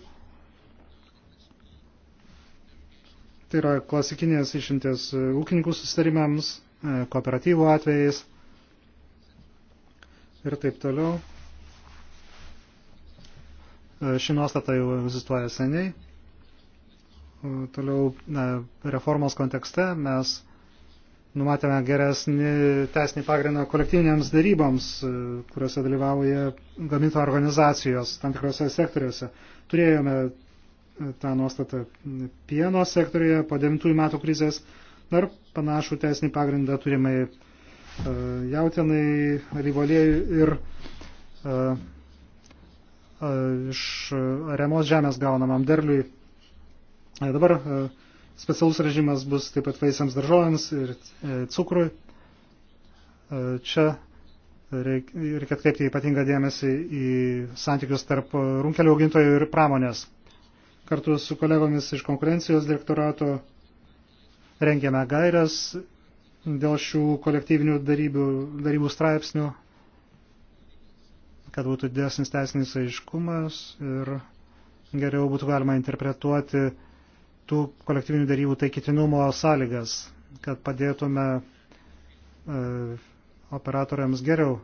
Tai yra klasikinės išimties e, ūkininkų susitarimams E, kooperatyvų atvejais ir taip toliau. E, ši nuostata jau egzistuoja seniai. Toliau reformos kontekste mes numatėme geresnį teisinį pagrindą kolektyvinėms daryboms, e, kuriuose dalyvauja gaminto organizacijos tam tikrose sektoriuose. Turėjome tą nuostatą pieno sektoriuje po 9 metų krizės Dar panašų teisinį pagrindą turime jautinai, rivolėjų ir e, e, iš remos žemės gaunamam derliui. E, dabar specialus režimas bus taip pat vaisiams daržovėms ir cukrui. Čia reikia atkreipti ypatingą dėmesį į santykius tarp runkelių augintojų ir pramonės. Kartu su kolegomis iš konkurencijos direktorato rengiame gairias dėl šių kolektyvinių darybių, darybų straipsnių, kad būtų didesnis teisinis aiškumas ir geriau būtų galima interpretuoti tų kolektyvinių darybų taikytinumo sąlygas, kad padėtume e, operatoriams geriau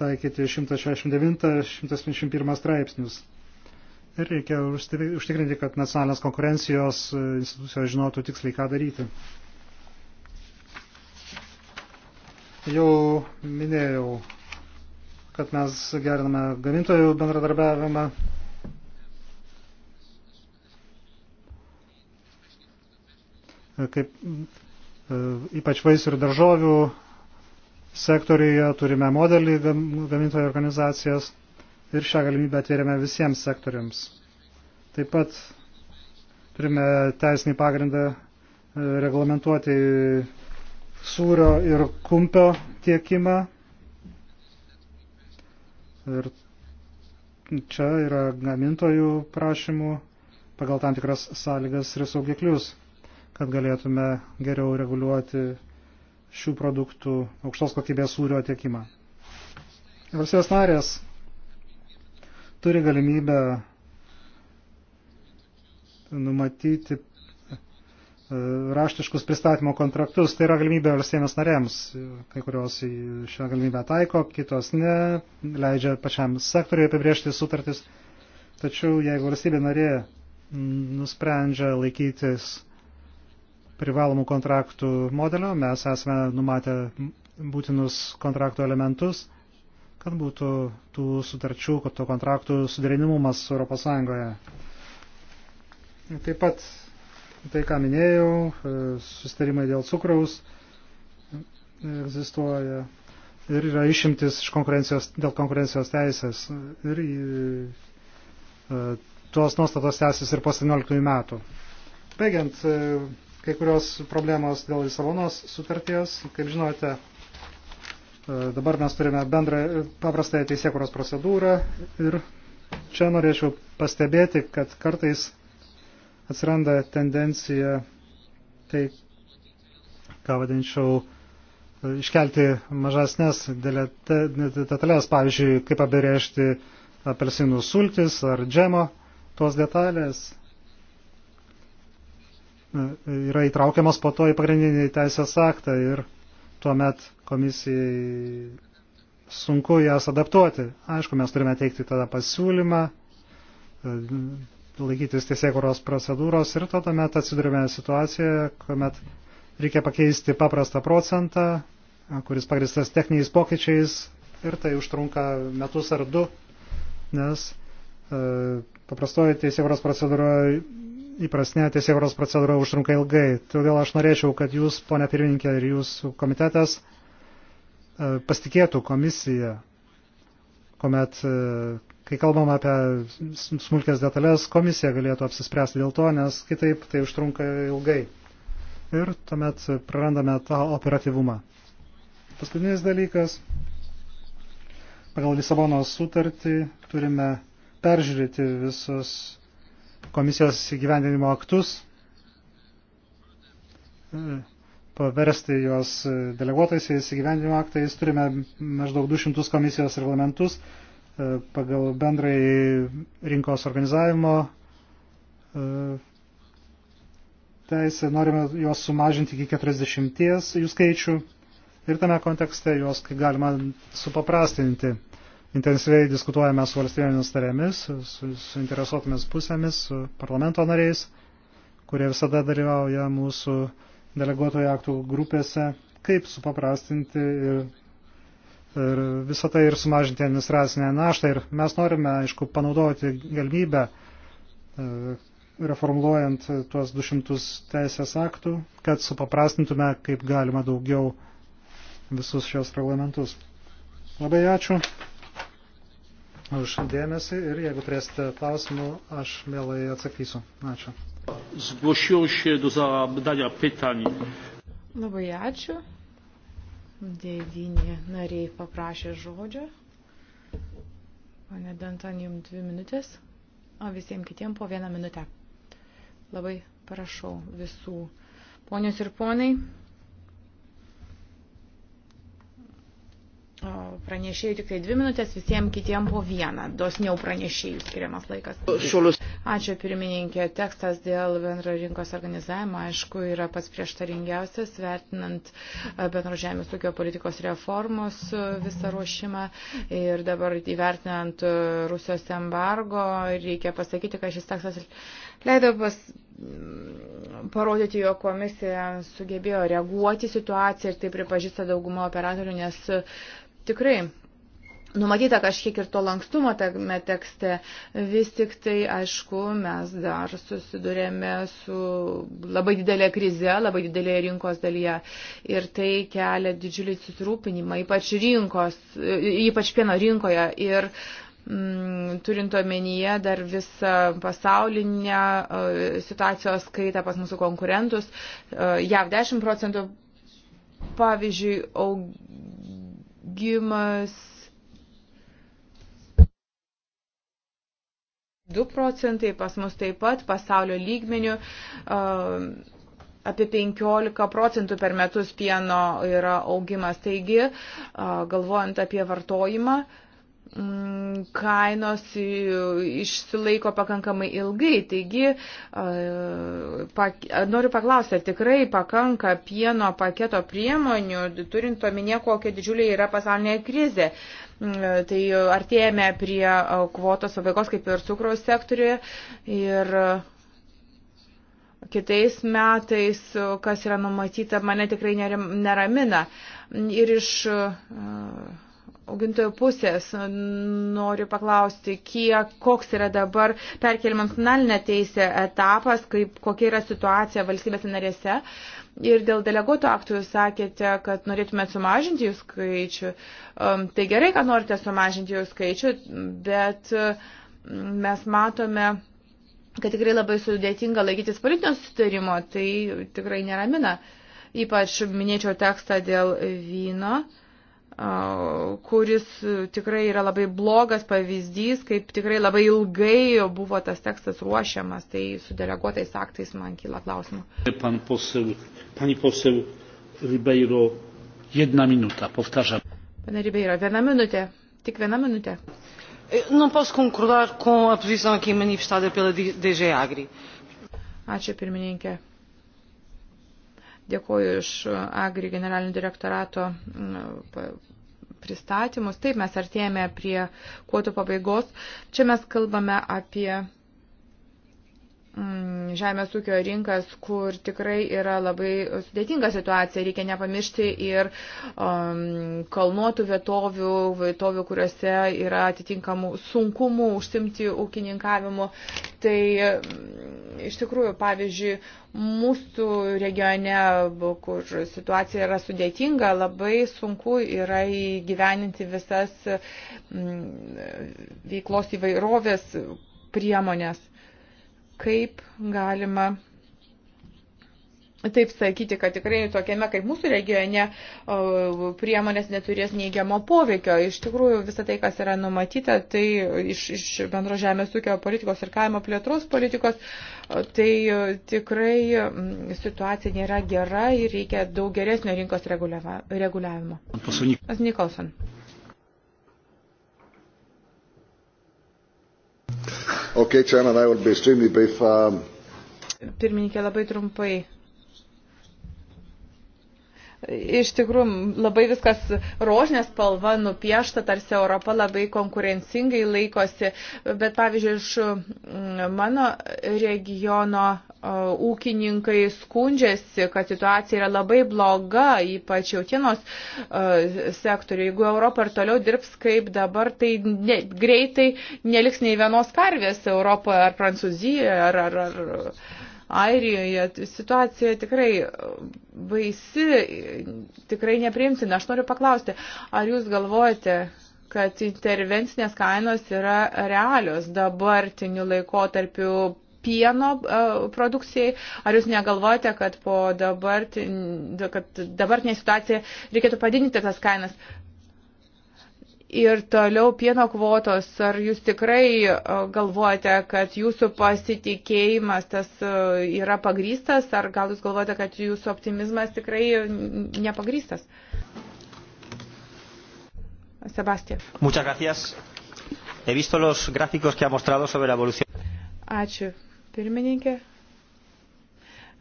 taikyti 169-171 straipsnius. Ir reikia užtikrinti, kad nacionalinės konkurencijos e, institucijos žinotų tiksliai, ką daryti. Jau minėjau, kad mes geriname gamintojų bendradarbiavimą. Kaip e, ypač vaisių ir daržovių sektorijoje turime modelį gamintojų organizacijas ir šią galimybę atvėrėme visiems sektoriams. Taip pat turime teisinį pagrindą e, reglamentuoti sūrio ir kumpio tiekimą. Ir čia yra gamintojų prašymų pagal tam tikras sąlygas ir saugiklius, kad galėtume geriau reguliuoti šių produktų aukštos kokybės sūrio tiekimą. Valstybės narės turi galimybę numatyti e, raštiškus pristatymo kontraktus. Tai yra galimybė valstybės narėms. Kai kurios šią galimybę taiko, kitos ne, leidžia pačiam sektoriui apibriežti sutartis. Tačiau jeigu valstybė narė nusprendžia laikytis privalomų kontraktų modelio, mes esame numatę būtinus kontraktų elementus kad būtų tų sutarčių, kad tų kontraktų suderinimumas Europos Sąjungoje. Taip pat tai, ką minėjau, e, susitarimai dėl cukraus egzistuoja ir yra išimtis iš konkurencijos, dėl konkurencijos teisės. Ir e, e, tuos nuostatos tęsis ir po 17 metų. Baigiant, kai kurios problemos dėl Lisabonos sutarties, kaip žinote, E, dabar mes turime bendrą e, paprastąją teisėkuros procedūrą ir čia norėčiau pastebėti, kad kartais atsiranda tendencija tai, ką vadinčiau, e, iškelti mažasnes detalės, pavyzdžiui, kaip apibrėžti apelsinų sultis ar džemo, tos detalės yra įtraukiamas po to į pagrindinį teisės aktą ir tuomet komisijai sunku jas adaptuoti. Aišku, mes turime teikti tada pasiūlymą, e, laikytis tiesiekuros procedūros ir to tuomet atsidurime situacijoje, kuomet reikia pakeisti paprastą procentą, kuris pagristas techniniais pokyčiais ir tai užtrunka metus ar du, nes e, paprastoji teisėvaros procedūra įprasnė teisėvaros procedūra užtrunka ilgai. Todėl aš norėčiau, kad jūs, ponia pirmininkė, ir jūsų komitetas e, pasitikėtų komisiją, kuomet, e, kai kalbam apie smulkės detalės, komisija galėtų apsispręsti dėl to, nes kitaip tai užtrunka ilgai. Ir tuomet prarandame tą operatyvumą. Paskutinis dalykas. Pagal Lisabonos sutartį turime peržiūrėti visus komisijos įgyvendinimo aktus, e, paversti juos e, deleguotaisiais įgyvendinimo aktais. Turime maždaug 200 komisijos reglamentus e, pagal bendrai rinkos organizavimo teisę. Norime juos sumažinti iki 40 jų skaičių ir tame kontekste juos kaip galima supaprastinti intensyviai diskutuojame su valstybėmis tarėmis, su, su interesuotomis pusėmis, su parlamento nariais, kurie visada dalyvauja mūsų deleguotojų aktų grupėse, kaip supaprastinti ir, ir visą tai ir sumažinti administracinę naštą. Ir mes norime, aišku, panaudoti galimybę e, reformuluojant tuos 200 teisės aktų, kad supaprastintume kaip galima daugiau visus šios reglamentus. Labai ačiū už dėmesį ir jeigu turėsite klausimų, aš mielai atsakysiu. Ačiū. Zgłosiło się do zadania pytań. Labai ačiū. Devyni nariai paprašė žodžio. Pane Dantan, jums dvi minutės, o visiems kitiems po vieną minutę. Labai prašau visų. Ponios ir ponai, pranešėjų tik tai dvi minutės, visiems kitiem po vieną. Dosniau pranešėjų skiriamas laikas. Ačiū pirmininkė. Tekstas dėl bendro rinkos organizavimo, aišku, yra pats prieštaringiausias, vertinant e, bendro žemės ūkio politikos reformos e, visą ruošimą. Ir dabar įvertinant e, Rusijos embargo, reikia pasakyti, kad šis tekstas leido pas parodyti, jo komisija sugebėjo reaguoti situaciją ir tai pripažįsta daugumo operatorių, nes tikrai numatyta kažkiek ir to lankstumo tame tekste, vis tik tai, aišku, mes dar susidurėme su labai didelė krize, labai didelėje rinkos dalyje ir tai kelia didžiulį susirūpinimą, ypač, rinkos, ypač pieno rinkoje. Ir, mm, turint omenyje dar visą pasaulinę e, situacijos kaitą pas mūsų konkurentus, e, JAV 10 procentų, pavyzdžiui, aug augimas 2 procentai, pas mus taip pat pasaulio lygmenių um, apie 15 procentų per metus pieno yra augimas. Taigi, uh, galvojant apie vartojimą, Mm, kainos išsilaiko pakankamai ilgai. Taigi e, pak, noriu paklausti, ar tikrai pakanka pieno paketo priemonių, turint omenyje, kokia didžiulė yra pasaulinė krizė. Mm, e, tai artėjame prie e, kvotos pabaigos, kaip ir cukraus sektoriuje. Ir kitais metais, kas yra numatyta, mane tikrai neramina. Ir iš uh, augintojų pusės noriu paklausti, kiek, koks yra dabar perkeliamam finalinę teisę etapas, kaip, kokia yra situacija valstybės narėse. Ir dėl deleguotų aktų jūs sakėte, kad norėtumėt sumažinti jų skaičių. Um, tai gerai, kad norite sumažinti jų skaičių, bet um, mes matome, kad tikrai labai sudėtinga laikytis politinio sutarimo. Tai tikrai neramina. Ypač minėčiau tekstą dėl vyno. Uh, kuris tikrai yra labai blogas pavyzdys, kaip tikrai labai ilgai buvo tas tekstas ruošiamas, tai su deleguotais aktais man kyla klausimų. Pan posel, pani posel Ribeiro, jedna minuta, povtažam. Pana Ribeiro, viena minutė, tik viena minutė. Não posso concordar com a posição aqui manifestada pela DG Agri. Ačiū pirmininkė. Dėkuoju iš Agri generalinio direktorato pristatymus. Taip, mes artėjame prie kuotų pabaigos. Čia mes kalbame apie Mm, žemės ūkio rinkas, kur tikrai yra labai sudėtinga situacija. Reikia nepamiršti ir um, kalnuotų vietovių, vietovių, kuriuose yra atitinkamų sunkumų užsimti ūkininkavimu. Tai mm, iš tikrųjų, pavyzdžiui, mūsų regione, kur situacija yra sudėtinga, labai sunku yra įgyveninti visas mm, veiklos įvairovės priemonės kaip galima taip sakyti, kad tikrai tokiame kaip mūsų regione priemonės neturės neigiamo poveikio. Iš tikrųjų, visa tai, kas yra numatyta, tai iš, iš bendro žemės ūkio politikos ir kaimo plėtros politikos, tai tikrai situacija nėra gera ir reikia daug geresnio rinkos reguliavimo. Nikolson. Okay, Chairman, I will be extremely brief. Um... Pirmininkė, labai trumpai. Iš tikrųjų, labai viskas rožnės spalva nupiešta, tarsi Europa labai konkurencingai laikosi, bet pavyzdžiui, iš mano regiono ūkininkai skundžiasi, kad situacija yra labai bloga, ypač jautienos sektoriu. Jeigu Europa ir toliau dirbs kaip dabar, tai ne, greitai neliks nei vienos karvės Europoje ar Prancūzijoje ar, ar, ar Airijoje. Situacija tikrai baisi, tikrai nepriimtina. Aš noriu paklausti, ar jūs galvojate, kad intervencinės kainos yra realios dabartiniu laikotarpiu pieno produkcijai. Ar jūs negalvojate, kad po dabartinė, kad dabartinė situacija reikėtų padidinti tas kainas? Ir toliau pieno kvotos, ar jūs tikrai galvojate, kad jūsų pasitikėjimas tas yra pagrystas, ar gal jūs galvojate, kad jūsų optimizmas tikrai nepagrystas? Sebastian. Muchas gracias. He visto los gráficos que ha mostrado sobre la evolución. Ačiū pirmininkė.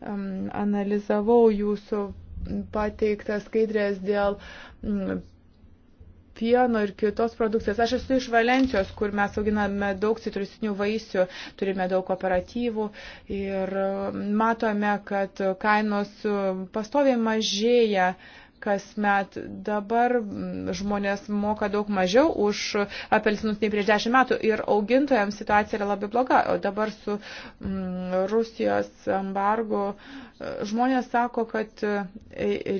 Analizavau jūsų pateiktas skaidrės dėl pieno ir kitos produkcijos. Aš esu iš Valencijos, kur mes auginame daug citrusinių vaisių, turime daug kooperatyvų ir matome, kad kainos pastoviai mažėja kasmet. Dabar mm, žmonės moka daug mažiau už apelsinus nei prieš dešimt metų ir augintojams situacija yra labai bloga. O dabar su mm, Rusijos embargo e, žmonės sako, kad e,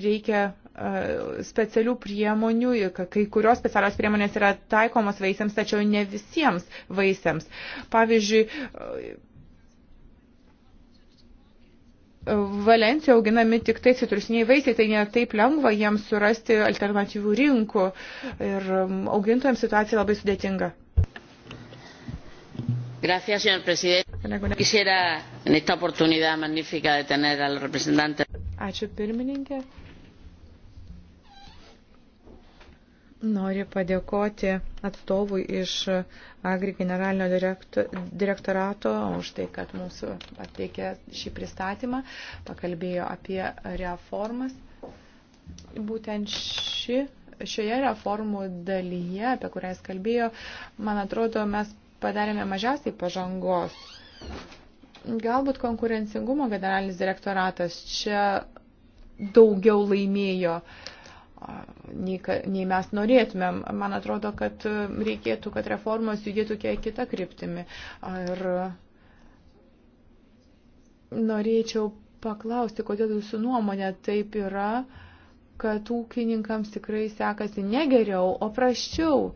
reikia e, specialių priemonių, kai kurios specialios priemonės yra taikomos vaisiams, tačiau ne visiems vaisiams. Pavyzdžiui, Valencijoje auginami tik tai citrusiniai vaisiai, tai netaip lengva jiems surasti alternatyvių rinkų ir um, augintojams situacija labai sudėtinga. Gracias, señor presidente. Quisiera en esta oportunidad magnífica de tener al representante. Ačiū pirmininkė. Noriu padėkoti atstovui iš Agri generalinio direktorato už tai, kad mūsų atveikė šį pristatymą, pakalbėjo apie reformas. Būtent ši, šioje reformų dalyje, apie kurią jis kalbėjo, man atrodo, mes padarėme mažiausiai pažangos. Galbūt konkurencingumo generalinis direktoratas čia daugiau laimėjo. Uh, nei, nei mes norėtumėm. Man atrodo, kad reikėtų, kad reformos judėtų kiek kitą kryptimį. Ir norėčiau paklausti, kodėl jūsų nuomonė taip yra, kad ūkininkams tikrai sekasi ne geriau, o praščiau.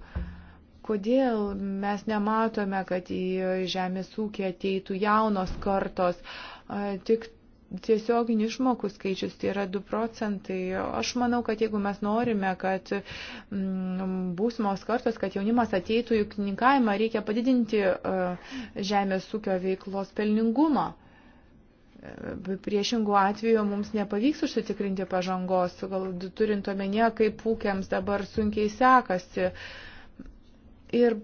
Kodėl mes nematome, kad į žemės ūkį ateitų jaunos kartos, tik tiesioginių išmokų skaičius, tai yra 2 procentai. Aš manau, kad jeigu mes norime, kad mm, būsimos kartos, kad jaunimas ateitų į kininkavimą, reikia padidinti e, žemės ūkio veiklos pelningumą. E, priešingų atveju mums nepavyks užsitikrinti pažangos, gal turint omenyje, kaip ūkiams dabar sunkiai sekasi. Ir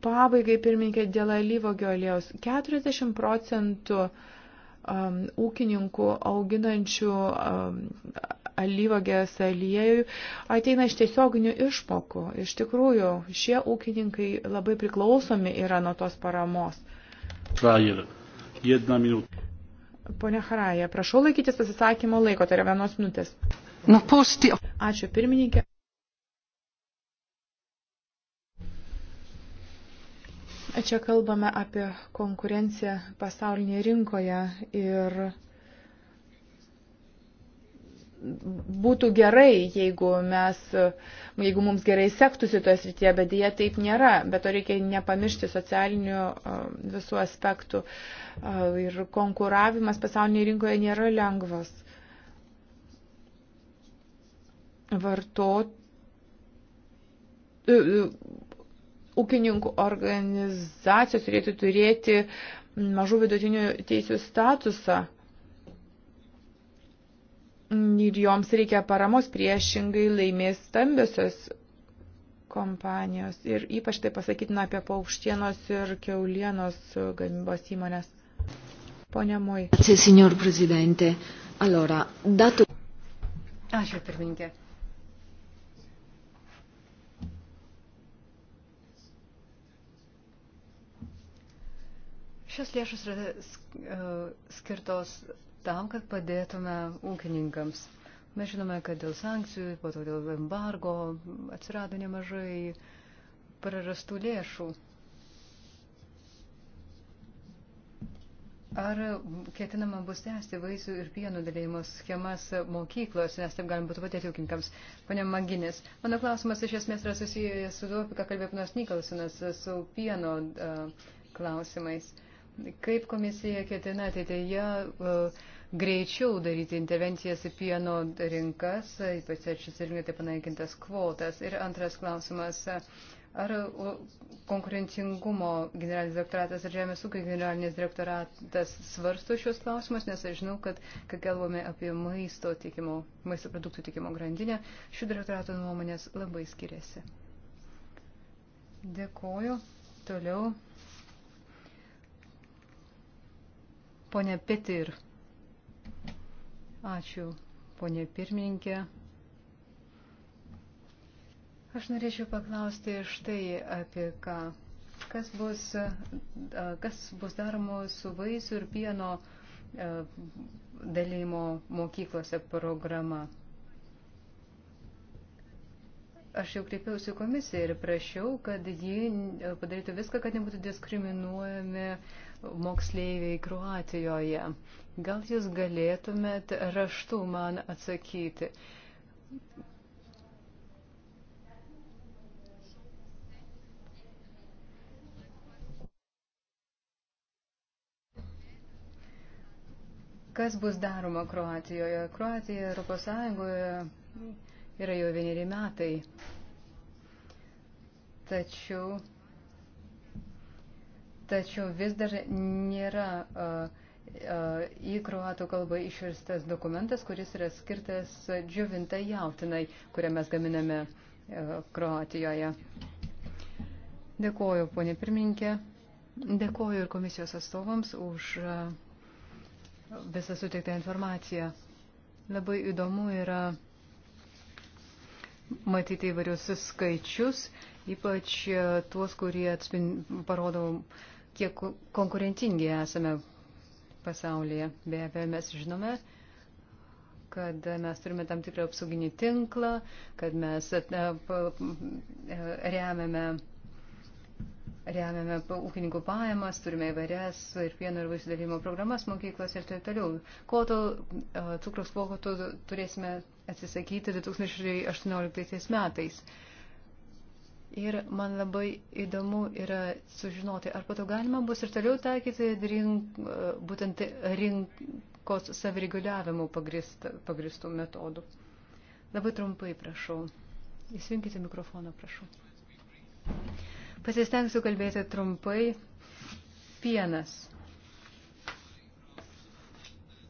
pabaigai, pirmininkė, dėl alyvogio aliejaus 40 procentų uh, um, ūkininkų auginančių um, alyvagės aliejų ateina iš tiesioginių išmokų. Iš tikrųjų, šie ūkininkai labai priklausomi yra nuo tos paramos. Frajer, jedna minutė. Pone Haraja, prašau laikytis pasisakymo laiko, tai yra vienos minutės. Ačiū pirmininkė. Čia kalbame apie konkurenciją pasaulinėje rinkoje ir būtų gerai, jeigu, mes, jeigu mums gerai sektųsi toje srityje, bet dėja taip nėra. Bet to reikia nepamiršti socialinių visų aspektų. Ir konkuravimas pasaulinėje rinkoje nėra lengvas. Vartot e, e, ūkininkų organizacijos turėtų turėti mažų vidutinių teisių statusą. Ir joms reikia paramos priešingai laimės stambiosios kompanijos. Ir ypač tai pasakytina apie paukštienos ir keulienos gamybos įmonės. Pone Mui. Ačiū, signor prezidente. Allora, datų. Ačiū, pirmininkė. Šios lėšos yra e, skirtos tam, kad padėtume ūkininkams. Mes žinome, kad dėl sankcijų, po to dėl embargo atsirado nemažai prarastų lėšų. Ar ketinama bus tęsti vaisių ir pienų dalėjimo schemas mokyklos, nes taip galim būtų padėti ūkininkams, ponė Maginis. Mano klausimas iš esmės yra susijęs su tuo, ką kalbėjo panas Nikolsonas, su pieno uh, klausimais. Uh, Kaip komisija ketina ateityje uh, greičiau daryti intervencijas į pieno rinkas, ypač atsižvelgiant į panaikintas kvotas? Ir antras klausimas. Ar konkurencingumo generalinis direktoratas ir žemės ūkio generalinis direktoratas svarsto šios klausimus, nes aš žinau, kad kai kalbame apie maisto, tikimo, maisto produktų tikimo grandinę, šių direktorato nuomonės labai skiriasi. Dėkoju. Toliau Pone Petir. Ačiū, ponė pirmininkė. Aš norėčiau paklausti štai apie ką. Kas bus, kas bus daroma su vaisių ir pieno dalymo mokyklose programa? Aš jau kreipiausi komisiją ir prašiau, kad ji padarytų viską, kad nebūtų diskriminuojami uh, moksleiviai Kroatijoje. Gal jūs galėtumėt raštu man atsakyti? Kas bus daroma Kroatijoje? Kroatija Europos Sąjungoje yra jau vieneri metai. Tačiau tačiau vis dar nėra į kruatų kalbą išverstas dokumentas, kuris yra skirtas džiuvintai jautinai, kurią mes gaminame Kroatijoje. Dėkuoju, ponė pirmininkė. Dėkuoju ir komisijos atstovams už visą suteiktą informaciją. Labai įdomu yra matyti įvairius skaičius, ypač tuos, kurie atspin, parodo kiek konkurencingi esame pasaulyje. Be abejo, mes žinome, kad mes turime tam tikrą apsauginį tinklą, kad mes e, e, remiame, remiame ūkininkų pajamas, turime įvairias ir pieno ir vaisių dalymo programas mokyklas ir taip toliau. Ko to e, cukraus plokotų turėsime atsisakyti 2018 metais. Ir man labai įdomu yra sužinoti, ar po to galima bus ir toliau taikyti rink, e, būtent rinkos savireguliavimų pagristų metodų. Labai trumpai prašau. Įsijunkite mikrofoną, prašau. Pasistengsiu kalbėti trumpai. Pienas.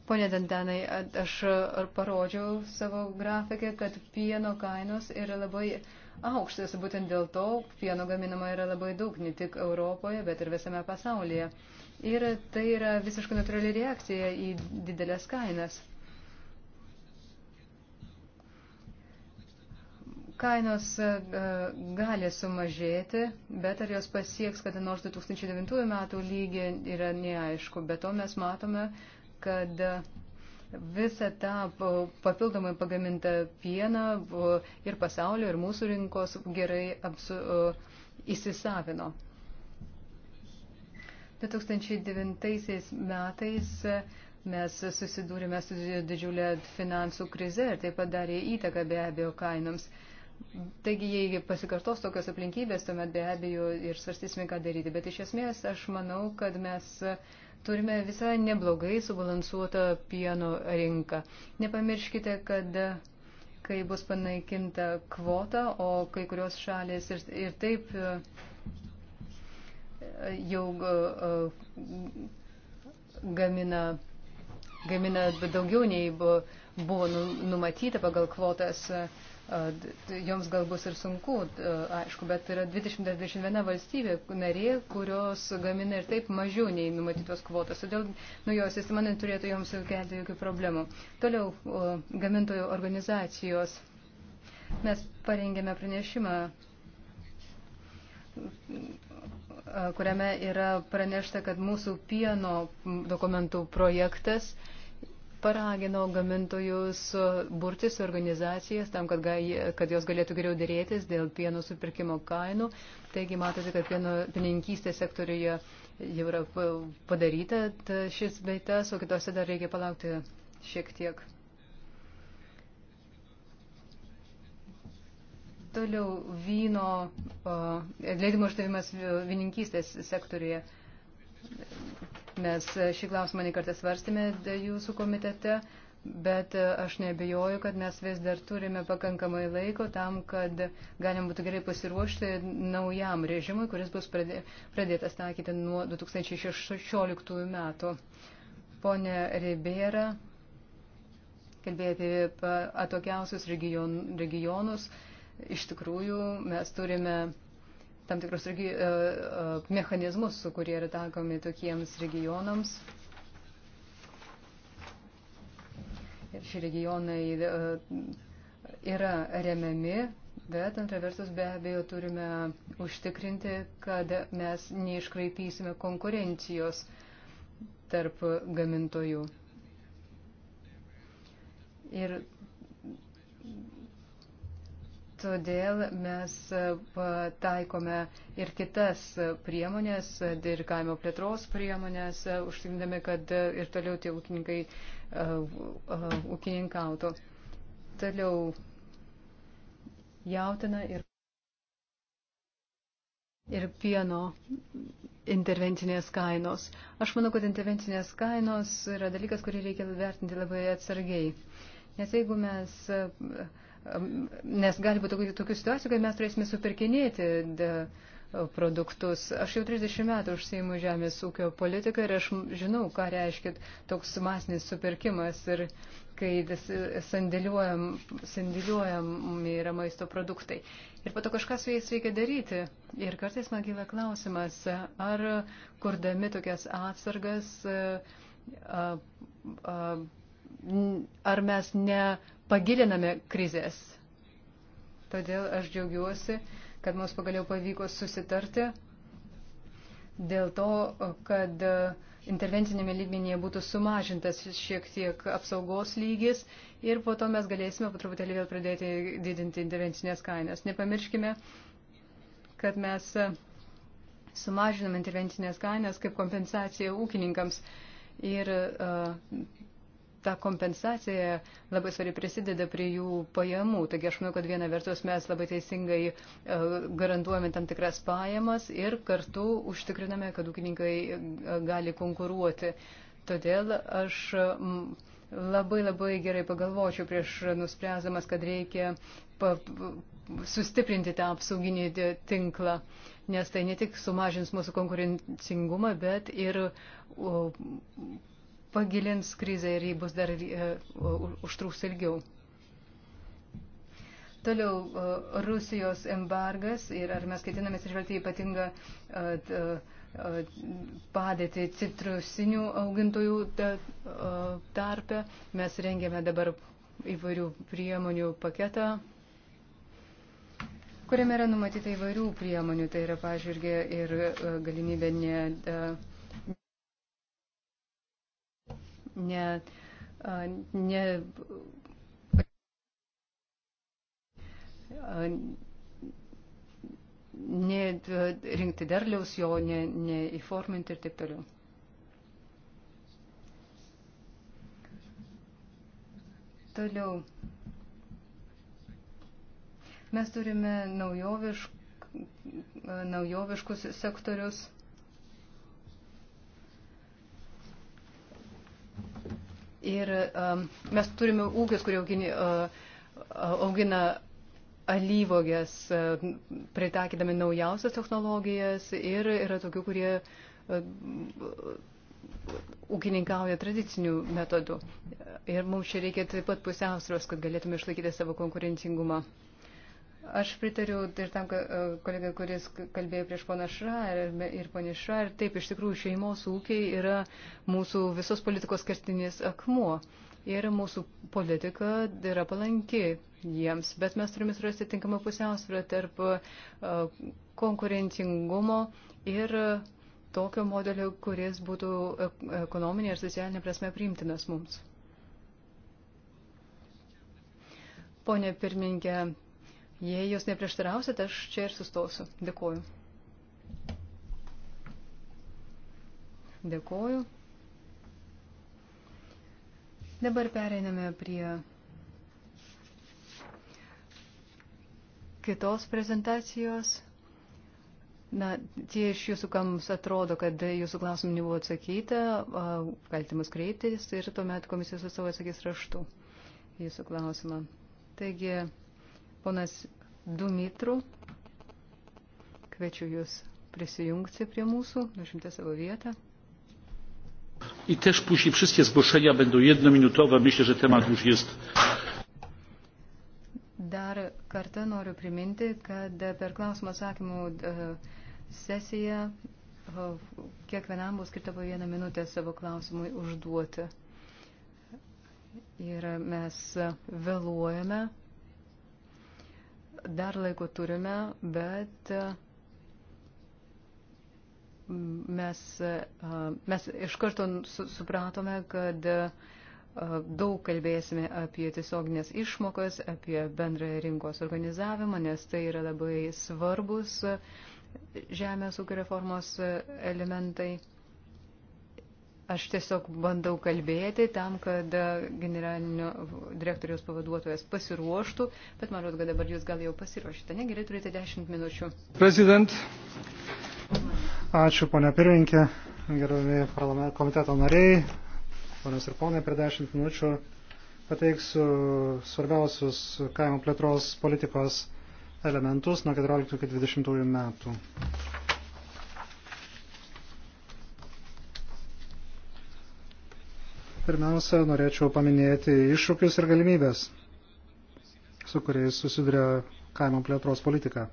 Pone Dantanai, aš parodžiau savo grafikę, kad pieno kainos yra labai aukštas. Būtent dėl to pieno gaminama yra labai daug, ne tik Europoje, bet ir visame pasaulyje. Ir tai yra visiškai natūrali reakcija į didelės kainas. Kainos e, gali sumažėti, bet ar jos pasieks, kad nors 2009 metų lygį yra neaišku. Bet to mes matome, kad visą tą papildomai pagamintą pieną ir pasaulio, ir mūsų rinkos gerai apsu, įsisavino. 2009 metais mes susidūrėme su didžiulė finansų krize ir tai padarė įtaką be abejo kainoms. Taigi, jei pasikartos tokios aplinkybės, tuomet be abejo ir svarstysime, ką daryti. Bet iš esmės aš manau, kad mes uh, turime visą neblogai subalansuotą pieno rinką. Nepamirškite, kad kai bus panaikinta kvota, o kai kurios šalės ir, ir taip e, jau e, e, gamina, gamina daugiau nei buvo nu-, numatyta pagal kvotas. Uh, joms gal bus ir sunku, aišku, bet yra 20-21 valstybė narė, kurios gamina ir taip mažiau nei numatytos kvotos, todėl naujos nu, sistema neturėtų joms kelti jokių problemų. Toliau gamintojų organizacijos. Mes parengėme pranešimą, kuriame yra pranešta, kad mūsų pieno dokumentų projektas paragino gamintojus burtis organizacijas tam, kad, gai, kad jos galėtų geriau dėrėtis dėl pieno supirkimo kainų. Taigi matote, kad pieno pininkystės sektoriuje jau yra padaryta šis beitas, o kitose dar reikia palaukti šiek tiek. Toliau vyno, leidimo uždavimas vininkystės sektoriuje nes šį klausimą nekartą svarstėme jūsų komitete, bet e, aš nebejoju, kad mes vis dar turime pakankamai laiko tam, kad galim būtų gerai pasiruošti naujam režimui, kuris bus pradėtas taikyti nuo 2016 metų. Pone Ribėra kalbėjo apie atokiausius region, regionus. Iš tikrųjų, mes turime tam tikrus regi, e, e, mechanizmus, kurie yra taikomi tokiems regionams. Ir šie regionai e, yra remiami, bet antra vertus be abejo turime užtikrinti, kad mes neiškraipysime konkurencijos tarp gamintojų. Ir Todėl mes e, taikome ir kitas priemonės, dirigavimo plėtros priemonės, e, užtikrindami, kad e, ir toliau tie ūkininkai ūkininkautų. Toliau jautina ir, ir pieno intervencinės kainos. Aš manau, kad intervencinės kainos yra dalykas, kurį reikia vertinti labai atsargiai. Nes jeigu mes uh, nes gali būti tokių situacijų, kad mes turėsime supirkinėti produktus. Aš jau 30 metų užsiimu žemės ūkio politiką ir aš žinau, ką reiškia toks masinis supirkimas ir kai sandėliuojam, sandėliuojam yra maisto produktai. Ir po to kažką su jais reikia daryti. Ir kartais man kyla klausimas, ar kurdami tokias atsargas, ar mes ne pagiliname krizės. Todėl aš džiaugiuosi, kad mums pagaliau pavyko susitarti dėl to, kad intervencinėme lygmenyje būtų sumažintas šiek tiek apsaugos lygis ir po to mes galėsime po truputėlį vėl pradėti didinti intervencinės kainas. Nepamirškime, kad mes sumažinam intervencinės kainas kaip kompensacija ūkininkams ir uh, ta kompensacija labai svariai prisideda prie jų pajamų. Taigi aš manau, kad viena vertus mes labai teisingai e, garantuojame tam tikras pajamas ir kartu užtikriname, kad ūkininkai e, gali konkuruoti. Todėl aš labai labai gerai pagalvočiau prieš nuspręsdamas, kad reikia pa, sustiprinti tą apsauginį tinklą, nes tai ne tik sumažins mūsų konkurencingumą, bet ir pagilins krizę ir jį bus dar uh, užtruks ilgiau. Toliau uh, Rusijos embargas ir ar mes ketiname atsižvelgti ypatingą uh, uh, padėtį citrusinių augintojų tarpe. Mes rengiame dabar įvairių priemonių paketą, kuriame yra numatyta įvairių priemonių. Tai yra pažiūrgė ir galimybė ne. Da, ne, ne, ne rinkti derliaus, jo neįforminti ne, ne ir taip toliau. Toliau. Mes turime naujovišk, naujoviškus sektorius. Ir um, mes turime ūkius, kurie augini, uh, uh augina alyvogės, uh, pritaikydami naujausias technologijas ir yra tokių, kurie uh, ūkininkauja tradicinių metodų. Ir mums čia reikia taip pat pusiausvėros, kad galėtume išlaikyti savo konkurencingumą. Uh, Aš pritariu ir tam e, kolegai, kuris kalbėjo prieš poną Šrair ir ponį Šrair. Taip, iš tikrųjų, šeimos ūkiai yra mūsų visos politikos kertinis akmuo. Ir mūsų politika yra palanki jiems, bet mes turime surasti tinkamą pusiausvyrą tarp e, konkurencingumo ir tokio modelio, kuris būtų e, ekonominė ir socialinė prasme priimtinas mums. Pone pirmininkė, Jei jūs neprieštarausit, aš čia ir sustosiu. Dėkuoju. Dėkuoju. Dabar pereiname prie kitos prezentacijos. Na, tie iš jūsų, kams atrodo, kad jūsų klausimų nebuvo atsakyta, kaltimus kreiptis ir tuomet komisijos atstovai atsakys raštu jūsų klausimą. Taigi, Ponas Dumitru, kviečiu Jūs prisijungti prie mūsų, nušimti savo vietą. I też później wszystkie zgłoszenia będą jednominutowe. Myślę, że temat już jest. Dar kartą noriu priminti, kad per klausimą atsakymų e, sesiją kiekvienam bus skirta po vieną minutę savo klausimui užduoti. Ir mes vėluojame dar laiko turime, bet e, mes, e, mes iš karto supratome, kad e, daug kalbėsime apie tiesioginės išmokas, apie bendrąją rinkos organizavimą, nes tai yra labai svarbus žemės ūkio reformos elementai. Aš tiesiog bandau kalbėti tam, kad e, generalinio direktoriaus pavaduotojas pasiruoštų, bet man atrodo, kad dabar jūs gal jau pasiruošite. Ne, gerai, turite 10 minučių. Prezident. Ačiū, ponia pirmininkė, gerbami komiteto nariai, ponios ir ponai, per 10 minučių pateiksiu svarbiausius kaimo plėtros politikos elementus nuo 14 iki 20 metų. Pirmiausia, norėčiau paminėti iššūkius ir galimybės, su kuriais susiduria kaimo plėtros politika.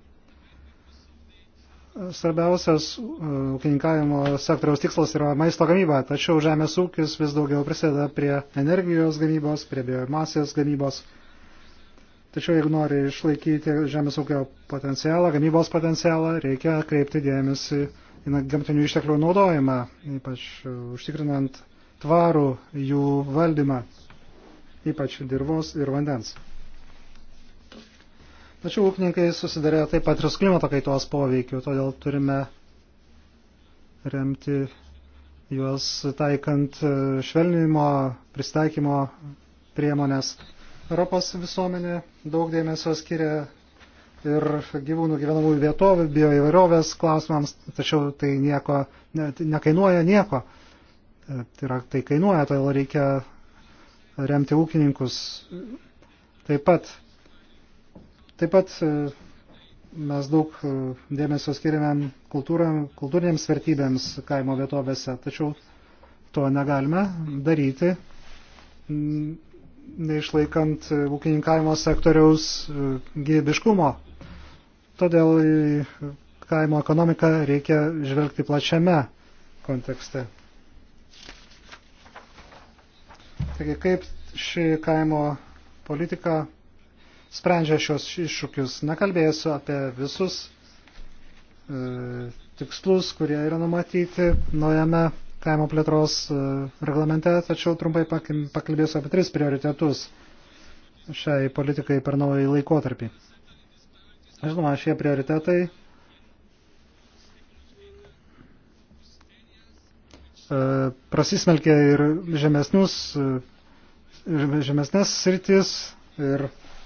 Svarbiausias uh, ūkininkavimo sektoriaus tikslas yra maisto gamyba, tačiau žemės ūkis vis daugiau prisideda prie energijos gamybos, prie biomasės gamybos. Tačiau jeigu nori išlaikyti žemės ūkio potencialą, gamybos potencialą, reikia kreipti dėmesį į gamtinių išteklių naudojimą, ypač uh, užtikrinant uh, tvarų jų valdymą, ypač dirvos ir vandens. Tačiau ūkininkai susidarė taip pat ir su klimato kaitos poveikiu, todėl turime remti juos taikant švelninimo, pristaikymo priemonės. Europos visuomenė daug dėmesio skiria ir gyvūnų gyvenamųjų vietovių, bioįvairovės klausimams, tačiau tai nieko, ne, nekainuoja nieko tai, yra, tai kainuoja, todėl tai reikia remti ūkininkus. Taip pat, taip pat e, mes daug e, dėmesio skiriame kultūrinėms vertybėms kaimo vietovėse, tačiau to negalime daryti, neišlaikant ūkininkavimo sektoriaus e, gyvybiškumo. Todėl kaimo ekonomiką reikia žvelgti plačiame kontekste. Taigi kaip ši kaimo politika sprendžia šios iššūkius. Nekalbėsiu apie visus e, tikslus, kurie yra numatyti naujame kaimo plėtros e, reglamente, tačiau trumpai pakalbėsiu apie tris prioritetus šiai politikai per naują laikotarpį. Žinoma, šie prioritetai E, prasismelkė ir žemesnius, e, žemesnės sritis ir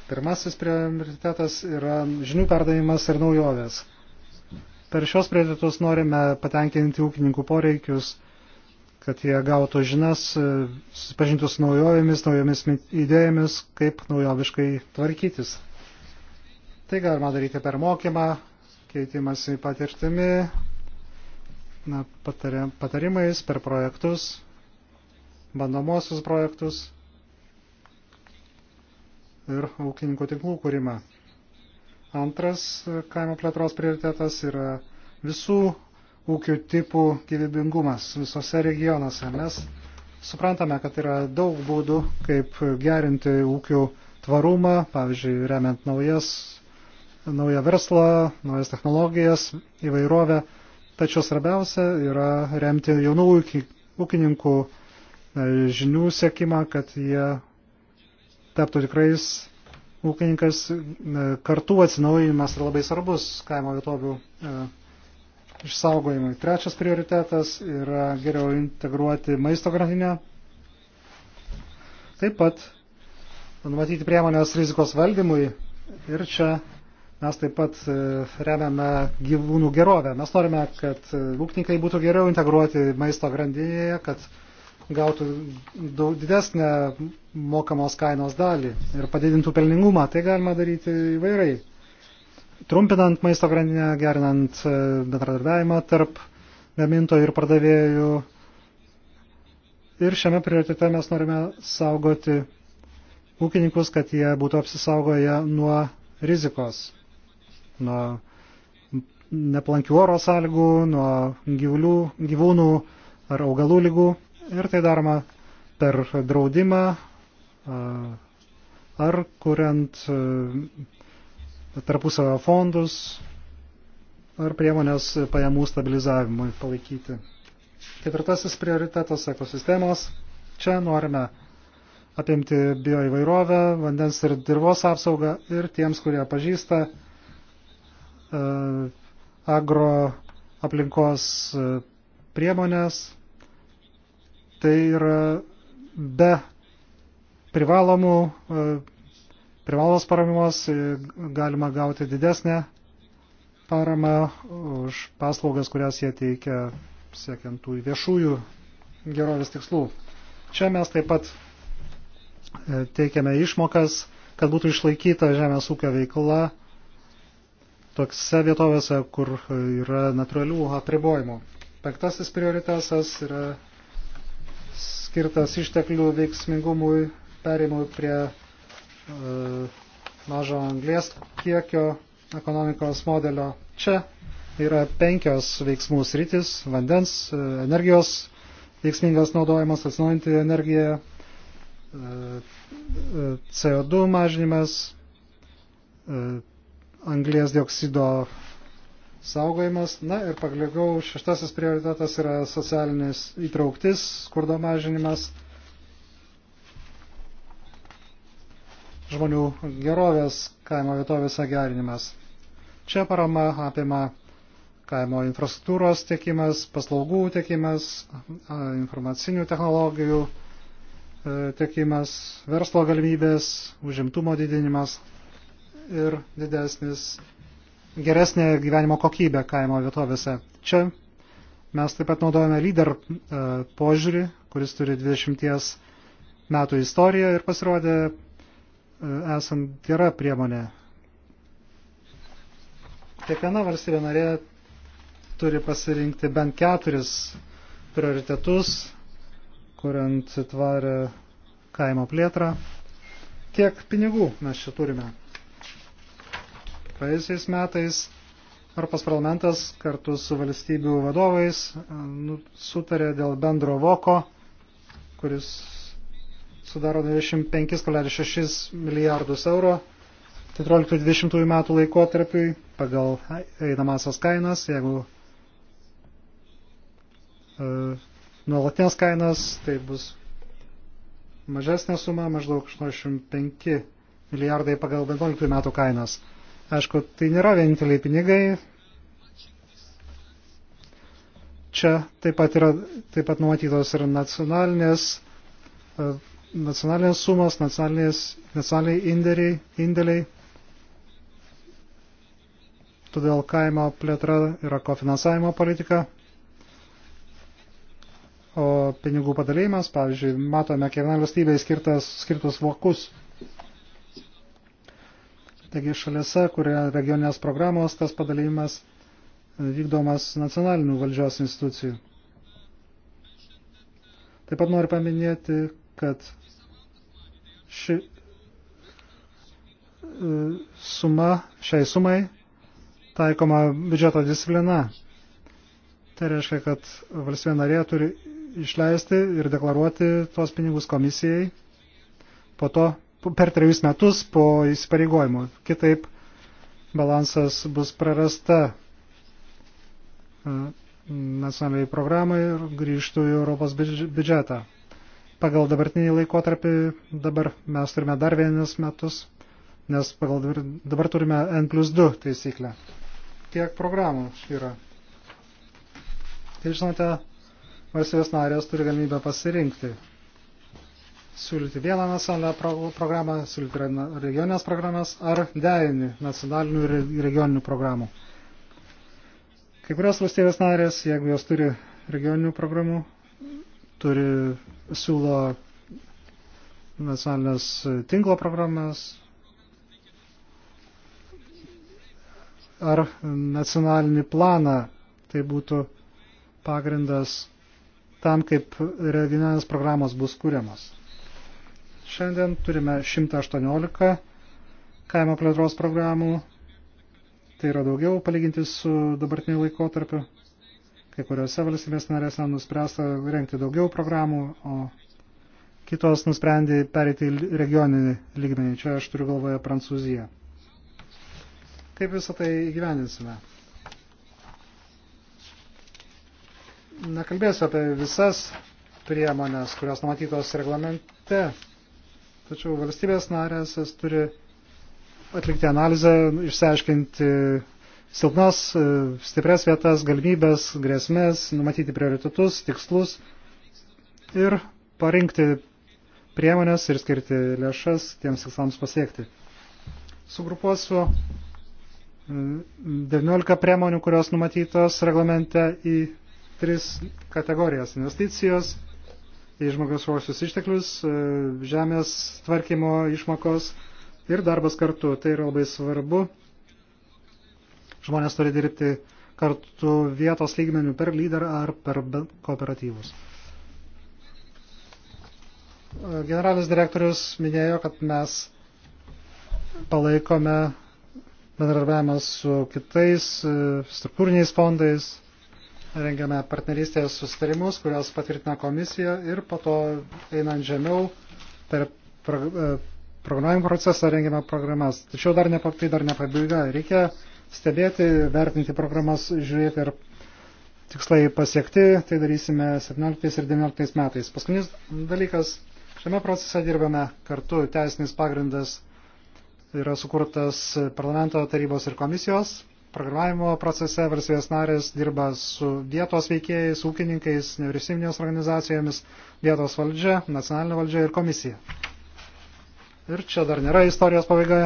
pirmasis prioritetas yra žinių perdavimas ir naujovės. Per šios prioritetus norime patenkinti ūkininkų poreikius, kad jie gautų žinias, e, susipažintų su naujovėmis, naujomis idėjomis, kaip naujoviškai tvarkytis. Tai galima daryti per mokymą, keitimąsi patirtimi, na, patarimais per projektus, bandomosius projektus ir ūkininkų tinklų kūrimą. Antras kaimo plėtros prioritetas yra visų ūkių tipų gyvybingumas visose regionuose. Mes suprantame, kad yra daug būdų, kaip gerinti ūkių tvarumą, pavyzdžiui, remiant naujas, naują verslą, naujas technologijas, įvairovę Tačiau svarbiausia yra remti jaunų ūkininkų e, žinių sėkimą, kad jie taptų tikrais ūkininkas. E, kartų atsinaujinimas yra labai svarbus kaimo vietovių e, išsaugojimui. Trečias prioritetas yra geriau integruoti maisto grandinę. Taip pat numatyti priemonės rizikos valdymui ir čia Mes taip pat e, remiame gyvūnų gerovę. Mes norime, kad e, ūkininkai būtų geriau integruoti maisto grandinėje, kad gautų daug didesnę mokamos kainos dalį ir padidintų pelningumą. Tai galima daryti įvairiai. Trumpinant maisto grandinę, gerinant e, bendradarbiavimą tarp gamintojų ir pardavėjų. Ir šiame prioritete mes norime saugoti ūkininkus, kad jie būtų apsisaugoję nuo rizikos nuo neplankių oro sąlygų, nuo gyvulių, gyvūnų ar augalų lygų. Ir tai daroma per draudimą ar kuriant tarpusavio fondus ar priemonės pajamų stabilizavimui palaikyti. Ketvirtasis prioritetas - ekosistemos. Čia norime apimti bioįvairovę, vandens ir dirvos apsaugą ir tiems, kurie pažįsta E, agro aplinkos e, priemonės. Tai yra be privalomų, e, privalos paramimos galima gauti didesnę paramą už paslaugas, kurias jie teikia siekiant tų viešųjų gerovės tikslų. Čia mes taip pat teikiame išmokas, kad būtų išlaikyta žemės ūkio veikla tokse vietovėse, kur yra natūralių apribojimų. Penktasis prioritetas yra skirtas išteklių veiksmingumui, perimui prie e, mažo anglės kiekio ekonomikos modelio. Čia yra penkios veiksmų sritis - vandens, e, energijos veiksmingas naudojimas, atsinaujinti energiją, e, e, CO2 mažinimas, anglės dioksido saugojimas. Na ir pagaliau šeštasis prioritetas yra socialinis įtrauktis, skurdo mažinimas, žmonių gerovės kaimo vietovėse gerinimas. Čia parama apima kaimo infrastruktūros tiekimas, paslaugų tiekimas, informacinių technologijų e, tiekimas, verslo galimybės, užimtumo didinimas ir didesnis, geresnė gyvenimo kokybė kaimo vietovėse. Čia mes taip pat naudojame lyder e, požiūrį, kuris turi 20 metų istoriją ir pasirodė e, esant gera priemonė. Kiekviena valstybė narė turi pasirinkti bent keturis prioritetus, kuriant tvarę kaimo plėtrą. Kiek pinigų mes čia turime? Praėjusiais metais Europos parlamentas kartu su valstybių vadovais e, nu, sutarė dėl bendro voko, kuris sudaro 25,6 milijardus eurų 14-20 metų laikotarpiui pagal einamasias kainas, jeigu e, nuolatinės kainas, tai bus mažesnė suma, maždaug 85 milijardai pagal 11 metų kainas. Aišku, tai nėra vieninteliai pinigai. Čia taip pat yra taip pat numatytos ir nacionalinės, e, nacionalinės sumos, nacionaliniai indėliai, indėliai. Todėl kaimo plėtra yra kofinansavimo politika. O pinigų padalėjimas, pavyzdžiui, matome, kiekvienai valstybei skirtas, skirtus vokus Taigi šalise, kur yra regioninės programos, tas padalymas e, vykdomas nacionalinių valdžios institucijų. Taip pat noriu paminėti, kad ši e, suma, šiai sumai taikoma biudžeto disciplina. Tai reiškia, kad valstybė narė turi išleisti ir deklaruoti tuos pinigus komisijai, po to per trejus metus po įsipareigojimų. Kitaip balansas bus prarasta e, nacionaliai programai ir grįžtų į Europos biudžetą. Pagal dabartinį laikotarpį dabar mes turime dar vienus metus, nes pagal dabar, dabar turime N plus 2 taisyklę. Tiek programų yra. Tai žinote, valstybės narės turi galimybę pasirinkti siūlyti vieną nacionalinę pro programą, siūlyti regioninės programas ar derinį nacionalinių ir regioninių programų. Kai kurios valstybės narės, jeigu jos turi regioninių programų, turi siūlo nacionalinės tinklo programas ar nacionalinį planą. Tai būtų pagrindas tam, kaip regioninės programos bus kūriamas. Šiandien turime 118 kaimo plėtros programų. Tai yra daugiau palyginti su dabartiniu laikotarpiu. Kai kuriuose valstybės narėse nuspręsta rengti daugiau programų, o kitos nusprendė pereiti į regioninį lygmenį. Čia aš turiu galvoje Prancūziją. Kaip visą tai įgyvendinsime? Nekalbėsiu apie visas priemonės, kurios numatytos reglamente Tačiau valstybės narės turi atlikti analizę, išsiaiškinti silpnas, e, stipres vietas, galimybės, grėsmės, numatyti prioritetus, tikslus ir parinkti priemonės ir skirti lėšas tiems tikslams pasiekti. Sugrupuosiu 19 e, priemonių, kurios numatytos reglamente į tris kategorijas - investicijos, į žmogaus ruosius išteklius, e, žemės tvarkymo išmokos ir darbas kartu. Tai yra labai svarbu. Žmonės turi dirbti kartu vietos lygmenių per lyderą ar per kooperatyvus. Generalinis direktorius minėjo, kad mes palaikome bendradarbiavimą su kitais e, struktūriniais fondais, rengiame partnerystės sustarimus, kurios patvirtina komisija ir po to einant žemiau per e, programavimo procesą rengiame programas. Tačiau dar ne, tai dar ne pabaiga. Reikia stebėti, vertinti programas, žiūrėti, ar tikslai pasiekti. Tai darysime 17 ir 19 metais. Paskutinis dalykas. Šiame procese dirbame kartu. Teisinis pagrindas yra sukurtas parlamento tarybos ir komisijos Programavimo procese valstybės narės dirba su vietos veikėjais, ūkininkais, nevyriausybinės organizacijomis, vietos valdžia, nacionalinė valdžia ir komisija. Ir čia dar nėra istorijos pabaiga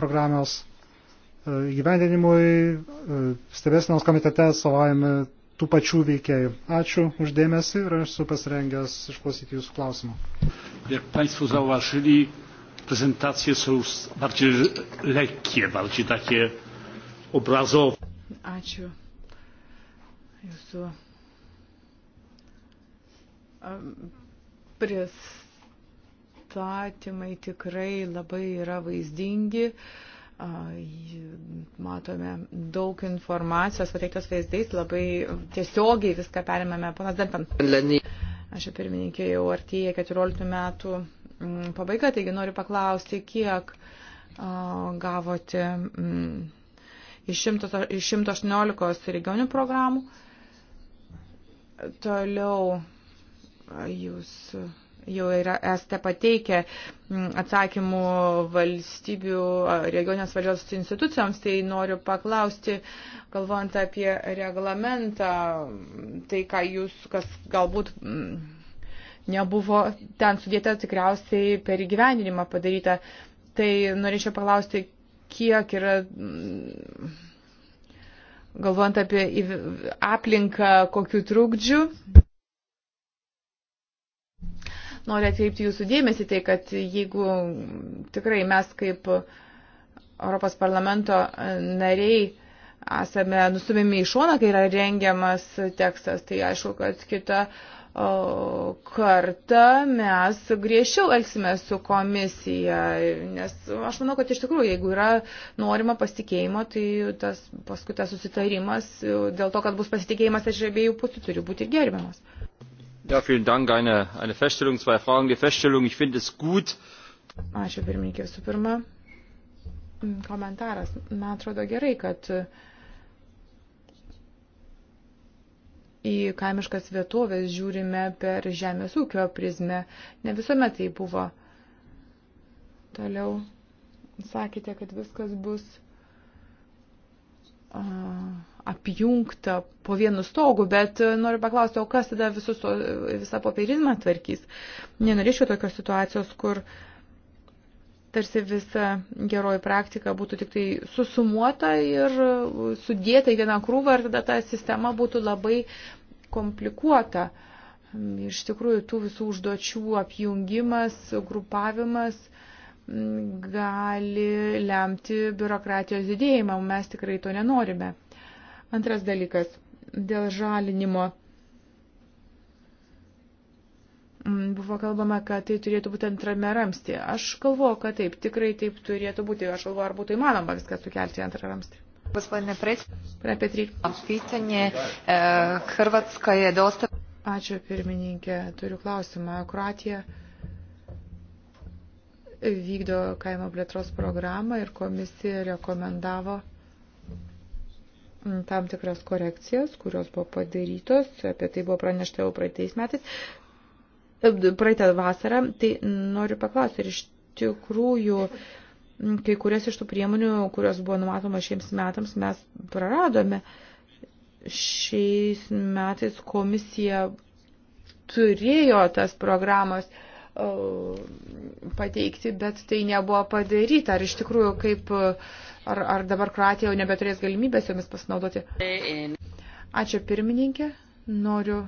programos e, gyvendinimui e, stebėsinos komitete savaime tų pačių veikėjų. Ačiū uždėmesi ir aš esu pasirengęs išklausyti jūsų klausimų. Jak Państwo zauważyli, prezentacje są bardziej lekkie, bardziej takie obrazov. Ačiū. Jūsų pristatymai tikrai labai yra vaizdingi. Matome daug informacijos, pateiktos vaizdais, labai tiesiogiai viską perėmėme. Panas Dentan. Aš jau pirmininkė jau artėja 14 metų pabaiga, taigi noriu paklausti, kiek gavote. Mm, iš 118 regionių programų. Toliau jūs jau yra, esate pateikę atsakymų valstybių, regionės valdžios institucijoms, tai noriu paklausti, galvojant apie reglamentą, tai ką jūs, kas galbūt nebuvo ten sudėta tikriausiai per įgyvendinimą padaryta, tai norėčiau paklausti, kiek yra, mm, galvojant apie aplinką, kokių trukdžių. Noriu atkreipti jūsų dėmesį tai, kad jeigu tikrai mes kaip Europos parlamento nariai esame nustumimi į šoną, kai yra rengiamas tekstas, tai aišku, kad kita uh, kartą mes griežčiau elgsime su komisija, nes aš manau, kad iš tikrųjų, jeigu yra norima pasitikėjimo, tai tas paskui tas susitarimas dėl to, kad bus pasitikėjimas iš abiejų pusių turi būti gerbiamas. Ja, vielen Dank. Eine, eine Feststellung, zwei Fragen. Die Feststellung, ich finde es gut. Ačiū pirmininkė, su pirma. Komentaras. Man atrodo gerai, kad uh, į kaimiškas vietovės žiūrime per žemės ūkio prizmę. Ne visuomet tai buvo. Toliau sakėte, kad viskas bus apjungta po vienu stogu, bet e, noriu paklausti, o kas tada visus, visą popierizmą tvarkys? Nenorėčiau tokios situacijos, kur tarsi visa geroji praktika būtų tik tai susumuota ir sudėta į vieną krūvą ir tada ta sistema būtų labai komplikuota. Iš tikrųjų, tų visų užduočių apjungimas, grupavimas mm, gali lemti biurokratijos didėjimą, o mes tikrai to nenorime. Antras dalykas - dėl žalinimo. Mm, buvo kalbama, kad tai turėtų būti antrame ramstė. Aš galvoju, kad taip, tikrai taip turėtų būti. Aš galvoju, ar būtų įmanoma viską sukelti į antrą ramstį. Gospodine predsjedniče, e, Hrvatska je dosta. Ačiū pirmininkė, turiu klausimą. Kroatija vykdo kaimo plėtros programą ir komisija rekomendavo tam tikras korekcijas, kurios buvo padarytos, apie tai buvo pranešta jau praeitais metais, e, praeitą vasarą. Tai noriu paklausti, ar iš tikrųjų uh, kai kurias iš tų priemonių, kurios buvo numatoma šiems metams, mes praradome. Šiais metais komisija turėjo tas programas e, pateikti, bet tai nebuvo padaryta. Ar iš tikrųjų kaip, ar, ar dabar Kroatija jau nebeturės galimybės jomis pasinaudoti? Ačiū pirmininkė, noriu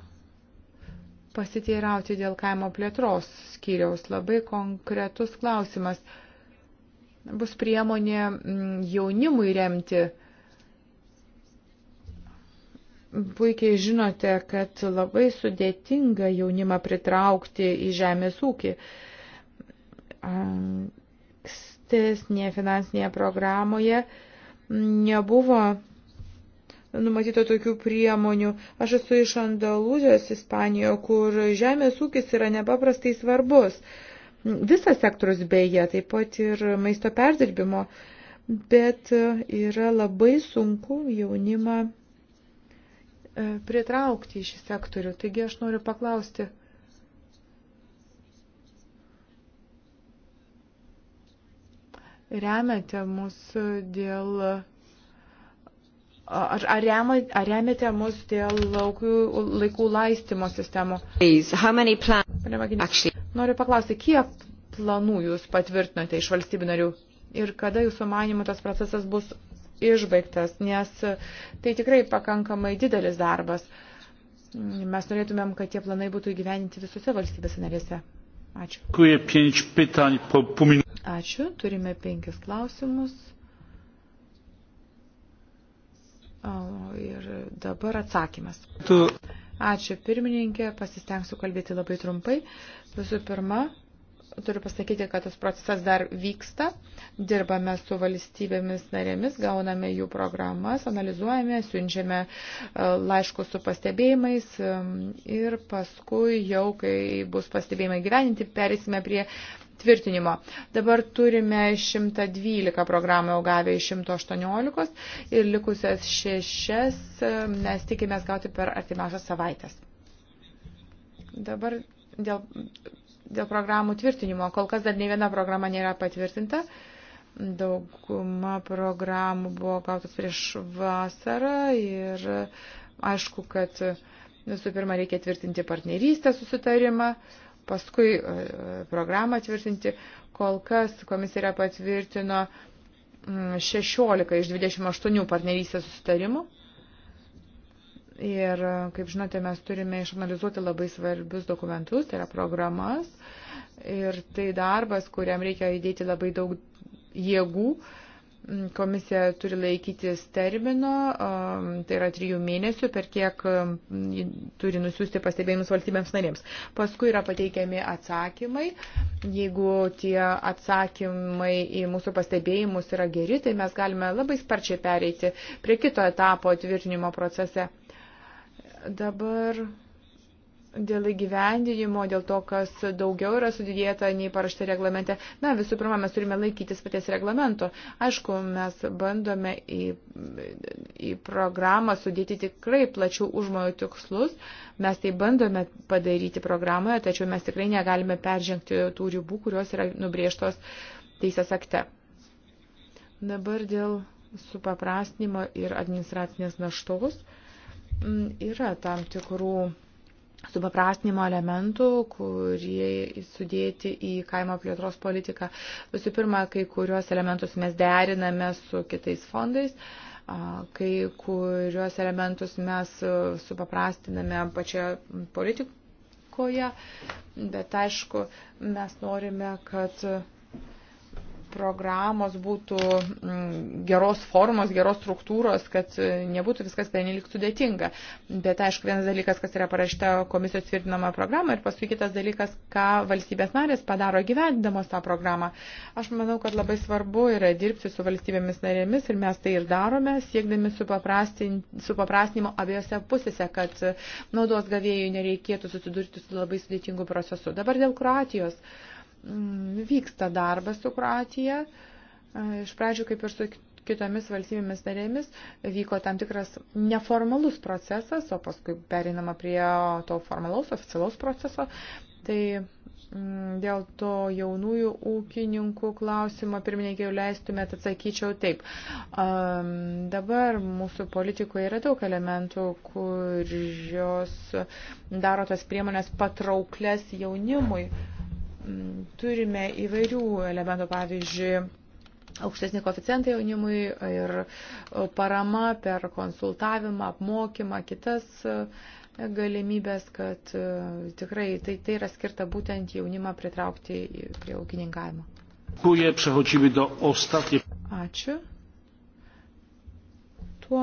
pasiteirauti dėl kaimo plėtros skyriaus. Labai konkretus klausimas. Uh, bus priemonė mm, jaunimui remti. Puikiai žinote, kad labai sudėtinga jaunimą pritraukti į žemės ūkį. Ankstesnėje finansinėje programoje nebuvo numatyta tokių priemonių. Aš esu iš Andalūzijos, Ispanijoje, kur žemės ūkis yra nepaprastai svarbus. Uh, visas sektorius beje, taip pat ir maisto perdirbimo, bet e, yra labai sunku jaunimą e, pritraukti į šį sektorių. Taigi aš noriu paklausti. Remiate mus dėl Ar, ar, rema, ar remiate mus dėl laukų, laikų laistimo sistemų? Noriu paklausti, kiek planų jūs patvirtinote iš valstybių narių ir kada jūsų manimo tas procesas bus išbaigtas, nes tai tikrai pakankamai didelis darbas. Mes norėtumėm, kad tie planai būtų įgyveninti visose valstybėse narėse. Ačiū. Ačiū, turime penkis klausimus. Ir dabar atsakymas. Tu. Ačiū pirmininkė, pasistengsiu kalbėti labai trumpai. Visų pirma, turiu pasakyti, kad tas procesas dar vyksta. Dirbame su valstybėmis narėmis, gauname jų programas, analizuojame, siunčiame e, laiškus su pastebėjimais e, ir paskui jau, kai bus pastebėjimai gyveninti, perėsime prie tvirtinimo. Dabar turime 112 programą jau gavę iš 118 ir likusias šešias e, mes tikimės gauti per artimiausias savaitės. Dabar dėl dėl programų tvirtinimo. Kol kas dar ne viena programa nėra patvirtinta. Dauguma programų buvo gautas prieš vasarą ir aišku, kad visų pirma reikia tvirtinti partnerystę susitarimą, paskui e, programą tvirtinti. Kol kas komisija patvirtino 16 mm, iš 28 partnerystės susitarimų. Ir, kaip žinote, mes turime išanalizuoti labai svarbius dokumentus, tai yra programas. Ir tai darbas, kuriam reikia įdėti labai daug jėgų. Komisija turi laikytis termino, um, tai yra trijų mėnesių, per kiek um, turi nusiųsti pastebėjimus valstybėms narėms. Paskui yra pateikiami atsakymai. Jeigu tie atsakymai į mūsų pastebėjimus yra geri, tai mes galime labai sparčiai pereiti prie kito etapo tvirtinimo procese. Dabar dėl įgyvendinimo, dėl to, kas daugiau yra sudėta nei parašta reglamente. Na, visų pirma, mes turime laikytis paties reglamento. Aišku, mes bandome į, į programą sudėti tikrai plačių užmojų tikslus. Mes tai bandome padaryti programoje, tačiau mes tikrai negalime peržengti tų ribų, kurios yra nubrėžtos teisės akte. Dabar dėl supaprastinimo ir administracinės naštos. Uh, Mm, yra tam tikrų supaprastinimo elementų, kurie sudėti į kaimo plėtros politiką. Visų pirma, kai kuriuos elementus mes deriname su kitais fondais, kai kuriuos elementus mes supaprastiname pačioje politikoje, bet aišku, mes norime, kad programos būtų mm, geros formos, geros struktūros, kad e, nebūtų viskas pernelik sudėtinga. Bet aišku, vienas dalykas, kas yra parašyta komisijos tvirtinama programa ir paskui kitas dalykas, ką valstybės narės padaro gyvendamos tą programą. Aš manau, kad labai svarbu yra dirbti su valstybėmis narėmis ir mes tai ir darome, siekdami supaprastinimo abiejose pusėse, kad e, naudos gavėjų nereikėtų susidurti su labai sudėtingu procesu. Dabar dėl Kroatijos. Uh, Mm, vyksta darbas su Kroatija. E, iš pradžių, kaip ir su kitomis valstybėmis narėmis, vyko tam tikras neformalus procesas, o paskui perinama prie to formalaus, oficialaus proceso. Tai mm, dėl to jaunųjų ūkininkų klausimo, pirmininkė, jau leistumėt atsakyčiau taip. Um, dabar mūsų politikoje yra daug elementų, kurios daro tas priemonės patrauklės jaunimui. Uh, turime įvairių elementų, pavyzdžiui, aukštesni koficientai jaunimui ir e, parama per konsultavimą, apmokymą, kitas e, galimybės, kad e, tikrai tai, tai yra skirta būtent jaunimą pritraukti prie ūkininkavimo. Ačiū. Tuo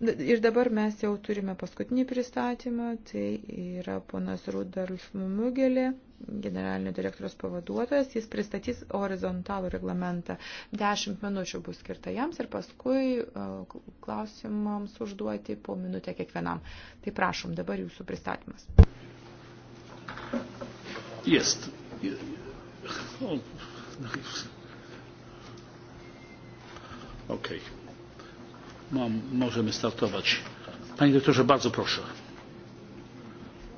Ir dabar mes jau turime paskutinį pristatymą, tai yra ponas Rudolf Mugelė, generalinio direktoriaus pavaduotojas, jis pristatys horizontalų reglamentą. Dešimt minučių bus skirta jams ir paskui e, klausimams užduoti po minutę kiekvienam. Tai prašom, dabar jūsų pristatymas. Yes. Okay. Mam, możemy startować. Panie dyrektorze, bardzo proszę.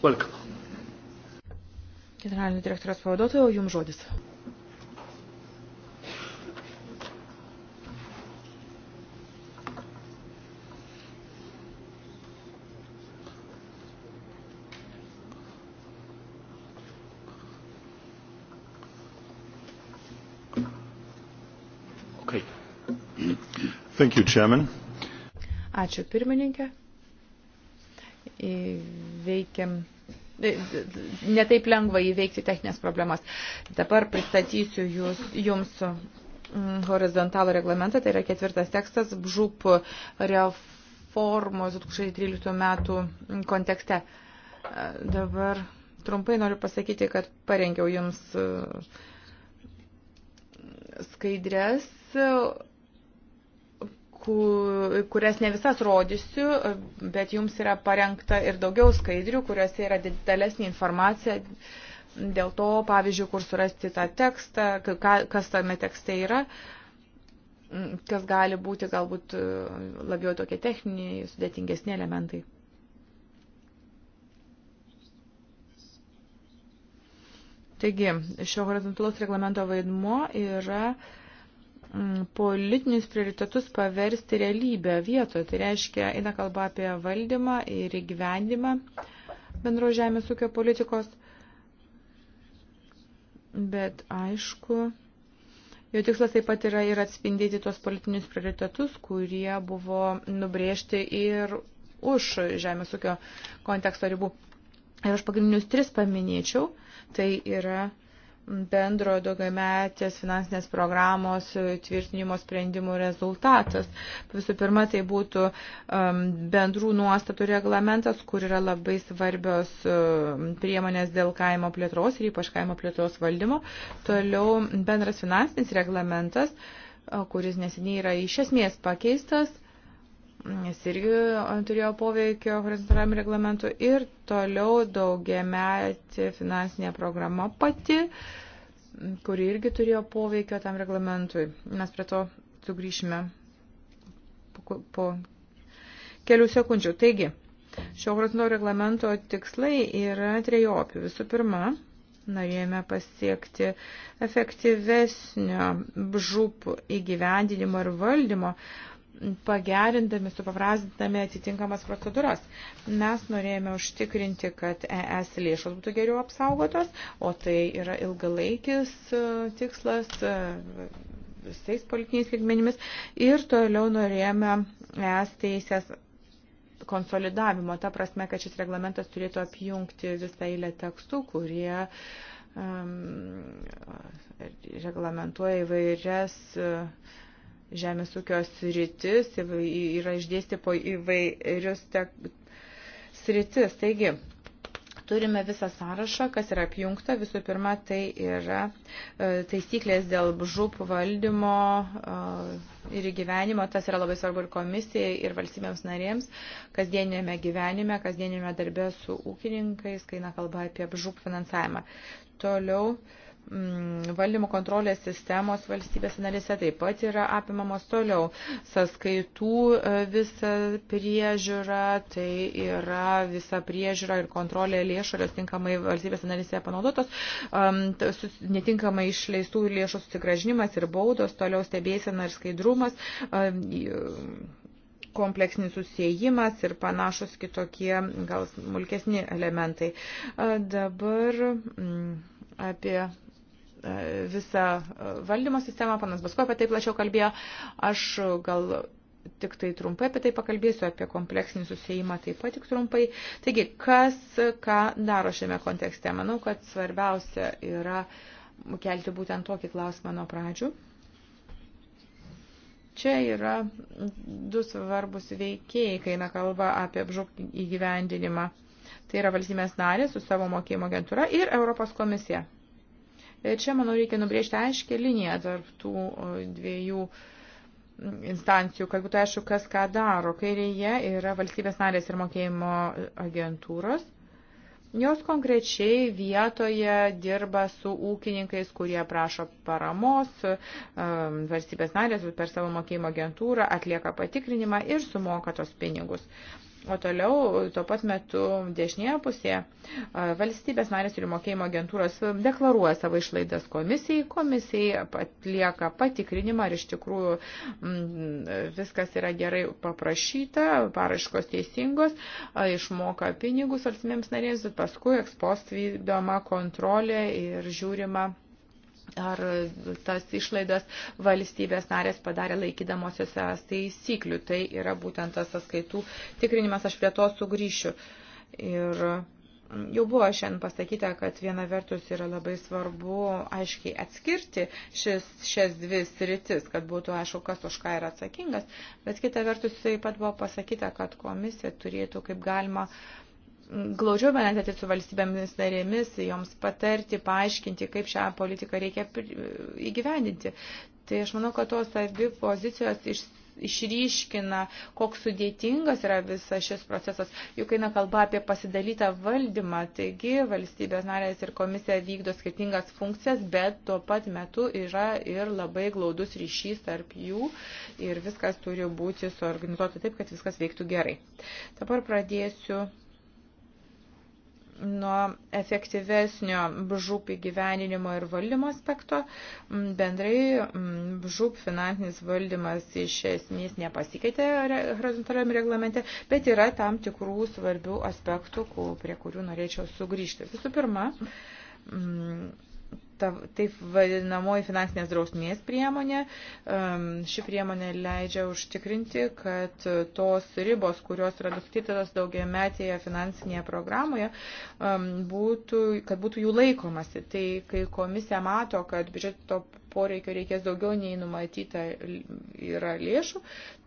Welcome. Generalinio direktoriaus pavaduotojo, jums žodis. Thank you, Chairman. Ačiū pirmininkė. Veikiam. E, Netaip lengva įveikti techninės problemas. Dabar pristatysiu jūs, jums mm, horizontalų reglamentą, tai yra ketvirtas tekstas BŽUP reformos 2013 metų kontekste. E, dabar trumpai noriu pasakyti, kad parengiau jums e, skaidrės kurias ne visas rodysiu, bet jums yra parengta ir daugiau skaidrių, kuriuose yra detalesnė informacija dėl to, pavyzdžiui, kur surasti tą tekstą, kas tame tekste yra, kas gali būti galbūt labiau tokie techniniai, sudėtingesni elementai. Taigi, šio horizontalaus reglamento vaidmo yra uh, Mm, politinius prioritetus paversti realybę vietoje. Tai reiškia, eina kalba apie valdymą ir įgyvendimą bendro žemės ūkio politikos. Bet aišku, jo tikslas taip pat yra ir atspindėti tuos politinius prioritetus, kurie buvo nubrėžti ir už žemės ūkio konteksto ribų. Ir aš pagrindinius tris paminėčiau. Tai yra bendro daugiametės finansinės programos tvirtinimo sprendimų rezultatas. Visų pirma, tai būtų um, bendrų nuostatų reglamentas, kur yra labai svarbios um, priemonės dėl kaimo plėtros ir ypač kaimo plėtros valdymo. Toliau bendras finansinis reglamentas, kuris neseniai yra iš esmės pakeistas Nes irgi turėjo poveikio horizontaliam reglamentu ir toliau daugiametė finansinė programa pati, kuri irgi turėjo poveikio tam reglamentui. Mes prie to sugrįšime po, po kelių sekundžių. Taigi, šio horizontalio reglamento tikslai yra trejopi. Visų pirma, norėjome pasiekti efektyvesnio žūp įgyvendinimo ir valdymo. Uh, pagerindami, supaprastindami atitinkamas procedūras. Mes norėjome užtikrinti, kad ES lėšos būtų geriau apsaugotos, o tai yra ilgalaikis e, tikslas e, visais politiniais lygmenimis. Ir toliau norėjome ES teisės konsolidavimo, ta prasme, kad šis reglamentas turėtų apjungti visą eilę tekstų, kurie um, reglamentuoja įvairias uh, žemės ūkio sritis yra išdėsti po įvairius te... sritis. Taigi, turime visą sąrašą, kas yra apjungta. Visų pirma, tai yra e, taisyklės dėl žūp valdymo e, ir gyvenimo. Tas yra labai svarbu ir komisijai, ir valstybėms narėms, kasdienėme gyvenime, kasdienėme darbė su ūkininkais, kai na kalba apie žūp finansavimą. Toliau. Uh, Mm, valdymo kontrolės sistemos valstybės analise taip pat yra apimamos toliau sąskaitų e, visa priežiūra, tai yra visa priežiūra ir kontrolė lėšų, jos tinkamai valstybės analise panaudotos, netinkamai išleistų lėšų susigražinimas ir baudos, toliau stebėsena ir skaidrumas kompleksinis susijimas ir panašus kitokie, gal smulkesni elementai. Dabar mm, apie E, visą e, valdymo sistemą, panas Basko apie tai plačiau kalbėjo, aš gal tik tai trumpai apie tai pakalbėsiu, apie kompleksinį susijimą taip pat tik trumpai. Taigi, kas ką daro šiame kontekste? Manau, kad svarbiausia yra kelti būtent tokį klausimą nuo pradžių. Čia yra du svarbus veikėjai, kai eina kalba apie apžūk įgyvendinimą. Tai yra valstybės narė su savo mokėjimo agentūra ir Europos komisija. E, čia, manau, reikia nubrėžti aiškę liniją tarp tų dviejų instancijų, kad būtų aišku, kas ką daro. Kairėje yra valstybės narės ir mokėjimo agentūros. Jos konkrečiai vietoje dirba su ūkininkais, kurie prašo paramos, e, valstybės narės per savo mokėjimo agentūrą atlieka patikrinimą ir sumoka tos pinigus. O toliau, tuo pat metu dešinėje pusėje, valstybės narės ir mokėjimo agentūros deklaruoja savo išlaidas komisijai, komisijai atlieka patikrinimą, ar iš tikrųjų m, mm, viskas yra gerai paprašyta, paraškos teisingos, išmoka pinigus valstybėms narės, paskui ekspost vykdoma kontrolė ir žiūrima ar tas išlaidas valstybės narės padarė laikydamosios es taisyklių. Tai yra būtent tas sąskaitų tikrinimas, aš prie to sugrįšiu. Ir jau buvo šiandien pasakyta, kad viena vertus yra labai svarbu aiškiai atskirti šis, šias dvi sritis, kad būtų aišku, kas už ką yra atsakingas, bet kita vertus taip pat buvo pasakyta, kad komisija turėtų kaip galima uh, glaudžiau bendradarbiauti su valstybėmis narėmis, joms patarti, paaiškinti, kaip šią politiką reikia įgyvendinti. Tai aš manau, kad tos abi pozicijos iš išryškina, koks sudėtingas yra visas šis procesas. Juk eina kalba apie pasidalytą valdymą, taigi valstybės narės ir komisija vykdo skirtingas funkcijas, bet tuo pat metu yra ir labai glaudus ryšys tarp jų ir viskas turi būti suorganizuota taip, kad viskas veiktų gerai. Dabar pradėsiu nuo efektyvesnio BŽUP įgyveninimo ir valdymo aspekto. Mm, bendrai BŽUP mm, finansinis valdymas iš esmės nepasikeitė horizontaliam reglamente, bet yra tam tikrų svarbių aspektų, prie kurių norėčiau sugrįžti. Visų pirma, mm, ta, taip vadinamoji finansinės drausmės priemonė. Ši priemonė leidžia užtikrinti, kad tos ribos, kurios yra nustatytos daugiametėje finansinėje programoje, būtų, kad būtų jų laikomasi. Tai kai komisija mato, kad biudžeto poreikio reikės daugiau nei numatyta yra lėšų,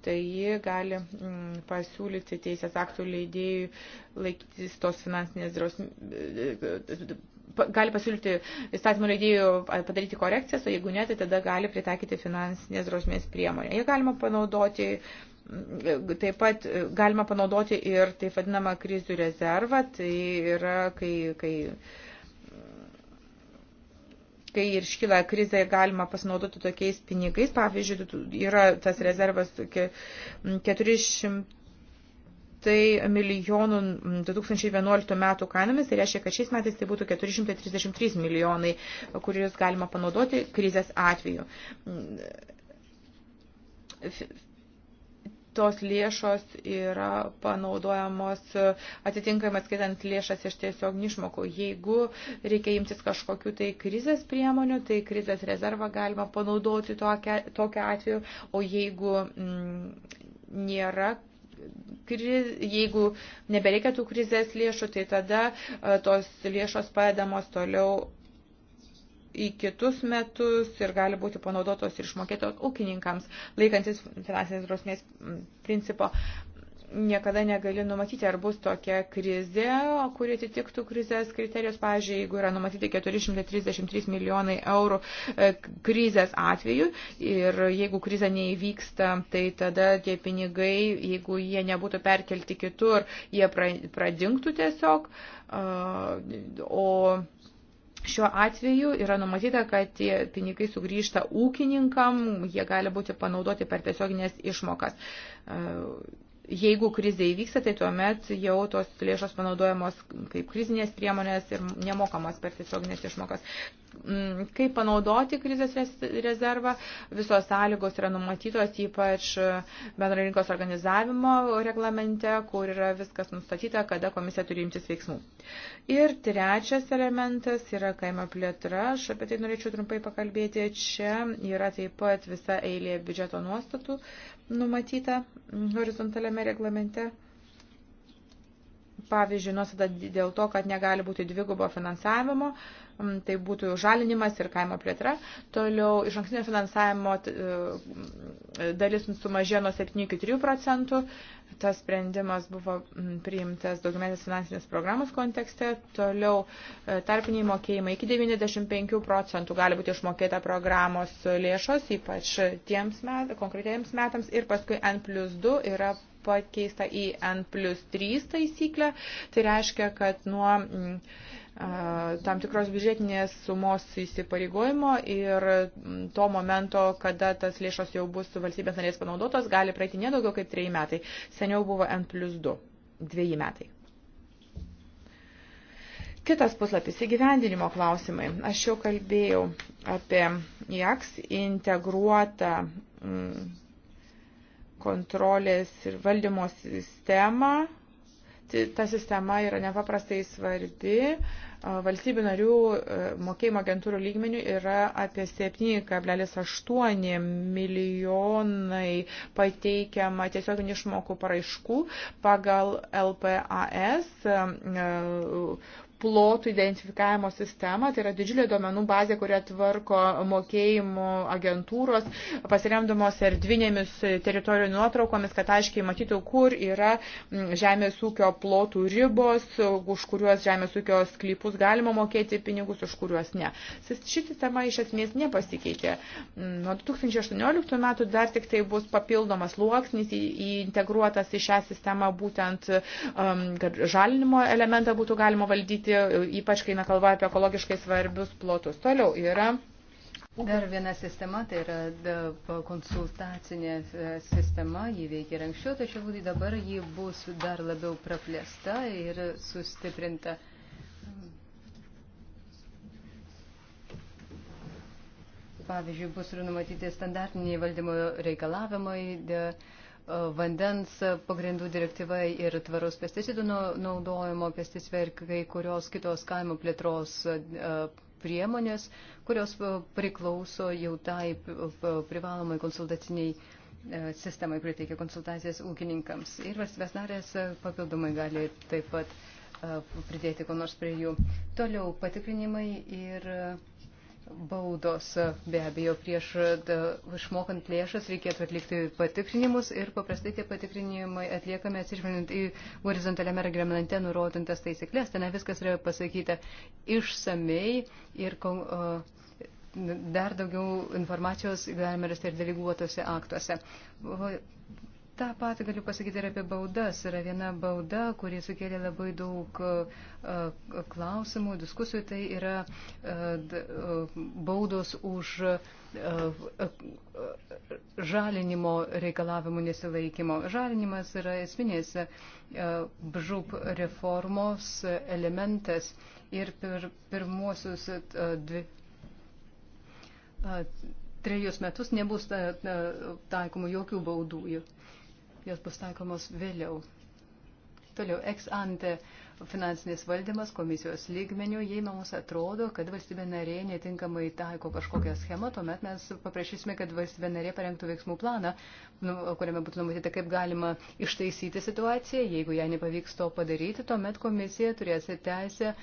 tai ji gali pasiūlyti teisės aktų leidėjų laikytis tos finansinės drausmės gali pasiūlyti įstatymų leidėjų padaryti korekcijas, o jeigu ne, tai tada gali pritaikyti finansinės drausmės priemonę. Jie galima panaudoti Taip pat e, galima panaudoti ir taip vadinamą krizių rezervą, tai yra, kai, kai kai ir iškyla krizė, galima pasinaudoti tokiais pinigais. Pavyzdžiui, yra tas rezervas 400 300 milijonų 2011 metų kainomis, tai reiškia, kad šiais metais tai būtų 433 milijonai, kuriuos galima panaudoti krizės atveju. Tos lėšos yra panaudojamos atitinkamai atskaitant lėšas iš tiesiog nišmokų. Jeigu reikia imtis kažkokių tai krizės priemonių, tai krizės rezervą galima panaudoti tokią, tokią atveju, o jeigu m, mm, nėra kriz, jeigu nebereikia tų krizės lėšų, tai tada e, tos lėšos padamos toliau į kitus metus ir gali būti panaudotos ir išmokėtos ūkininkams, laikantis finansinės drausmės principo niekada negali numatyti, ar bus tokia krizė, kuri atitiktų krizės kriterijus. Pavyzdžiui, jeigu yra numatyti 433 milijonai eurų e, krizės atveju ir jeigu krizė neįvyksta, tai tada tie pinigai, jeigu jie nebūtų perkelti kitur, jie pradingtų tiesiog. E, o Šiuo atveju yra numatyta, kad tie pinigai sugrįžta ūkininkam, jie gali būti panaudoti per tiesioginės išmokas. E, jeigu krizė įvyksta, tai tuomet jau tos lėšos panaudojamos kaip krizinės priemonės ir nemokamas per tiesioginės išmokas. Mm, kaip panaudoti krizės rezervą? Visos sąlygos yra numatytos, ypač bendro rinkos organizavimo reglamente, kur yra viskas nustatyta, kada komisija turi imtis veiksmų. Ir trečias elementas yra kaimo plėtra. Aš apie tai norėčiau trumpai pakalbėti. Čia yra taip pat visa eilė biudžeto nuostatų. Uh, numatyta horizontaliame reglamente. Pavyzdžiui, nuosada dėl to, kad negali būti dvigubo finansavimo, uh, tai būtų žalinimas ir kaimo plėtra. Toliau iš ankstinio finansavimo e, dalis sumažėjo nuo 7 iki 3 procentų. Tas sprendimas buvo priimtas daugiametės finansinės programos kontekste. Toliau e, tarpiniai mokėjimai iki 95 procentų gali būti išmokėta programos lėšos, ypač tiems met, konkretiems metams. Ir paskui N plus 2 yra pakeista į N plus 3 taisyklę. Tai reiškia, kad nuo mm, tam tikros biudžetinės sumos įsipareigojimo ir to momento, kada tas lėšos jau bus valstybės narės panaudotos, gali praeiti nedaugiau kaip treji metai. Seniau buvo N plus 2, dviejai metai. Kitas puslapis - įgyvendinimo klausimai. Aš jau kalbėjau apie JAKS integruotą kontrolės ir valdymo sistemą ta sistema yra nepaprastai svarbi. Valstybių narių e, mokėjimo agentūrų lygmenių yra apie 7,8 milijonai pateikiama tiesioginių išmokų paraiškų pagal LPAS e, plotų identifikavimo sistemą, tai yra didžiulė duomenų bazė, kurią tvarko mokėjimų agentūros, pasiremdamos erdvinėmis teritorijų nuotraukomis, kad aiškiai matytų, kur yra žemės ūkio plotų ribos, už kuriuos žemės ūkio sklypus galima mokėti pinigus, už kuriuos ne. Ši sistema iš esmės nepasikeitė. Nuo 2018 metų dar tik tai bus papildomas luoksnis integruotas į šią sistemą būtent, kad žalinimo elementą būtų galima valdyti būti, ypač kai nekalba apie ekologiškai svarbius plotus. Toliau yra. Dar viena sistema, tai yra konsultacinė e, sistema, jį veikia ir anksčiau, tačiau dabar ji bus dar labiau praplėsta ir sustiprinta. Pavyzdžiui, bus ir numatyti standartiniai valdymo reikalavimai. De, E, vandens pagrindų direktyva ir tvaros pesticidų naudojimo pesticidai ir kai kurios kitos kaimo plėtros e, priemonės, kurios e, priklauso jau tai privalomai konsultaciniai sistemai, kuri teikia konsultacijas ūkininkams. Ir valstybės narės papildomai gali taip pat pridėti ko nors prie jų. Toliau patikrinimai ir. Uh, baudos. Be abejo, prieš išmokant lėšas reikėtų atlikti patikrinimus ir paprastai tie patikrinimai atliekami atsižvelgiant į horizontaliame reglamente nurodintas taisyklės. Ten viskas yra pasakyta išsamei ir dar daugiau informacijos galime rasti ir deleguotose aktuose. Ta pati galiu pasakyti ir apie baudas. Yra viena bauda, kuri sukėlė labai daug e, e, klausimų, diskusijų. Tai yra e, baudos už žalinimo reikalavimų nesilaikymo. Žalinimas yra esminės bžūp reformos elementas. Ir per pirmuosius dvi trejus metus nebus taikomų jokių baudų jos bus taikomos vėliau. Toliau, ex ante finansinės valdymas komisijos lygmenių, jei mums atrodo, kad valstybė narė netinkamai taiko kažkokią schemą, tuomet mes paprašysime, kad valstybė narė parengtų veiksmų planą, nu, kuriame būtų numatyta, kaip galima ištaisyti situaciją. Jeigu ją nepavyks to padaryti, tuomet komisija turės teisę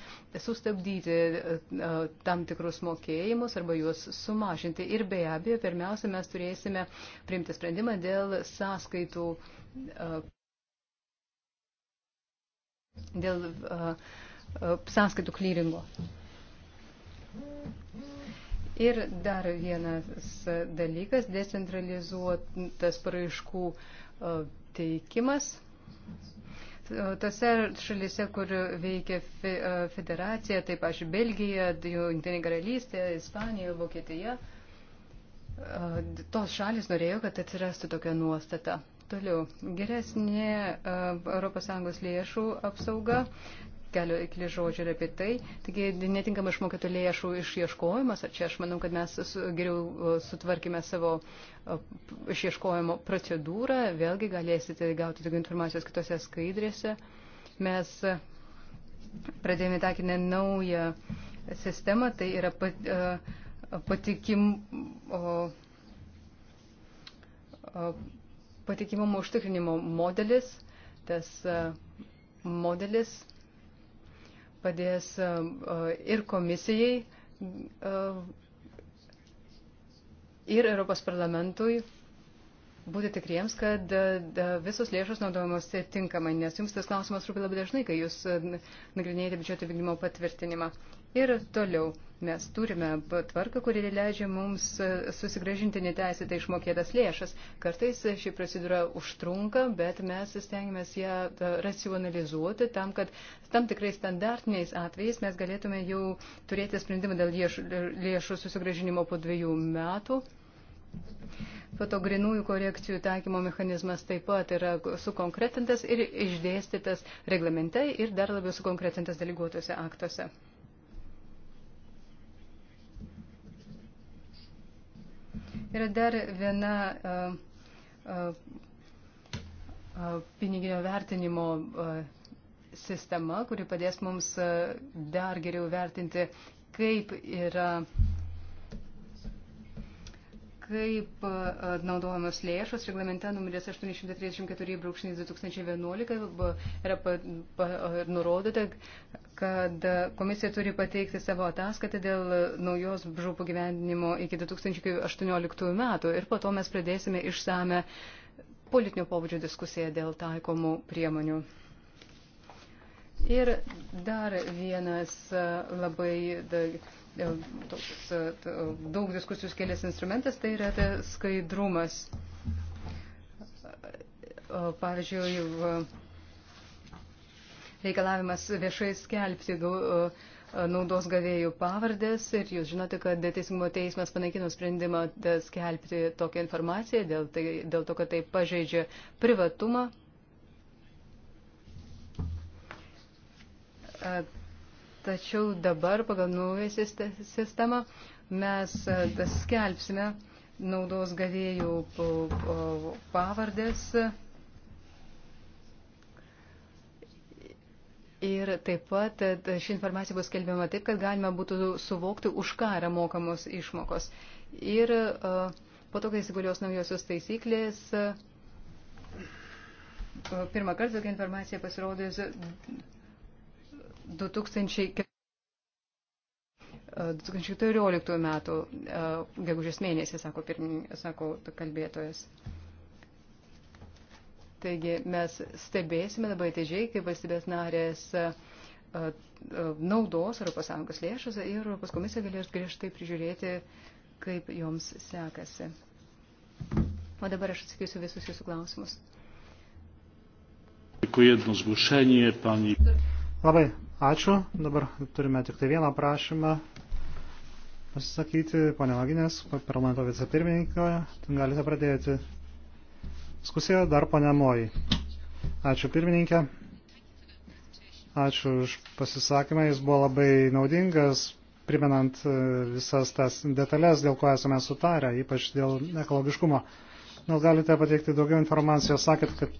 sustabdyti e, tam tikrus mokėjimus arba juos sumažinti. Ir be abejo, pirmiausia, mes turėsime priimti sprendimą dėl sąskaitų e, dėl uh, sąskaitų klyringo. Ir dar vienas dalykas - decentralizuotas paraiškų teikimas. Tose šalise, kur veikia federacija, taip aš Belgija, Junktinė karalystė, Ispanija, Vokietija, tos šalis norėjo, kad atsirastų tokia nuostata. Toliau, geresnė ES lėšų apsauga. Keliu keli žodžių ir apie tai. Taigi, netinkamai išmokėtų lėšų išieškojimas. Čia aš manau, kad mes geriau e, sutvarkime savo e, išieškojimo procedūrą. Vėlgi galėsite gauti daugiau informacijos kitose skaidrėse. Mes e, pradėjome takinę naują sistemą, tai yra pat, patikim, o, o, patikimumo užtikrinimo modelis, tas e, modelis padės e, e, ir komisijai, ir Europos parlamentui būti tikriems, kad visos lėšos naudojamos tinkamai, nes jums tas klausimas rūpi labai dažnai, kai jūs nagrinėjate biudžeto vykdymo patvirtinimą. Ir toliau mes turime tvarką, kuri leidžia mums e, susigražinti neteisėtai išmokėtas lėšas. Kartais ši procedūra užtrunka, bet mes stengiamės ją e, racionalizuoti tam, kad tam tikrai standartiniais atvejais mes galėtume jau turėti sprendimą dėl lėšų, lėšų susigražinimo po dviejų metų. Patogrinųjų korekcijų taikymo mechanizmas taip pat yra sukonkretintas ir išdėstytas reglamente ir dar labiau sukonkretintas deleguotuose aktuose. Yra dar viena e, e, e, piniginio vertinimo sistema, kuri padės mums dar geriau vertinti, kaip yra kaip e, naudojamos lėšos reglamente numeris 834-2011 e, yra pa, pa, e, nurodyta, kad komisija turi pateikti savo ataskaitą dėl naujos bžūpų gyvendinimo iki 2018 metų ir po to mes pradėsime išsame politinio pobūdžio diskusiją dėl taikomų priemonių. Ir dar vienas labai. Da, E, toks e, e, daug diskusijų kėlės instrumentas, tai yra tai skaidrumas. Pavyzdžiui, reikalavimas viešai skelbti naudos gavėjų pavardės ir jūs žinote, kad Teisingumo teismas panaikino sprendimą skelbti tokią informaciją dėl, tai, dėl to, kad tai pažeidžia privatumą. Tačiau dabar pagal naują sistemą mes e, skelbsime naudos gavėjų pavardės ir taip pat e, ši informacija bus skelbiama taip, kad galima būtų suvokti, už ką yra mokamos išmokos. Ir e, po to, kai įsigalios naujosios taisyklės, pirmą kartą tokia informacija pasirodys 2014 e, metų e, gegužės mėnesį, sako, pirmin, sako kalbėtojas. Taigi mes stebėsime labai težiai, kaip valstybės narės e, naudos Europos Sąjungos lėšas ir Europos komisija galės griežtai prižiūrėti, kaip joms sekasi. O dabar aš atsakysiu visus jūsų klausimus. Dėkui, jedno zgłoszenie, pani. Labai ačiū. Dabar turime tik tai vieną prašymą pasisakyti. Pone Maginės, parlamento vicepirmininkė, galite pradėti diskusiją. Dar pone Moji. Ačiū pirmininkė. Ačiū už pasisakymą. Jis buvo labai naudingas, primenant e, visas tas detalės, dėl ko esame sutarę, ypač dėl ekologiškumo. Gal galite pateikti daugiau informacijos, sakėt, kad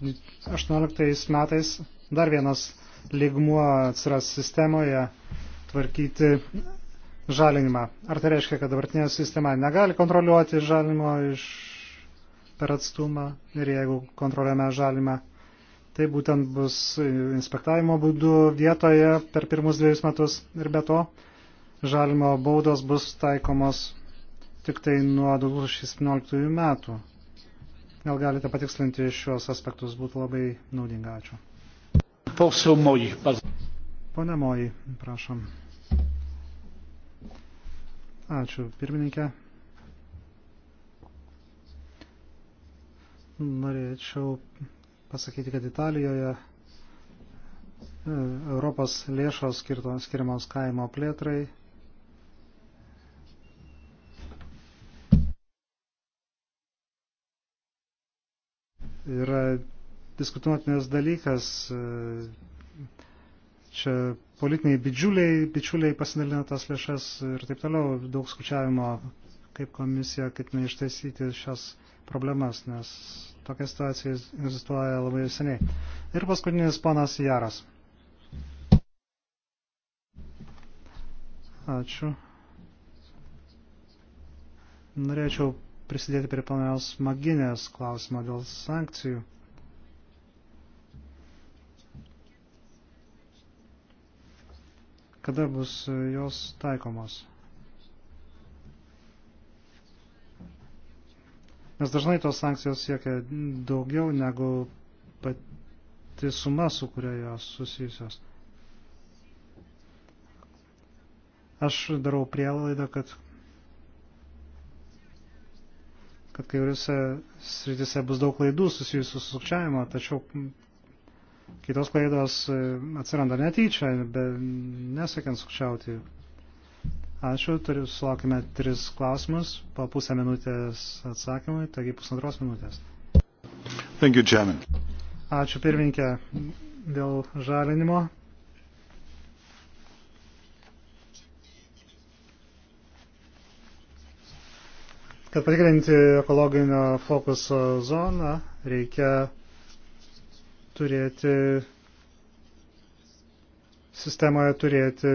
18 metais dar vienas ligmuo atsiras sistemoje tvarkyti žalinimą. Ar tai reiškia, kad dabartinė sistema negali kontroliuoti žalinimo iš per atstumą ir jeigu kontroliuojame žalimą, tai būtent bus inspektavimo būdu vietoje per pirmus dviejus metus ir be to žalimo baudos bus taikomos tik tai nuo 2017 metų. Gal galite patikslinti šios aspektus, būtų labai naudinga. Ačiū. Posau Moji. Pone Moji, prašom. Ačiū, pirmininkė. Norėčiau pasakyti, kad Italijoje e, Europos lėšos skirtos, skiriamos kaimo plėtrai. Yra diskutuotinas dalykas. Čia politiniai bičiuliai, bičiuliai pasidalina tas lėšas ir taip toliau, daug skučiavimo, kaip komisija, kaip neištaisyti šias problemas, nes tokia situacija egzistuoja labai seniai. Ir paskutinis ponas Jaras. Ačiū. Norėčiau prisidėti prie ponios Maginės klausimo dėl sankcijų. Kada bus e, jos taikomos? Nes dažnai tos sankcijos siekia daugiau negu pati suma, su kuria jos susijusios. Aš darau prielaidą, kad kad kai kuriuose srityse bus daug klaidų susijusių su sukčiavimo, tačiau Kitos klaidos e, atsiranda netyčia, be nesakiant sukčiauti. Ačiū, turiu, sulaukime tris klausimus, po pusę minutės atsakymui, taigi pusantros minutės. Thank you, Chairman. Ačiū pirminkė dėl žalinimo. Kad patikrinti ekologinio fokuso zoną, reikia turėti sistemoje turėti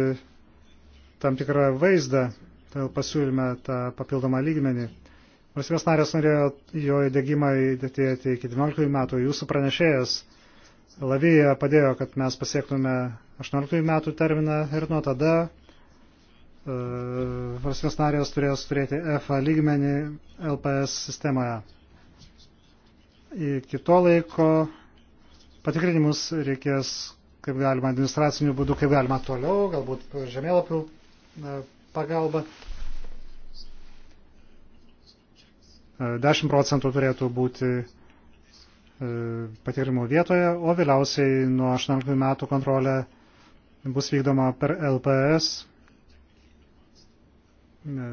tam tikrą vaizdą, todėl pasiūlyme tą papildomą lygmenį. Valstybės narės norėjo jo įdėgymą įdėti iki 19 metų. Jūsų pranešėjas Lavija padėjo, kad mes pasiektume 18 metų terminą ir nuo tada e, valstybės narės turės turėti FA lygmenį LPS sistemoje. Iki to laiko Patikrinimus reikės kaip galima administracinių būdų, kaip galima toliau, galbūt žemėlapių pagalba. 10 e, procentų turėtų būti e, patikrinimų vietoje, o vėliausiai nuo 18 metų kontrolė bus vykdoma per LPS e,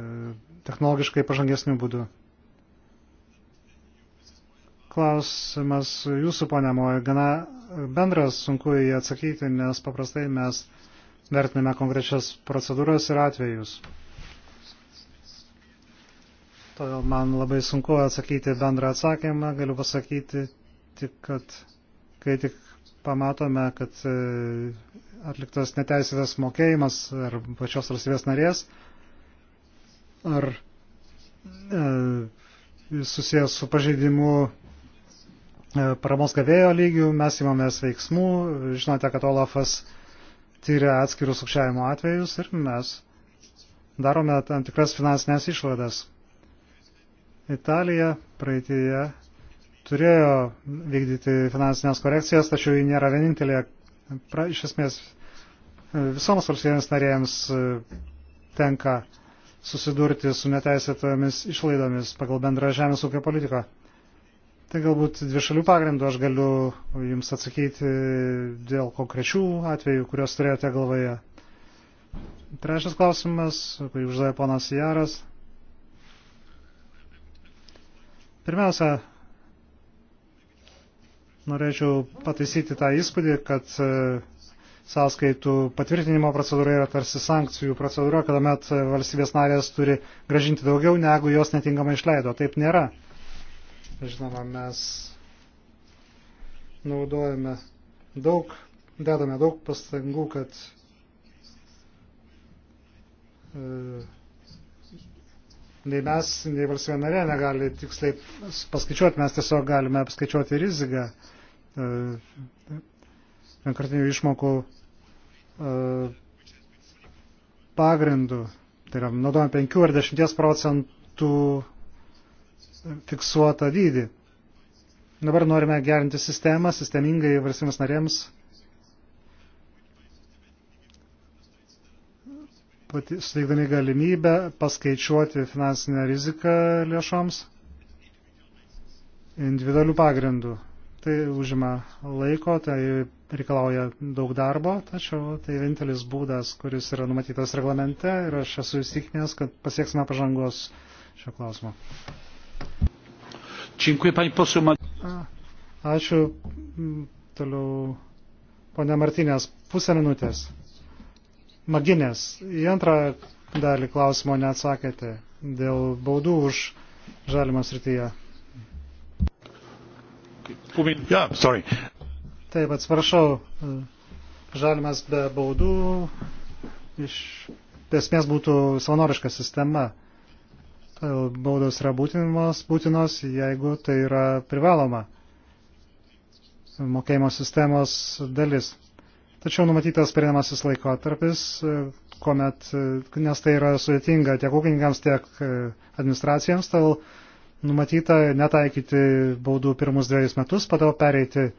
technologiškai pažangesnių būdų klausimas jūsų, ponė Moja, gana bendras, sunku jį atsakyti, nes paprastai mes vertiname konkrečias procedūras ir atvejus. Todėl man labai sunku atsakyti bendrą atsakymą, galiu pasakyti tik, kad kai tik pamatome, kad e, atliktas neteisėtas mokėjimas ar pačios valstybės narės, ar e, susijęs su pažeidimu E, paramos gavėjo lygių mes įmamės veiksmų. Žinote, kad Olafas tyria atskirus sukčiavimo atvejus ir mes darome tam tikras finansinės išvadas. Italija praeitėje turėjo vykdyti finansinės korekcijas, tačiau ji nėra vienintelė. Pra, iš esmės e, visoms valstybėms narėjams e, tenka susidurti su neteisėtomis išlaidomis pagal bendrą žemės ūkio politiką. Tai galbūt dvišalių pagrindų aš galiu Jums atsakyti dėl konkrečių atvejų, kuriuos turėjote galvoje. Trečias klausimas, kurį uždavė ponas Jaras. Pirmiausia, norėčiau pataisyti tą įspūdį, kad e, sąskaitų patvirtinimo procedūra yra tarsi sankcijų procedūra, kada met valstybės narės turi gražinti daugiau, negu jos netinkamai išleido. Taip nėra Žinoma, mes naudojame daug, dedame daug pastangų, kad e, nei mes, nei valstybė narė negali tiksliai paskaičiuoti, mes tiesiog galime apskaičiuoti riziką e, vienkartinių išmokų e, pagrindų. Tai yra, naudojame 5 ar 10 procentų fiksuotą dydį. Dabar norime gerinti sistemą, sistemingai valstybės narėms. suteikdami galimybę paskaičiuoti finansinę riziką lėšoms individualių pagrindų. Tai užima laiko, tai reikalauja daug darbo, tačiau tai vienintelis būdas, kuris yra numatytas reglamente ir aš esu įsitikinęs, kad pasieksime pažangos šio klausimo. Ačiū. Toliau, ponia Martinės, pusę minutės. Maginės, į antrą dalį klausimo neatsakėte dėl baudų už žalimą srityje. Ja, sorry. Taip, atsiprašau, e, žalimas be baudų iš esmės būtų savanoriška sistema baudos yra būtinos, būtinos, jeigu tai yra privaloma mokėjimo sistemos dalis. Tačiau numatytas perinamasis laikotarpis, e, kuomet, e, nes tai yra sudėtinga tiek ūkininkams, tiek e, administracijams, tai numatyta netaikyti baudų pirmus dviejus metus, po to pereiti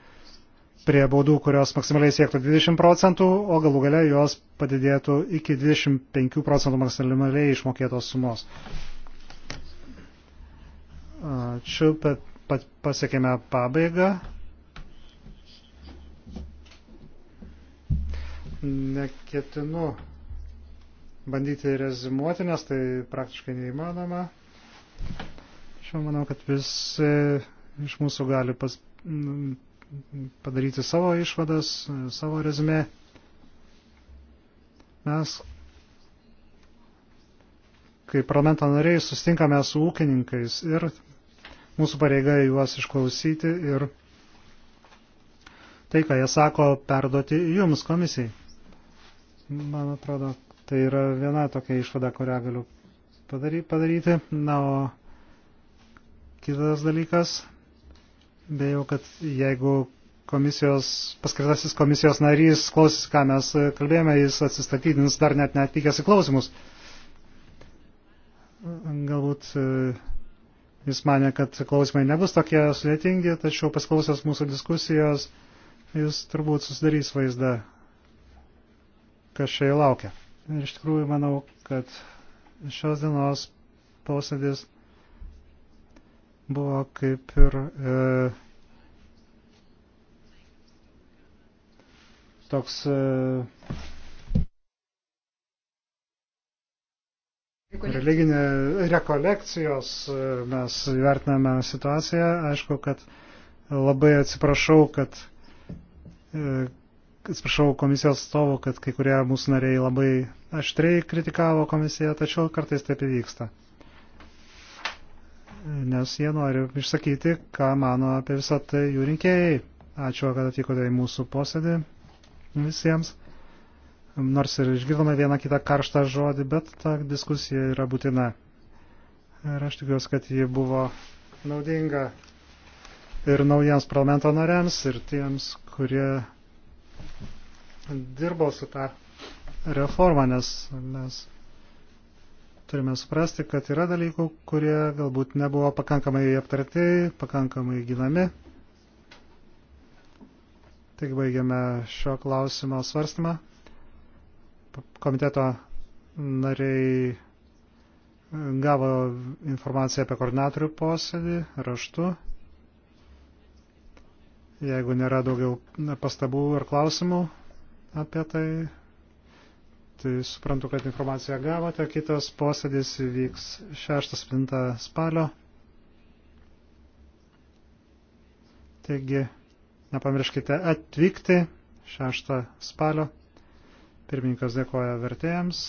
prie baudų, kurios maksimaliai siektų 20 procentų, o galų gale jos padidėtų iki 25 procentų maksimaliai išmokėtos sumos. Ačiū, pat, pat, pasiekėme pabaigą. Neketinu bandyti rezimuoti, nes tai praktiškai neįmanoma. Šiuo manau, kad visi iš mūsų gali pas, padaryti savo išvadas, savo rezimė. Mes, kaip parlamento nariai, sustinkame su ūkininkais ir Mūsų pareiga juos išklausyti ir tai, ką jie sako, perduoti jums komisijai. Man atrodo, tai yra viena tokia išvada, kurią galiu padaryti. Na, o kitas dalykas, bejau, kad jeigu komisijos, paskirtasis komisijos narys klausys, ką mes kalbėjome, jis atsistatydins dar net neatvykęs į klausimus. Galbūt Jis mane, kad klausimai nebus tokie sudėtingi, tačiau pasklausęs mūsų diskusijos, jis turbūt susidarys vaizdą, kas šiai laukia. Ir iš tikrųjų manau, kad šios dienos posėdis buvo kaip ir e, toks e, religinė rekolekcijos e, mes vertiname situaciją. Aišku, kad labai atsiprašau, kad e, atsiprašau komisijos atstovų, kad kai kurie mūsų nariai labai aštriai kritikavo komisiją, tačiau kartais taip įvyksta. Nes jie nori išsakyti, ką mano apie visą tai jų rinkėjai. Ačiū, kad atvykote į mūsų posėdį visiems nors ir išgirdome vieną kitą karštą žodį, bet ta diskusija yra būtina. Ir aš tikiuosi, kad ji buvo naudinga ir naujiems parlamento nariams, ir tiems, kurie dirbo su tą reformą, nes mes turime suprasti, kad yra dalykų, kurie galbūt nebuvo pakankamai aptarti, pakankamai ginami. Tik baigiame šio klausimo svarstymą komiteto nariai e, gavo informaciją apie koordinatorių posėdį raštu. Jeigu nėra daugiau pastabų ar klausimų apie tai, tai suprantu, kad informaciją gavote. Kitas posėdis vyks 6-7 spalio. Taigi, nepamirškite atvykti 6 spalio. Pirmininkas dėkoja vertėjams,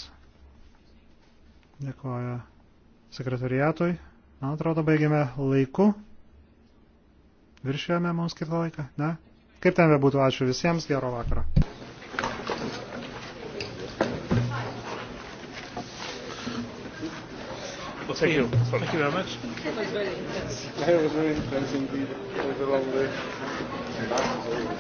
dėkoja sekretariatui. Man atrodo, baigėme laiku. Viršėjome mums kitą laiką, ne? Kaip ten bebūtų, ačiū visiems, gero vakaro. Well, thank you. Sorry. Thank you very much. It was very intense. It was very intense indeed. It was a long day.